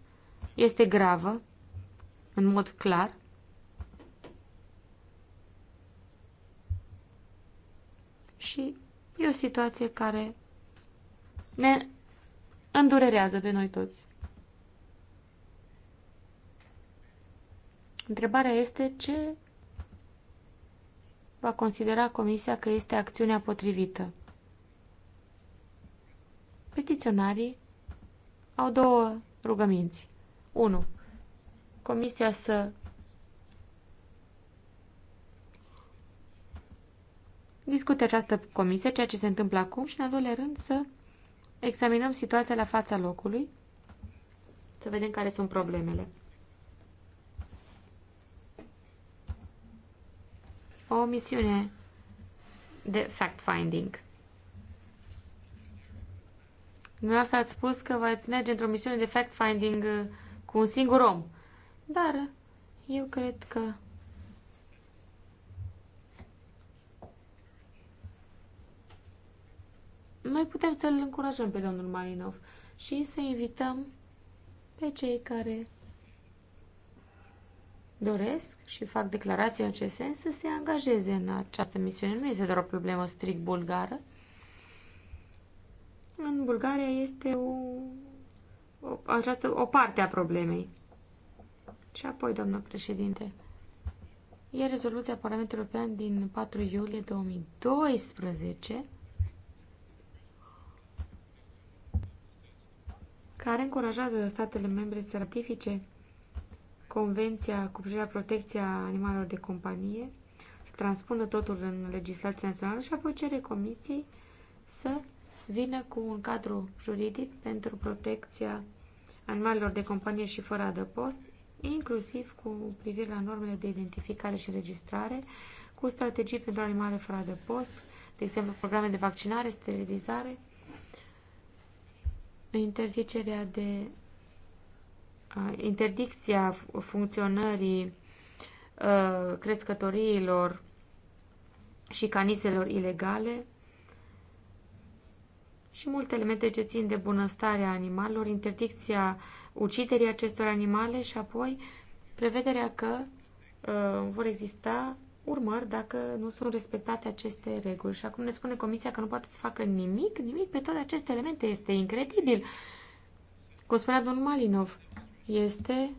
este gravă, în mod clar, și e o situație care ne îndurerează pe noi toți. Întrebarea este ce va considera Comisia că este acțiunea potrivită. Petiționarii au două rugăminți. 1. Comisia să discute această comisie, ceea ce se întâmplă acum și, în al doilea rând, să examinăm situația la fața locului, să vedem care sunt problemele. o misiune de fact-finding. Dumneavoastră ați spus că v-ați merge într-o misiune de fact-finding uh, cu un singur om. Dar eu cred că noi putem să-l încurajăm pe domnul Malinov și să invităm pe cei care doresc și fac declarații în acest sens să se angajeze în această misiune. Nu este doar o problemă strict bulgară. În Bulgaria este o, o, această, o parte a problemei. Și apoi, doamnă președinte, e rezoluția Parlamentului European din 4 iulie 2012 care încurajează statele membre să ratifice Convenția cu privire la protecția animalelor de companie, să transpună totul în legislația națională și apoi cere comisiei să vină cu un cadru juridic pentru protecția animalelor de companie și fără adăpost, inclusiv cu privire la normele de identificare și registrare, cu strategii pentru animale fără adăpost, de exemplu programe de vaccinare, sterilizare, interzicerea de interdicția funcționării uh, crescătoriilor și caniselor ilegale și multe elemente ce țin de bunăstarea animalelor, interdicția uciderii acestor animale și apoi prevederea că uh, vor exista urmări dacă nu sunt respectate aceste reguli. Și acum ne spune Comisia că nu poate să facă nimic, nimic pe toate aceste elemente. Este incredibil. Cum spunea domnul Malinov, este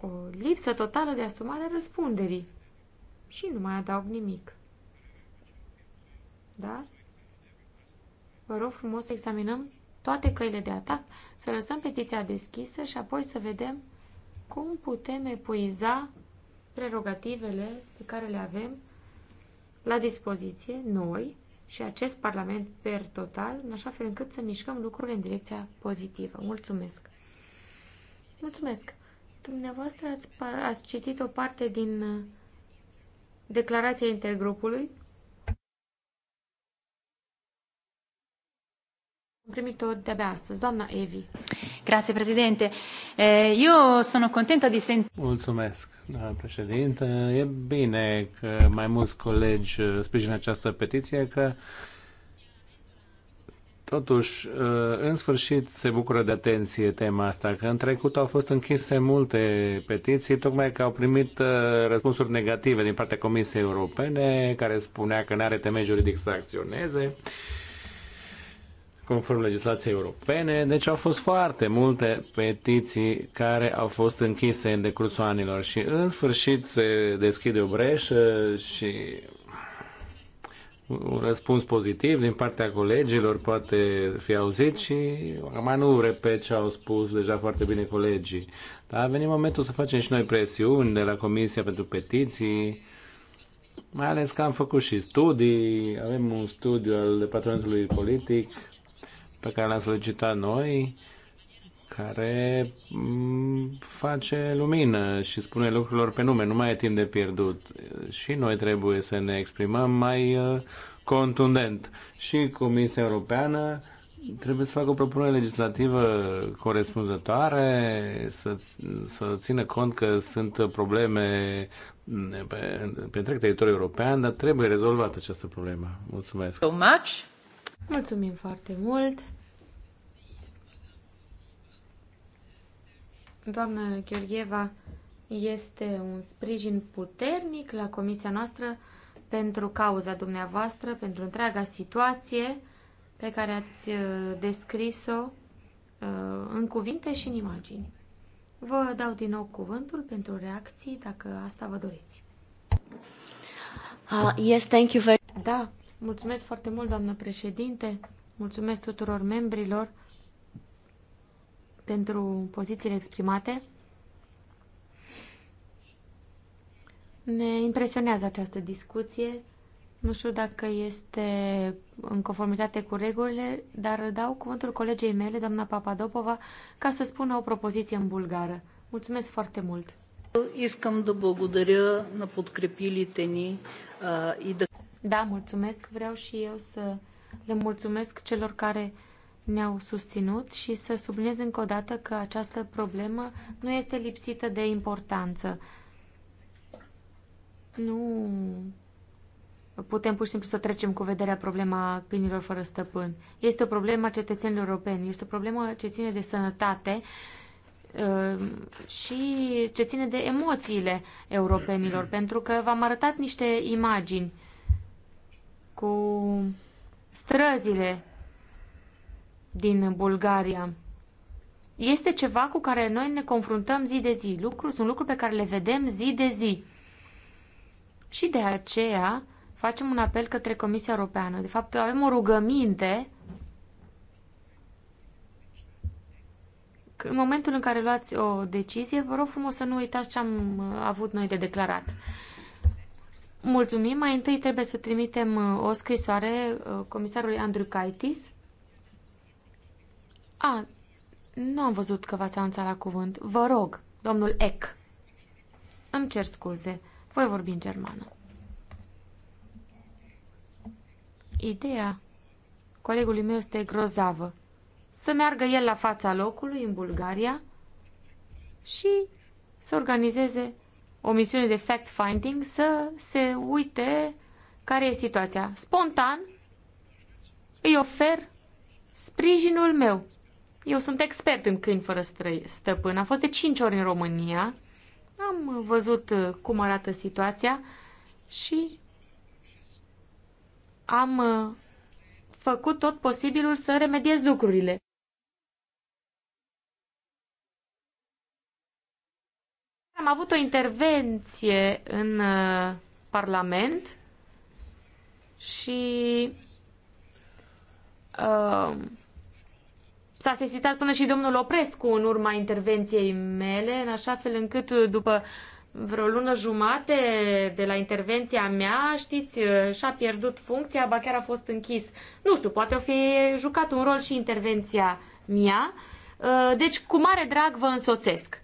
o lipsă totală de asumare răspunderii. Și nu mai adaug nimic. Dar vă rog frumos să examinăm toate căile de atac, să lăsăm petiția deschisă și apoi să vedem cum putem epuiza prerogativele pe care le avem la dispoziție noi și acest Parlament per total, în așa fel încât să mișcăm lucrurile în direcția pozitivă. Mulțumesc! Mulțumesc. Dumneavoastră ați, ați citit o parte din uh, declarația intergrupului? Am primit-o de-abia astăzi. Doamna Evi. Grazie, președinte. Eu eh, sunt contentă de sentire. Mulțumesc, doamna președinte. E bine că mai mulți colegi sprijină această petiție, că Totuși, uh, în sfârșit se bucură de atenție tema asta, că în trecut au fost închise multe petiții, tocmai că au primit uh, răspunsuri negative din partea Comisiei Europene, care spunea că nu are temei juridic să acționeze conform legislației europene. Deci au fost foarte multe petiții care au fost închise în decursul anilor și în sfârșit se deschide o breșă și un răspuns pozitiv din partea colegilor poate fi auzit și mai nu repet ce au spus deja foarte bine colegii. Dar a venit momentul să facem și noi presiuni de la Comisia pentru Petiții, mai ales că am făcut și studii, avem un studiu al Departamentului Politic pe care l-am solicitat noi, care mm, face lumină și spune lucrurilor pe nume. Nu mai e timp de pierdut. Și noi trebuie să ne exprimăm mai uh, contundent. Și Comisia Europeană trebuie să facă o propunere legislativă corespunzătoare, să, să țină cont că sunt probleme mm, pe, pe întreg teritoriul european, dar trebuie rezolvată această problemă. Mulțumesc! So much. Mulțumim foarte mult! Doamna Gheorgheva este un sprijin puternic la comisia noastră pentru cauza dumneavoastră, pentru întreaga situație pe care ați uh, descris-o uh, în cuvinte și în imagini. Vă dau din nou cuvântul pentru reacții, dacă asta vă doriți. Uh, yes, thank you very... Da, mulțumesc foarte mult, doamnă președinte. Mulțumesc tuturor membrilor pentru pozițiile exprimate. Ne impresionează această discuție. Nu știu dacă este în conformitate cu regulile, dar dau cuvântul colegei mele, doamna Papadopova, ca să spună o propoziție în bulgară. Mulțumesc foarte mult! Искам да благодаря на подкрепилите ни и да... Da, mulțumesc. Vreau și eu să le mulțumesc celor care ne-au susținut și să subliniez încă o dată că această problemă nu este lipsită de importanță. Nu putem pur și simplu să trecem cu vederea problema câinilor fără stăpân. Este o problemă a cetățenilor europeni, este o problemă ce ține de sănătate uh, și ce ține de emoțiile europenilor, pentru că v-am arătat niște imagini cu străzile din Bulgaria. Este ceva cu care noi ne confruntăm zi de zi. Lucruri, sunt lucruri pe care le vedem zi de zi. Și de aceea facem un apel către Comisia Europeană. De fapt, avem o rugăminte în momentul în care luați o decizie, vă rog frumos să nu uitați ce am uh, avut noi de declarat. Mulțumim. Mai întâi trebuie să trimitem uh, o scrisoare uh, comisarului Andrew Kaitis a, nu am văzut că v-ați anunțat la cuvânt. Vă rog, domnul Eck. Îmi cer scuze. Voi vorbi în germană. Ideea colegului meu este grozavă. Să meargă el la fața locului în Bulgaria și să organizeze o misiune de fact-finding, să se uite care e situația. Spontan îi ofer sprijinul meu eu sunt expert în câini fără stăpân. Am fost de 5 ori în România. Am văzut uh, cum arată situația și am uh, făcut tot posibilul să remediez lucrurile. Am avut o intervenție în uh, Parlament și uh, S-a sesizat până și domnul Oprescu în urma intervenției mele, în așa fel încât uh, după vreo lună jumate de la intervenția mea, știți, uh, și-a pierdut funcția, ba chiar a fost închis. Nu știu, poate o fi jucat un rol și intervenția mea. Uh, deci, cu mare drag vă însoțesc.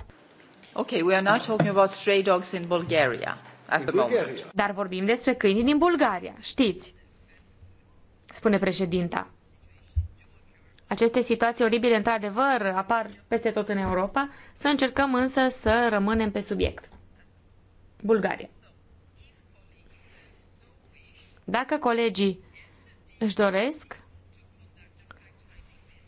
Ok, we are now talking about stray dogs in Bulgaria. At the Bulgaria. Dar vorbim despre câinii din Bulgaria, știți, spune președinta. Aceste situații oribile, într-adevăr, apar peste tot în Europa, să încercăm însă să rămânem pe subiect. Bulgaria. Dacă colegii își doresc,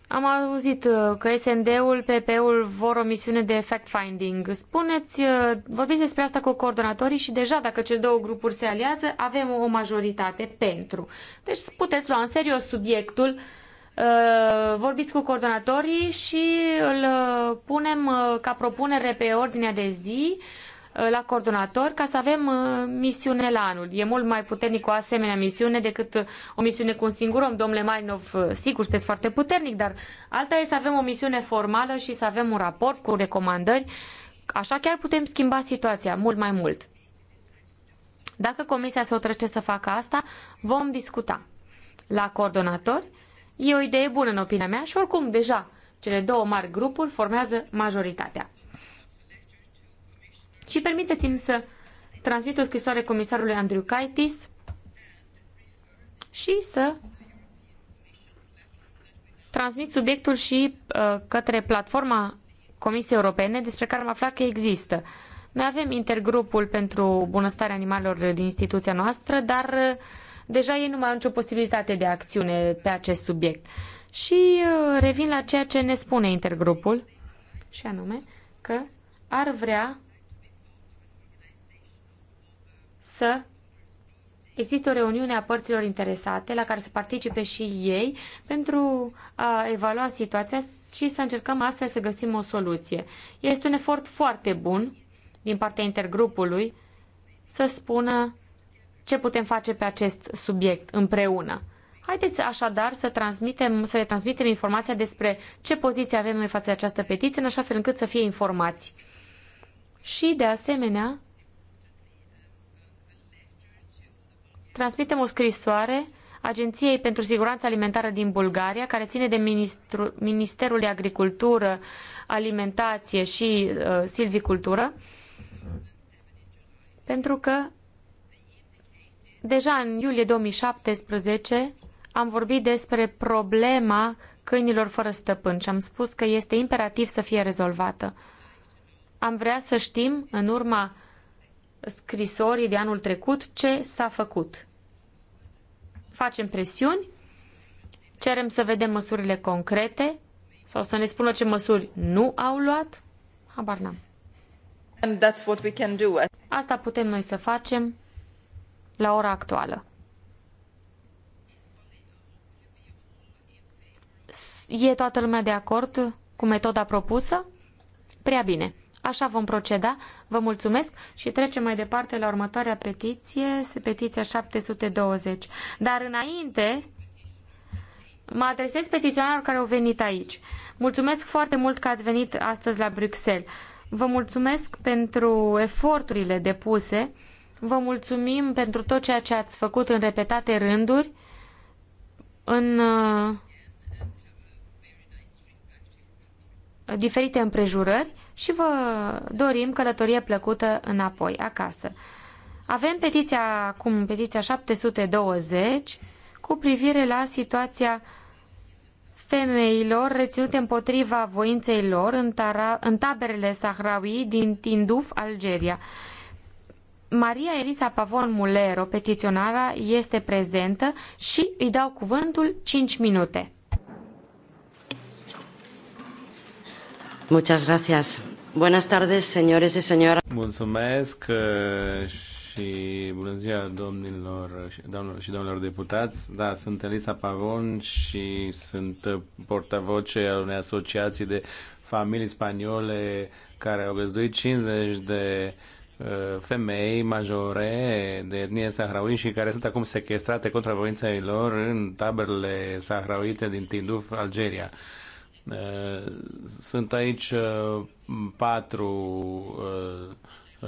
am auzit uh, că SND-ul, PP-ul vor o misiune de fact-finding. Spuneți, uh, vorbiți despre asta cu coordonatorii și deja dacă cele două grupuri se aliază, avem o majoritate pentru. Deci puteți lua în serios subiectul uh, Uh, vorbiți cu coordonatorii și îl uh, punem uh, ca propunere pe ordinea de zi la coordonator ca să avem misiune la anul. E mult mai puternic o asemenea misiune decât o misiune cu un singur om. Domnule Marinov, sigur, sunteți foarte puternic, dar alta e să avem o misiune formală și să avem un raport cu recomandări. Așa chiar putem schimba situația mult mai mult. Dacă comisia se otrăște să facă asta, vom discuta la coordonatori E o idee bună în opinia mea și oricum deja cele două mari grupuri formează majoritatea. Și permiteți-mi să transmit o scrisoare comisarului Andrew Kaitis și să transmit subiectul și uh, către platforma Comisiei Europene despre care am aflat că există. Noi avem intergrupul pentru bunăstarea animalelor din instituția noastră, dar uh, deja ei nu mai au nicio posibilitate de acțiune pe acest subiect. Și uh, revin la ceea ce ne spune intergrupul, și anume că ar vrea să Există o reuniune a părților interesate la care să participe și ei pentru a evalua situația și să încercăm astfel să găsim o soluție. Este un efort foarte bun din partea intergrupului să spună ce putem face pe acest subiect împreună. Haideți așadar să, transmitem, să le transmitem informația despre ce poziție avem noi față de această petiție, în așa fel încât să fie informați. Și, de asemenea, transmitem o scrisoare Agenției pentru Siguranță Alimentară din Bulgaria, care ține de Ministru, Ministerul de Agricultură, Alimentație și uh, Silvicultură, pentru că Deja în iulie 2017 am vorbit despre problema câinilor fără stăpân și am spus că este imperativ să fie rezolvată. Am vrea să știm, în urma scrisorii de anul trecut, ce s-a făcut. Facem presiuni, cerem să vedem măsurile concrete sau să ne spună ce măsuri nu au luat. Habar n-am. Asta putem noi să facem la ora actuală. E toată lumea de acord cu metoda propusă? Prea bine. Așa vom proceda. Vă mulțumesc și trecem mai departe la următoarea petiție, petiția 720. Dar înainte, mă adresez petiționarilor care au venit aici. Mulțumesc foarte mult că ați venit astăzi la Bruxelles. Vă mulțumesc pentru eforturile depuse Vă mulțumim pentru tot ceea ce ați făcut în repetate rânduri. În uh, diferite împrejurări și vă dorim călătorie plăcută înapoi, acasă. Avem petiția acum, petiția 720, cu privire la situația femeilor reținute împotriva voinței lor în, tara, în taberele sahrawi din Tinduf, Algeria. Maria Elisa Pavon Mulero, petiționara, este prezentă și îi dau cuvântul 5 minute. Muchas gracias. Buenas tardes, señores y señoras. Mulțumesc eh, și bună ziua domnilor și domnilor, și domnilor deputați. Da, sunt Elisa Pavon și sunt portavoce al unei asociații de familii spaniole care au găzduit 50 de Uh, femei majore de etnie sahraui și care sunt acum sequestrate contra voinței lor în taberele sahrauite din Tinduf, Algeria. Uh, sunt aici uh, patru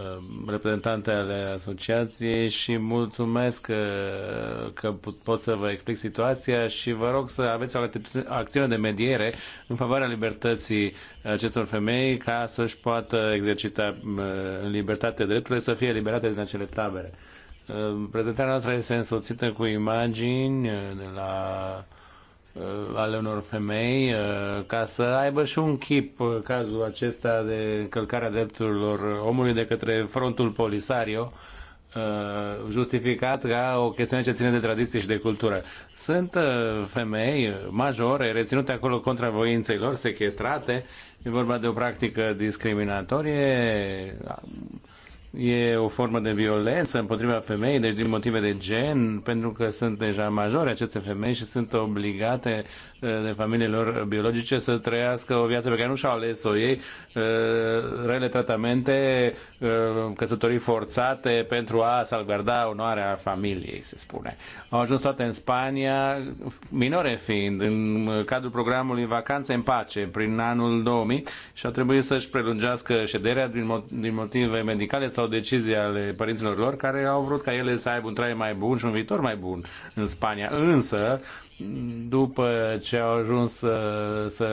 Uh, reprezentante ale asociației și mulțumesc uh, că, că pot să vă explic situația și vă rog să aveți o acțiune de mediere în favoarea libertății acestor femei ca să-și poată exercita uh, în libertate drepturile, să fie liberate din acele tabere. Prezentarea noastră este însoțită cu imagini de la Uh, ale unor femei uh, ca să aibă și un chip uh, cazul acesta de încălcarea drepturilor omului de către frontul Polisario justificat ca o chestiune ce ține de tradiție și de cultură. Sunt femei majore reținute acolo contra voinței lor, sequestrate, e vorba de o practică discriminatorie e o formă de violență împotriva femeii, deci din motive de gen, pentru că sunt deja majore aceste femei și sunt obligate uh, de familiile lor biologice să trăiască o viață pe care nu și-au ales-o ei, uh, rele tratamente, uh, căsătorii forțate pentru a salvgarda onoarea familiei, se spune. Au ajuns toate în Spania, minore fiind, în cadrul programului Vacanțe în Pace, prin anul 2000, și au trebuit să-și prelungească șederea din motive medicale sau decizii ale părinților lor care au vrut ca ele să aibă un trai mai bun și un viitor mai bun în Spania. Însă, după ce au ajuns să, uh, să,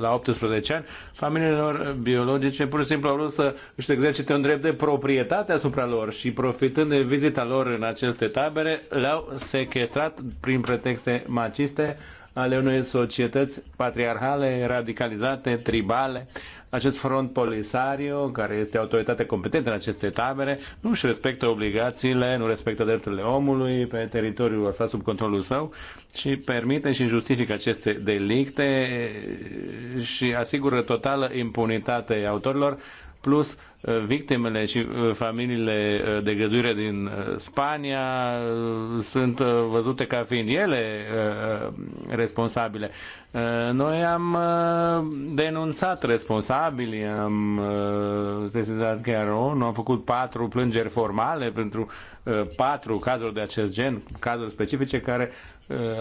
la 18 ani, familiilor biologice pur și simplu au vrut să își exercite un drept de proprietate asupra lor și profitând de vizita lor în aceste tabere, le-au sequestrat prin pretexte maciste ale unei societăți patriarhale, radicalizate, tribale, acest front polisario, care este autoritatea competentă în aceste tabere, nu își respectă obligațiile, nu respectă drepturile omului pe teritoriul aflat sub controlul său și permite și justifică aceste delicte și asigură totală impunitate autorilor, plus uh, victimele și uh, familiile uh, de găduire din Spania sunt văzute ca fiind ele responsabile. Noi am denunțat responsabili, am sesizat chiar ONU, am făcut patru plângeri formale pentru patru cazuri de acest gen, cazuri specifice care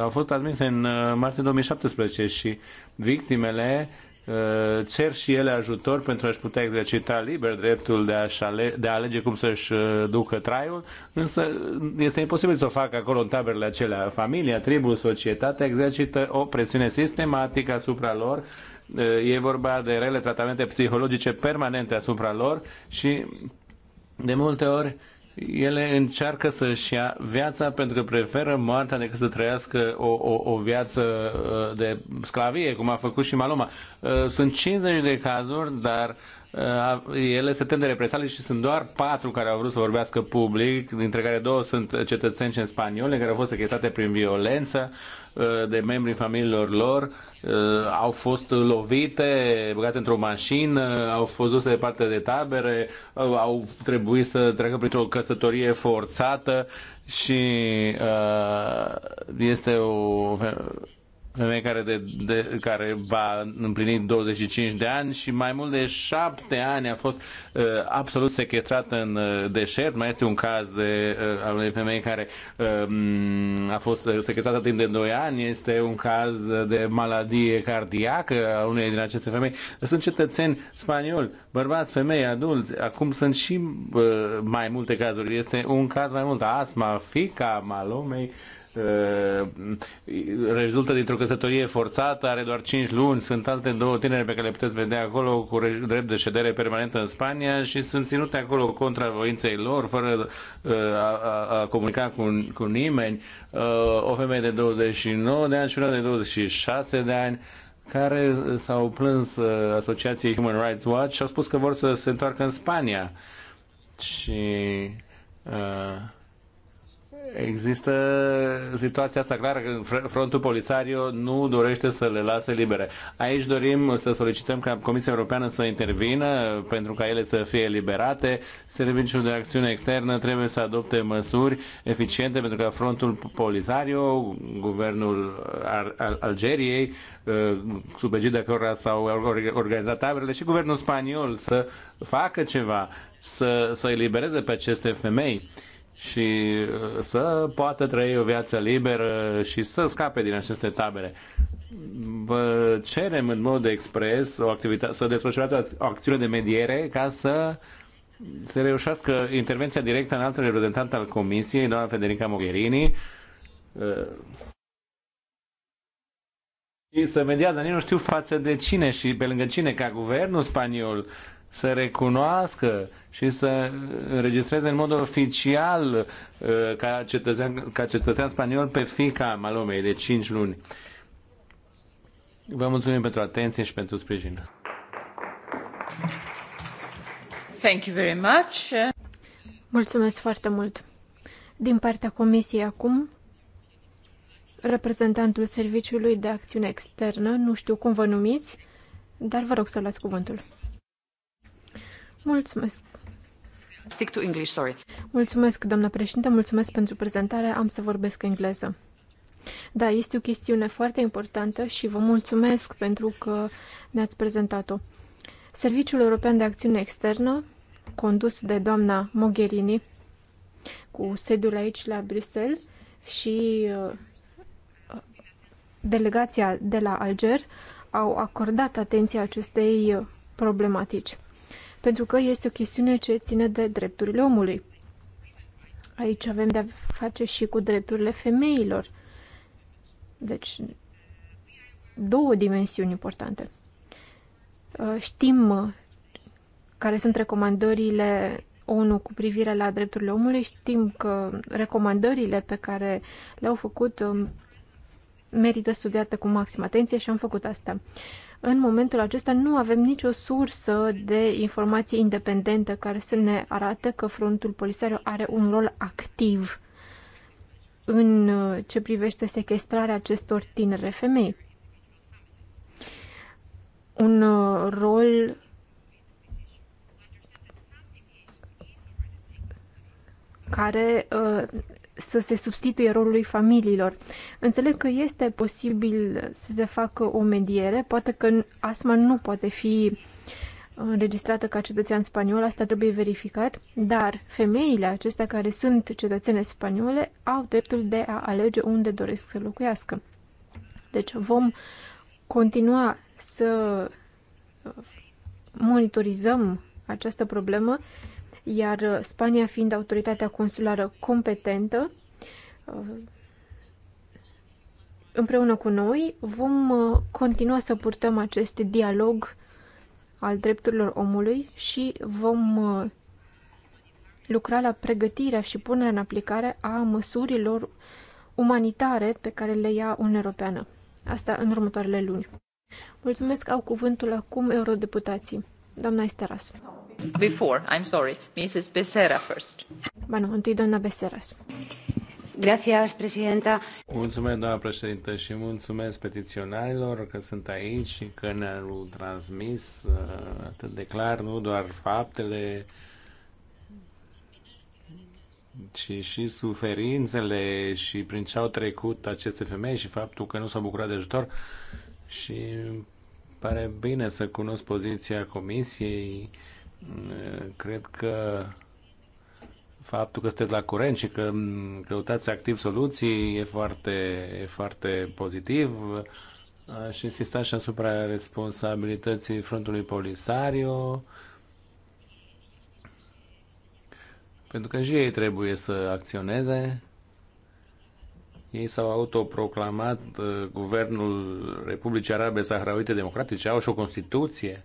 au fost admise în martie 2017 și victimele uh, Eh, cer și ele ajutor pentru a-și putea exercita liber dreptul de, a ale- de a alege cum să-și eh, ducă traiul, însă este imposibil să o facă acolo în taberele acelea. Familia, tribul, societatea exercită o presiune sistematică asupra lor, eh, e vorba de rele tratamente psihologice permanente asupra lor și de multe ori ele încearcă să-și ia viața pentru că preferă moartea decât să trăiască o, o, o viață uh, de sclavie, cum a făcut și Maloma. Uh, sunt 50 de cazuri, dar ele se tem de represale și sunt doar patru care au vrut să vorbească public, dintre care două sunt cetățeni în spaniole care au fost achetate prin violență de membrii familiilor lor, au fost lovite, băgate într-o mașină, au fost duse departe de tabere, au trebuit să treacă printr-o căsătorie forțată și este o femeie care, de, de, care va împlini 25 de ani și mai mult de șapte ani a fost uh, absolut sechestrată în uh, deșert. Mai este un caz de uh, al unei femei care uh, a fost uh, sechestrată timp de 2 ani. Este un caz de maladie cardiacă a unei din aceste femei. Sunt cetățeni spanioli, bărbați, femei, adulți. Acum sunt și uh, mai multe cazuri. Este un caz mai mult. Asma, fica malomei, uh, Uh, rezultă dintr-o căsătorie forțată, are doar 5 luni, sunt alte două tinere pe care le puteți vedea acolo cu drept de ședere permanentă în Spania și sunt ținute acolo contra voinței lor, fără uh, a, a, a comunica cu, cu nimeni. Uh, o femeie de 29 de ani și una de 26 de ani care s-au plâns asociației Human Rights Watch și au spus că vor să se întoarcă în Spania. Și uh, există situația asta clară că frontul polisario nu dorește să le lase libere. Aici dorim să solicităm ca Comisia Europeană să intervină pentru ca ele să fie eliberate. Serviciul de acțiune externă trebuie să adopte măsuri eficiente pentru ca frontul polisario, guvernul al Algeriei, ă, sub egida cărora s-au organizat taberele și guvernul spaniol să facă ceva, să, să elibereze pe aceste femei și uh, să poată trăi o viață liberă și să scape din aceste tabere. Vă cerem în mod expres o activitate, să desfășurați o acțiune de mediere ca să se reușească intervenția directă în altul reprezentant al Comisiei, doamna Federica Mogherini, uh, și să mediază, nici nu știu față de cine și pe lângă cine, ca guvernul spaniol, să recunoască și să înregistreze în mod oficial uh, ca cetățean, ca cetățean spaniol pe fica Malomei de 5 luni. Vă mulțumim pentru atenție și pentru sprijin. Thank you very much. Mulțumesc foarte mult. Din partea comisiei acum, reprezentantul Serviciului de Acțiune Externă, nu știu cum vă numiți, dar vă rog să luați cuvântul. Mulțumesc! Stick to English, sorry. Mulțumesc, doamna președinte, mulțumesc pentru prezentare. Am să vorbesc engleză. Da, este o chestiune foarte importantă și vă mulțumesc pentru că ne-ați prezentat-o. Serviciul European de Acțiune Externă, condus de doamna Mogherini, cu sediul aici la Bruxelles și uh, delegația de la Alger, au acordat atenție acestei uh, problematici pentru că este o chestiune ce ține de drepturile omului. Aici avem de-a face și cu drepturile femeilor. Deci, două dimensiuni importante. Uh, știm uh, care sunt recomandările ONU cu privire la drepturile omului, știm că recomandările pe care le-au făcut um, merită studiate cu maximă atenție și am făcut asta. În momentul acesta nu avem nicio sursă de informație independentă care să ne arate că frontul polisario are un rol activ în uh, ce privește sequestrarea acestor tinere femei. Un uh, rol care uh, să se substituie rolului familiilor. Înțeleg că este posibil să se facă o mediere, poate că asma nu poate fi înregistrată ca cetățean spaniol, asta trebuie verificat, dar femeile acestea care sunt cetățene spaniole au dreptul de a alege unde doresc să locuiască. Deci vom continua să monitorizăm această problemă iar uh, Spania fiind autoritatea consulară competentă, uh, împreună cu noi vom uh, continua să purtăm acest dialog al drepturilor omului și vom lucra la pregătirea și punerea în aplicare a măsurilor umanitare pe care le ia Uniunea Europeană. Asta în următoarele luni. Mulțumesc, au cuvântul acum eurodeputații. Doamna Esteras. Before, I'm sorry, Mrs. Becerra first. Bueno, întâi doamna Becerras. Gracias, presidenta. Mulțumesc, doamna președintă, și mulțumesc petiționarilor că sunt aici și că ne-au transmis uh, atât de clar, nu doar faptele, ci și suferințele și prin ce au trecut aceste femei și faptul că nu s-au bucurat de ajutor. Și pare bine să cunosc poziția Comisiei. Mm, Cred că faptul că sunteți la curent și că căutați activ soluții e foarte, e foarte pozitiv. Aș insista și asupra responsabilității frontului Polisario, pentru că și ei trebuie să acționeze ei s-au autoproclamat uh, guvernul Republicii Arabe Sahrauite Democratice, au și o Constituție.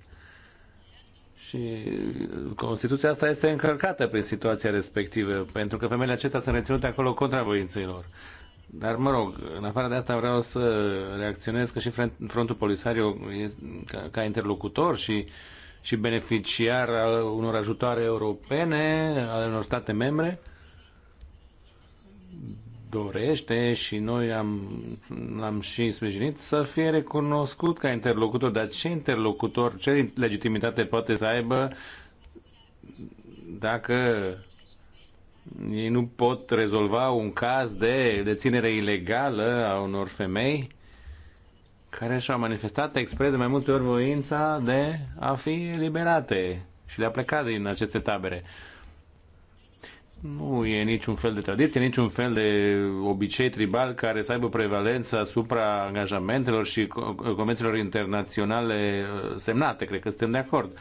Și uh, Constituția asta este încărcată pe situația respectivă, pentru că femeile acestea sunt reținute acolo contra voinței lor. Dar, mă rog, în afară de asta vreau să reacționez că și Frontul Polisario, ca, ca interlocutor și, și beneficiar al unor ajutoare europene, ale unor state membre, dorește și noi am, am și sprijinit să fie recunoscut ca interlocutor. Dar ce interlocutor, ce legitimitate poate să aibă dacă ei nu pot rezolva un caz de deținere ilegală a unor femei care și-au manifestat expres de mai multe ori voința de a fi eliberate și de a pleca din aceste tabere nu e niciun fel de tradiție, niciun fel de obicei tribal care să aibă prevalență asupra angajamentelor și convențiilor internaționale uh, semnate. Cred că suntem de acord.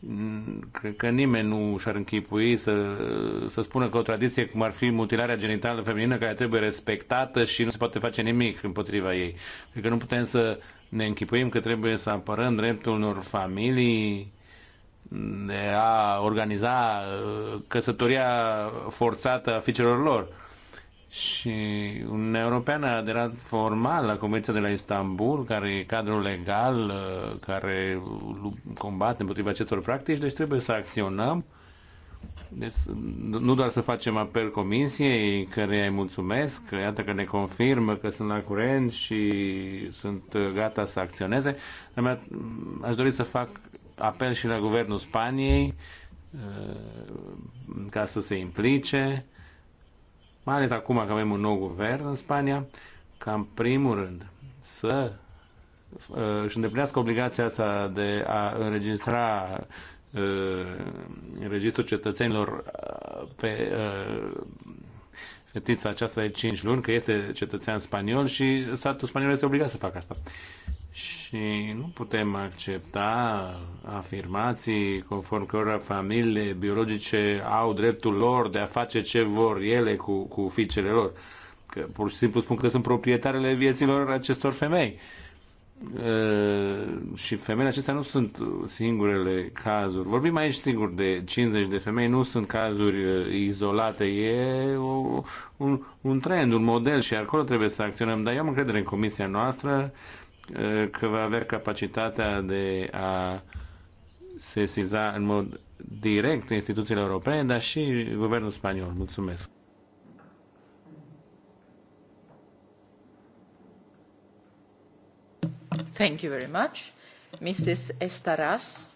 Mm, cred că nimeni nu și-ar închipui să, uh, să spună că o tradiție cum ar fi mutilarea genitală feminină care trebuie respectată și nu se poate face nimic împotriva ei. Cred că nu putem să ne închipuim că trebuie să apărăm dreptul unor familii de a organiza uh, căsătoria forțată a fiicelor lor. Și Uniunea Europeană a aderat formal la Convenția de la Istanbul, care e cadrul legal uh, care combate împotriva acestor practici, deci trebuie să acționăm. Deci, nu doar să facem apel comisiei, care îi mulțumesc, iată că ne confirmă că sunt la curent și sunt gata să acționeze, dar aș dori să fac apel și la guvernul Spaniei uh, ca să se implice, mai ales acum că avem un nou guvern în Spania, ca în primul rând să uh, își îndeplinească obligația asta de a înregistra în uh, registrul cetățenilor pe fetița aceasta de 5 luni, că este cetățean spaniol și statul spaniol este obligat să facă asta. Și nu putem accepta afirmații conform cărora familiile biologice au dreptul lor de a face ce vor ele cu, cu fiicele lor. Că pur și simplu spun că sunt proprietarele vieților acestor femei. Uh, Uh, și femeile acestea nu sunt singurele cazuri. Vorbim aici, singur de 50 de femei, nu sunt cazuri uh, izolate, e o, un, un trend, un model și acolo trebuie să acționăm. Dar eu am încredere în comisia noastră uh, că va avea capacitatea de a sesiza în mod direct instituțiile europene, dar și guvernul spaniol. Mulțumesc! Thank you very much. Mrs. Estaras.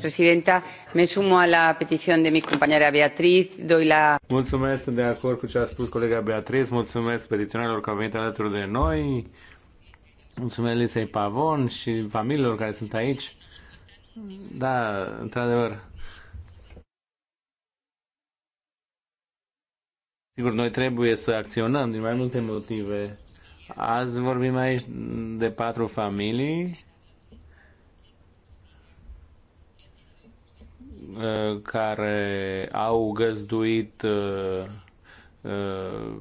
presidenta. Me sumo a la petición de mi compañera Beatriz. Doy la... Mulțumesc, sunt de acord cu ce a spus colega Beatriz. Mulțumesc petiționarilor care au venit alături de noi. Mulțumesc Lisei Pavon și familiilor care sunt aici. Da, într-adevăr. Sigur, noi trebuie să acționăm din mai multe motive Azi vorbim aici de patru familii uh, care au găzduit uh, uh,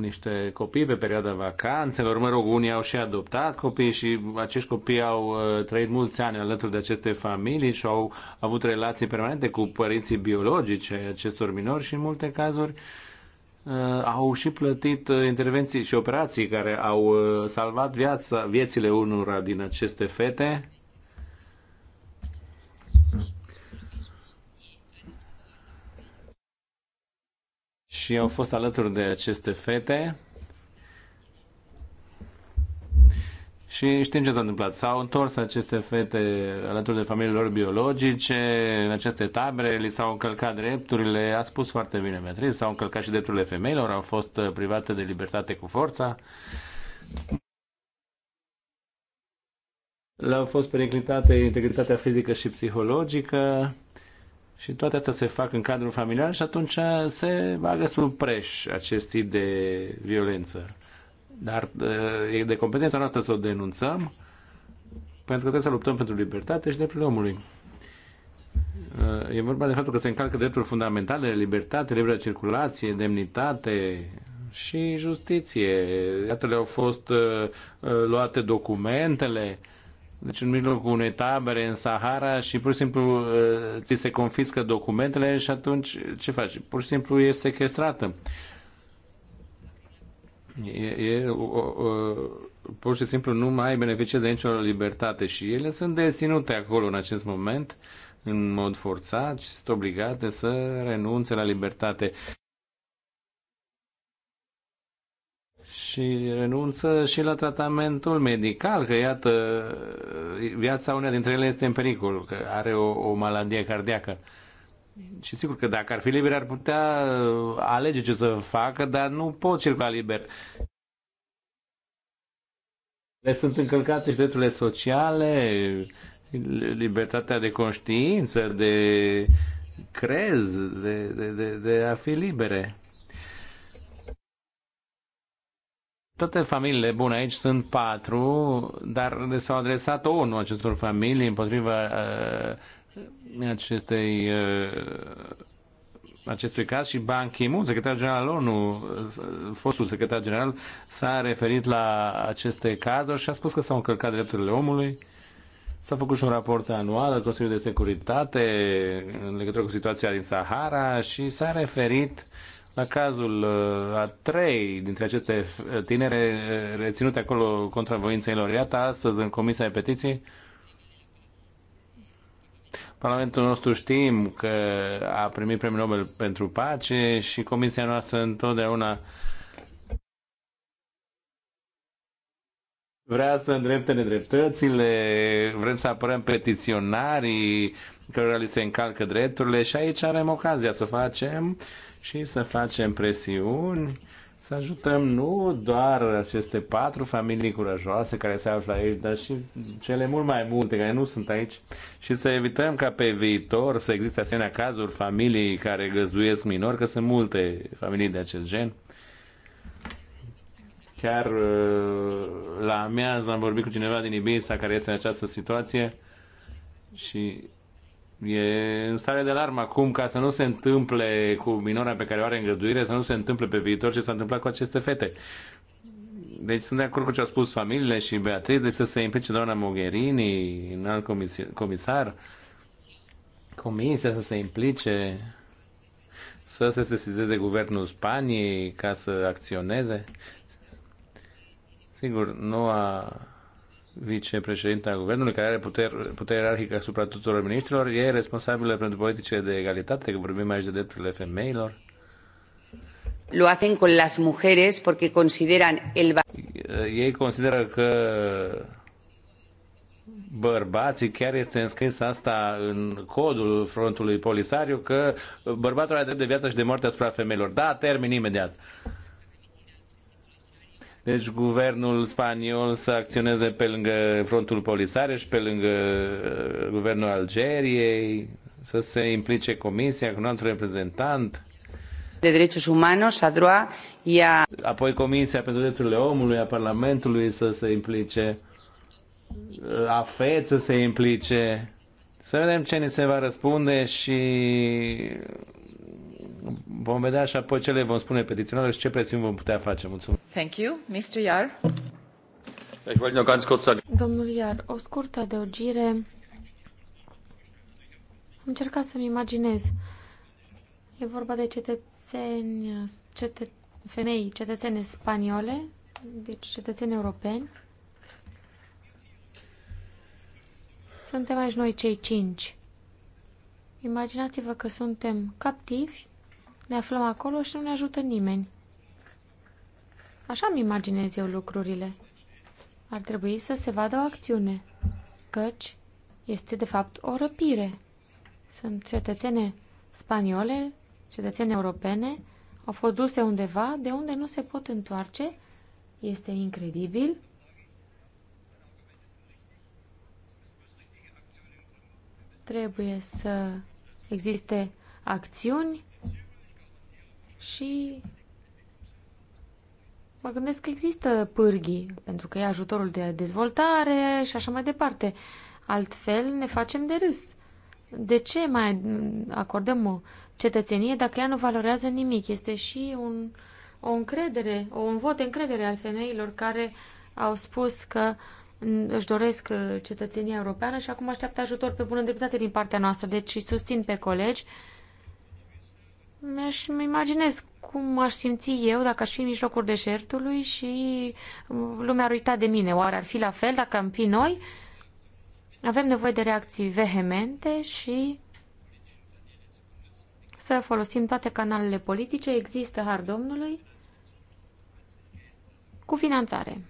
niște copii pe perioada vacanțelor, mă rog, unii au și adoptat copii și acești copii au trăit mulți ani alături de aceste familii și au avut relații permanente cu părinții biologice acestor minori și în multe cazuri uh, Uh, au și plătit uh, intervenții și operații care au uh, salvat viața, viețile unora din aceste fete. Și au fost alături de aceste fete Și știm ce s-a întâmplat. S-au întors aceste fete alături de familiilor biologice, în aceste tabere, li s-au încălcat drepturile, a spus foarte bine Beatriz, s-au încălcat și drepturile femeilor, au fost uh, private de libertate cu forța. Le-au fost periclitate integritatea fizică și psihologică și toate astea se fac în cadrul familial și atunci se bagă sub preș acest tip de violență. Dar e de competența noastră să o denunțăm, pentru că trebuie să luptăm pentru libertate și drepturile omului. E vorba de faptul că se încalcă drepturi fundamentale, libertate, libera circulație, demnitate și justiție. Iată le-au fost luate documentele, deci în mijlocul unei tabere în Sahara și pur și simplu ți se confiscă documentele și atunci ce faci? Pur și simplu e sequestrată e, e o, o, pur și simplu nu mai beneficie de nicio libertate și ele sunt deținute acolo în acest moment în mod forțat și sunt obligate să renunțe la libertate. Și renunță și la tratamentul medical, că iată, viața unei dintre ele este în pericol, că are o, o maladie cardiacă. Uh, și sigur că dacă ar fi liber, ar putea uh, alege ce să facă, dar nu pot circula liber. Le sunt încălcate și drepturile sociale, libertatea de conștiință, de crez, de, de, de, de a fi libere. Toate familiile, bune, aici sunt patru, dar le s-au adresat ONU acestor familii împotriva uh, acestei, uh, acestui caz și Ban Ki-moon, secretarul general al ONU, uh, fostul secretar general, s-a referit la aceste cazuri și a spus că s-au încălcat drepturile omului. S-a făcut și un raport anual al Consiliului de Securitate în legătură cu situația din Sahara și s-a referit la cazul uh, a trei dintre aceste tinere reținute acolo contra voinței lor. Iată, astăzi, în Comisia de Petiții, Parlamentul nostru știm că a primit premiul Nobel pentru pace și comisia noastră întotdeauna vrea să îndrepte nedreptățile, vrem să apărăm petiționarii cărora li se încalcă drepturile și aici avem ocazia să facem și să facem presiuni să ajutăm nu doar aceste patru familii curajoase care se află aici, dar și cele mult mai multe care nu sunt aici și să evităm ca pe viitor să existe asemenea cazuri, familii care găzduiesc minori, că sunt multe familii de acest gen. Chiar uh, la amiază am vorbit cu cineva din Ibiza care este în această situație și e în stare de alarmă acum ca să nu se întâmple cu minora pe care o are îngăduire, să nu se întâmple pe viitor ce s-a întâmplat cu aceste fete. Deci sunt de acord cu ce au spus familiile și Beatriz, deci să se implice doamna Mogherini, în alt comisar, comisia să se implice, să se sesizeze guvernul Spaniei ca să acționeze. Sigur, nu a vicepreședinte al guvernului, care are putere, putere ierarhică asupra tuturor ministrilor, e responsabilă pentru politicile de egalitate, că vorbim aici de drepturile femeilor. Lo hacen con las mujeres porque consideran el... Ei consideră că bărbații, chiar este înscris asta în codul frontului polisariu, că bărbatul are drept de viață și de moarte asupra femeilor. Da, termin imediat. Uh, deci guvernul spaniol să acționeze pe lângă frontul și pe lângă uh, guvernul Algeriei, să se implice comisia cu un alt reprezentant. De drepturi umane, a DROA, ea... Apoi Comisia pentru Drepturile Omului, a Parlamentului să se implice, uh, AFET să se implice. Să vedem ce ni se va răspunde și vom vedea și apoi ce le vom spune petiționarilor și ce presiuni vom putea face. Mulțumesc! Domnule you. Domnul o scurtă adăugire. Am încercat să-mi imaginez. E vorba de cetățeni, cetă, femei, cetățene spaniole, deci cetățeni europeni. Suntem aici noi cei cinci. Imaginați-vă că suntem captivi, ne aflăm acolo și nu ne ajută nimeni. Așa îmi imaginez eu lucrurile. Ar trebui să se vadă o acțiune, căci este de fapt o răpire. Sunt cetățene spaniole, cetățene europene, au fost duse undeva de unde nu se pot întoarce. Este incredibil. Trebuie să existe acțiuni și Mă gândesc că există pârghii, pentru că e ajutorul de dezvoltare și așa mai departe. Altfel ne facem de râs. De ce mai acordăm o cetățenie dacă ea nu valorează nimic? Este și un, o încredere, o, un vot de încredere al femeilor care au spus că își doresc uh, cetățenia europeană și acum așteaptă ajutor pe bună dreptate din partea noastră. Deci susțin pe colegi uh, mi-aș imaginez cum aș simți eu dacă aș fi în mijlocul deșertului și um, lumea ar uita de mine. Oare ar fi la fel dacă am fi noi? Avem nevoie de reacții vehemente și să folosim toate canalele politice. Există har Domnului cu finanțare.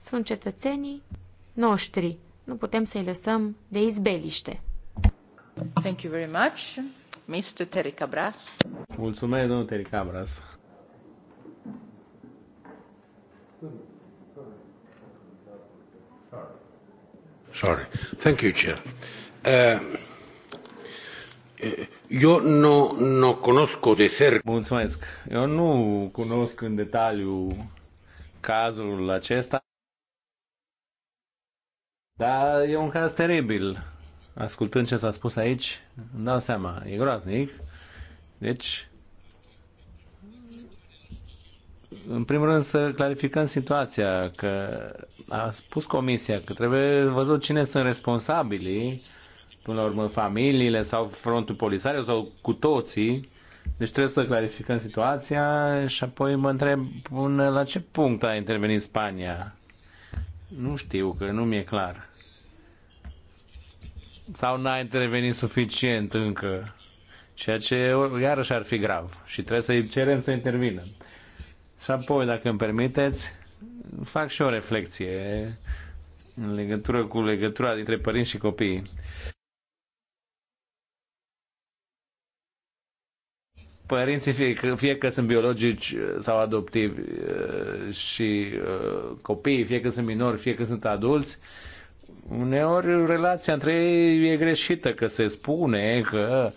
Sunt cetățenii noștri. Nu putem să-i lăsăm de izbeliște. Thank you very much. Mr. Tericabras. Mulțumesc, domnul Tericabras. Sorry. Thank you, Chair. Uh, eh, eu nu, nu cunosc de cerc. Mulțumesc. Eu nu cunosc în detaliu cazul acesta, dar e un caz teribil ascultând ce s-a spus aici, îmi dau seama, e groaznic. Deci, în primul rând să clarificăm situația, că a spus comisia că trebuie văzut cine sunt responsabilii, până la urmă familiile sau frontul polisario sau cu toții. Deci trebuie să clarificăm situația și apoi mă întreb până la ce punct a intervenit Spania. Nu știu, că nu mi-e clar sau n-a intervenit suficient încă, ceea ce iarăși ar fi grav și trebuie să-i cerem să intervină. Și apoi, dacă îmi permiteți, fac și o reflexie în legătură cu legătura dintre părinți și copii. Părinții, fie că, fie că sunt biologici uh, sau adoptivi uh, și uh, copiii, fie că sunt minori, fie că sunt adulți, uneori relația între ei e greșită, că se spune că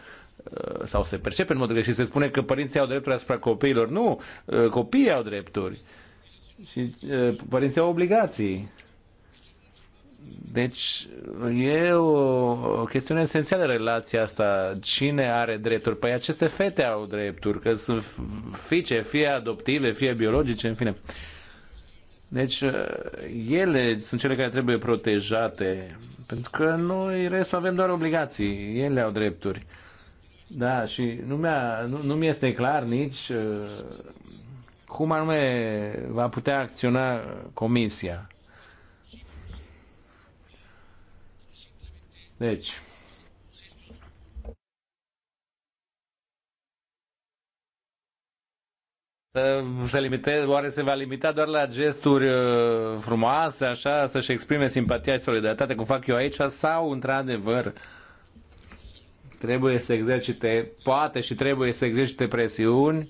uh, sau se percepe în mod greșit, se spune că părinții au drepturi asupra copiilor. Nu, uh, copiii au drepturi și uh, părinții au obligații. Deci e o, o chestiune esențială relația asta. Cine are drepturi? Păi aceste fete au drepturi, că sunt fiice, fie adoptive, fie biologice, în fine. Uh, deci uh, ele sunt cele care trebuie protejate, pentru că noi restul avem doar obligații, ele au drepturi. Da, și nu, mi-a, nu, nu mi este clar nici uh, cum anume va putea acționa comisia. Deci, se limiteze, oare se va limita doar la gesturi uh, frumoase, așa, să-și exprime simpatia și solidaritate, cum fac eu aici, sau, într-adevăr, trebuie să exercite, poate și trebuie să exercite presiuni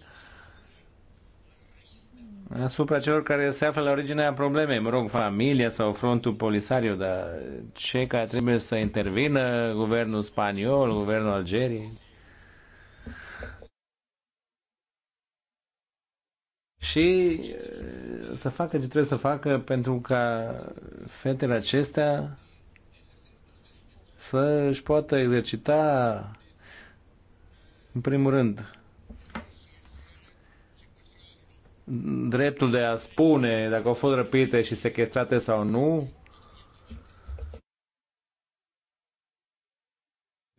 asupra celor care se află la originea problemei, mă rog, familia sau frontul polisariu, dar cei care trebuie să intervină, guvernul spaniol, guvernul Algeriei. și uh, să facă ce trebuie să facă pentru ca fetele acestea să își poată exercita în primul rând dreptul de a spune dacă au fost răpite și sequestrate sau nu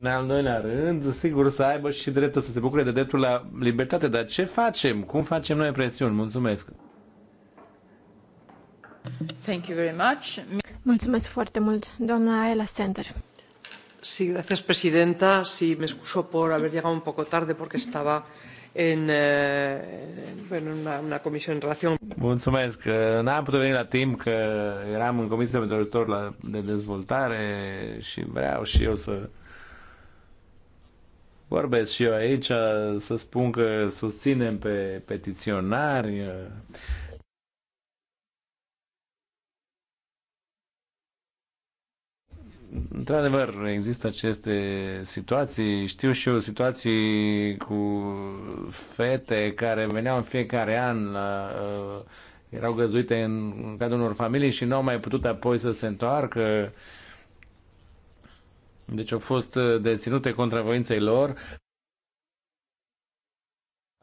În al doilea rând, sigur, să aibă și dreptul să se bucure de dreptul la libertate. Dar ce facem? Cum facem noi presiuni? Mulțumesc! Thank you very much. Mulțumesc foarte mult, doamna Ela Sender. Sí, gracias, presidenta. Sí, me excuso por haber llegado un poco tarde porque estaba în, eh, en una, una comisión en relación. Mulțumesc. N-am putut veni la timp că eram în Comisia pentru Ajutor de Dezvoltare și vreau și eu să vorbesc și eu aici, să spun că susținem pe petiționari, Într-adevăr, există aceste situații. Știu și eu situații cu fete care veneau în fiecare an, la, uh, erau găzuite în, în cadrul unor familii și nu au mai putut apoi să se întoarcă. Uh, deci au fost uh, deținute contra voinței lor.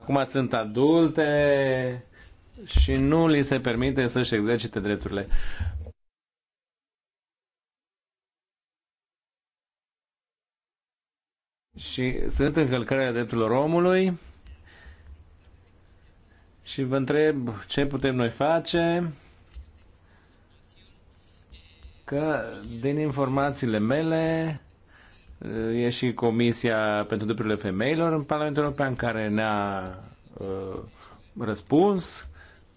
Acum sunt adulte și nu li se permite să-și exercite drepturile. Și sunt încălcări drepturilor omului și vă întreb ce putem noi face că din informațiile mele E și Comisia pentru Drepturile Femeilor în Parlamentul European care ne-a uh, răspuns,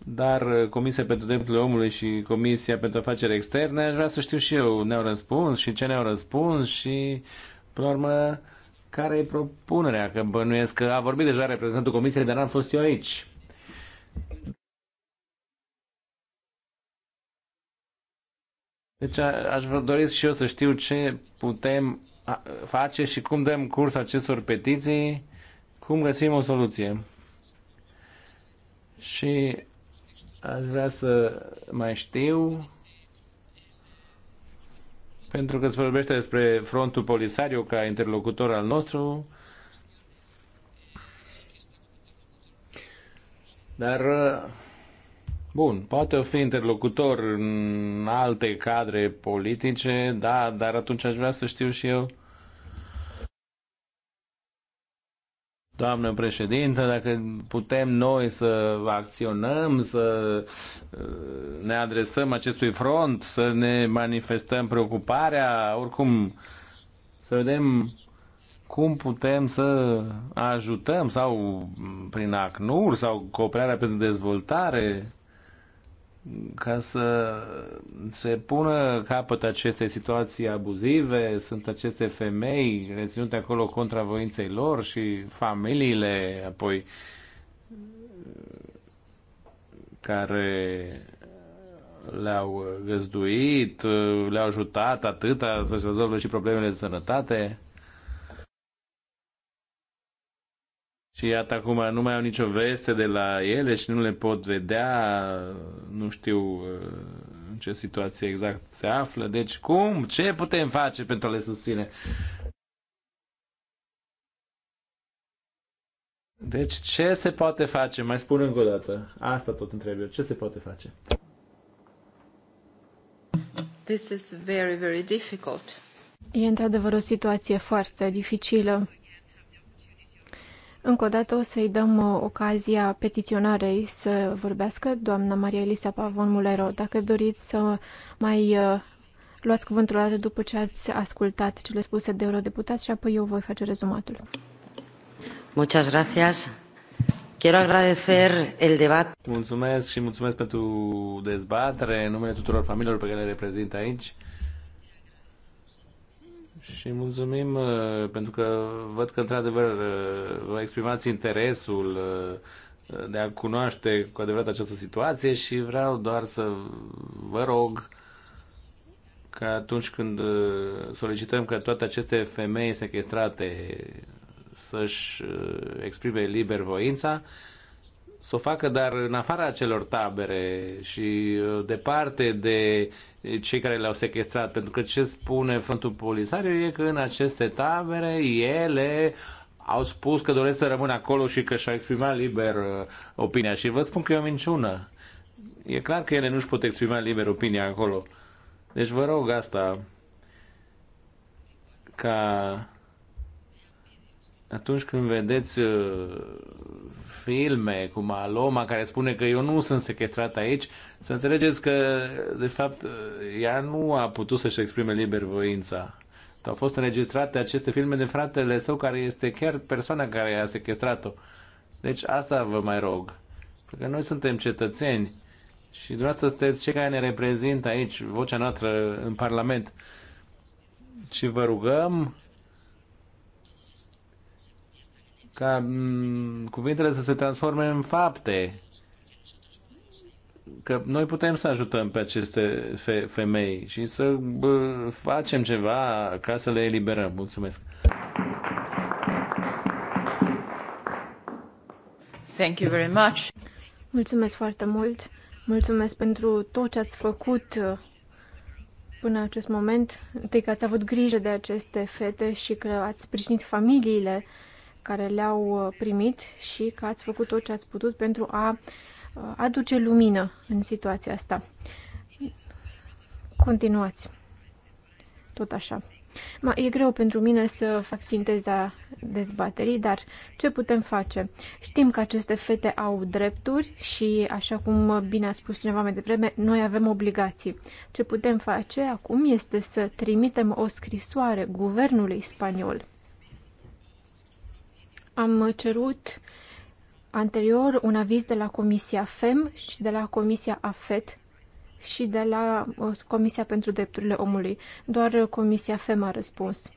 dar Comisia pentru Drepturile Omului și Comisia pentru Afaceri Externe, aș vrea să știu și eu, ne-au răspuns și ce ne-au răspuns și, până la urmă, care e propunerea? Că bănuiesc că a vorbit deja reprezentantul Comisiei, dar n-am fost eu aici. Deci a, aș dori și eu să știu ce putem face și cum dăm curs acestor petiții, cum găsim o soluție. Și aș vrea să mai știu pentru că se vorbește despre frontul Polisario ca interlocutor al nostru, dar bun, poate o fi interlocutor în alte cadre politice, da, dar atunci aș vrea să știu și eu Doamnă președintă, dacă putem noi să acționăm, să uh, ne adresăm acestui front, să ne manifestăm preocuparea, oricum să vedem cum putem să ajutăm sau prin ACNUR sau cooperarea pentru dezvoltare ca să se pună capăt acestei situații abuzive, sunt aceste femei reținute acolo contra voinței lor și familiile apoi care le-au găzduit, le-au ajutat atâta să se rezolve și problemele de sănătate. și iată acum nu mai au nicio veste de la ele și nu le pot vedea, nu știu uh, în ce situație exact se află, deci cum, ce putem face pentru a le susține? Deci ce se poate face? Mai spun încă o dată. Asta tot întreb eu. Ce se poate face? This is very, very difficult. E într-adevăr o situație foarte dificilă. Încă o dată o să-i dăm uh, ocazia petiționarei să vorbească, doamna Maria Elisa Pavon Mulero. Dacă doriți să mai uh, luați cuvântul o dată după ce ați ascultat cele spuse de eurodeputați și apoi eu voi face rezumatul. Muchas gracias. Quiero agradecer el debate. Mulțumesc și mulțumesc pentru dezbatere în numele tuturor familiilor pe care le reprezint aici. Și mulțumim uh, pentru că văd că, într-adevăr, uh, vă exprimați interesul uh, de a cunoaște cu adevărat această situație și vreau doar să vă rog că atunci când solicităm că toate aceste femei sequestrate să-și exprime liber voința, să o facă, dar în afara acelor tabere și uh, departe de cei care le-au sequestrat, pentru că ce spune frontul polisariu e că în aceste tabere ele au spus că doresc să rămână acolo și că și-au exprimat liber uh, opinia. Și vă spun că e o minciună. E clar că ele nu-și pot exprima liber opinia acolo. Deci vă rog asta ca atunci când vedeți uh, filme cu Maloma care spune că eu nu sunt sequestrat aici, să înțelegeți că, de fapt, uh, ea nu a putut să-și exprime liber voința. Au fost înregistrate aceste filme de fratele său care este chiar persoana care a sequestrat-o. Deci asta vă mai rog. Pentru că noi suntem cetățeni și dumneavoastră sunteți cei care ne reprezintă aici vocea noastră în Parlament. Și vă rugăm ca mm, cuvintele să se transforme în fapte. Că noi putem să ajutăm pe aceste fe- femei și să bă, facem ceva ca să le eliberăm. Mulțumesc! Thank you very much. Mulțumesc foarte mult! Mulțumesc pentru tot ce ați făcut uh, până acest moment. Întâi că ați avut grijă de aceste fete și că ați sprijinit familiile uh, care le-au uh, primit și că ați făcut tot ce ați putut pentru a uh, aduce lumină în situația asta. Continuați. Tot așa. Ma, e greu pentru mine să fac sinteza dezbaterii, dar ce putem face? Știm că aceste fete au drepturi și, așa cum bine a spus cineva mai devreme, noi avem obligații. Ce putem face acum este să trimitem o scrisoare guvernului spaniol am cerut anterior un aviz de la Comisia FEM și de la Comisia AFET și de la uh, Comisia pentru Drepturile Omului. Doar Comisia FEM a răspuns.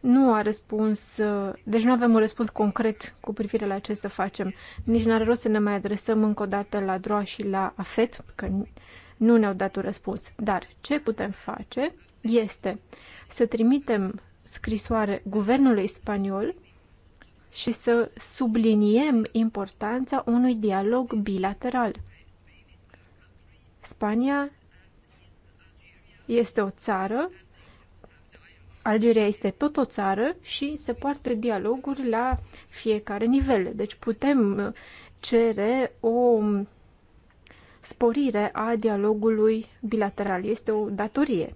Nu a răspuns, uh, deci nu avem un răspuns concret cu privire la ce să facem. Nici n-are rost să ne mai adresăm încă o dată la DROA și la AFET, că nu ne-au dat un răspuns. Dar ce putem face este să trimitem scrisoare guvernului spaniol și să subliniem importanța unui dialog bilateral. Spania este o țară, Algeria este tot o țară și se poartă dialoguri la fiecare nivel. Deci putem cere o sporire a dialogului bilateral. Este o datorie.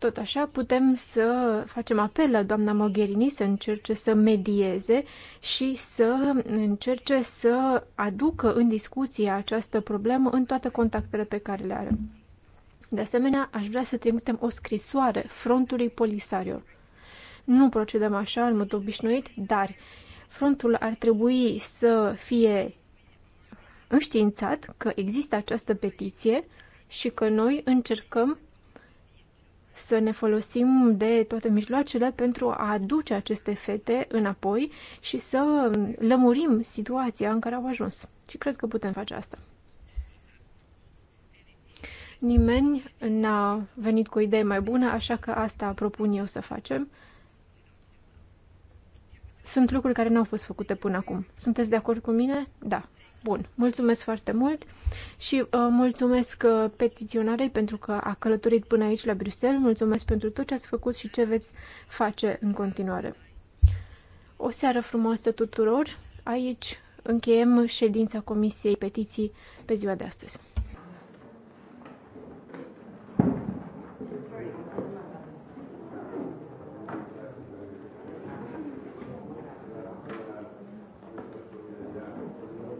Tot așa putem să facem apel la doamna Mogherini să încerce să medieze și să încerce să aducă în discuție această problemă în toate contactele pe care le are. De asemenea, aș vrea să trimitem o scrisoare frontului Polisario. Nu procedăm așa în mod obișnuit, dar frontul ar trebui să fie înștiințat că există această petiție și că noi încercăm să ne folosim de toate mijloacele pentru a aduce aceste fete înapoi și să lămurim situația în care au ajuns. Și cred că putem face asta. Nimeni n-a venit cu o idee mai bună, așa că asta propun eu să facem. Sunt lucruri care nu au fost făcute până acum. Sunteți de acord cu mine? Da. Bun, mulțumesc foarte mult și uh, mulțumesc uh, petiționarei pentru că a călătorit până aici la Bruxelles. Mulțumesc pentru tot ce ați făcut și ce veți face în continuare. O seară frumoasă tuturor. Aici încheiem ședința Comisiei Petiții pe ziua de astăzi.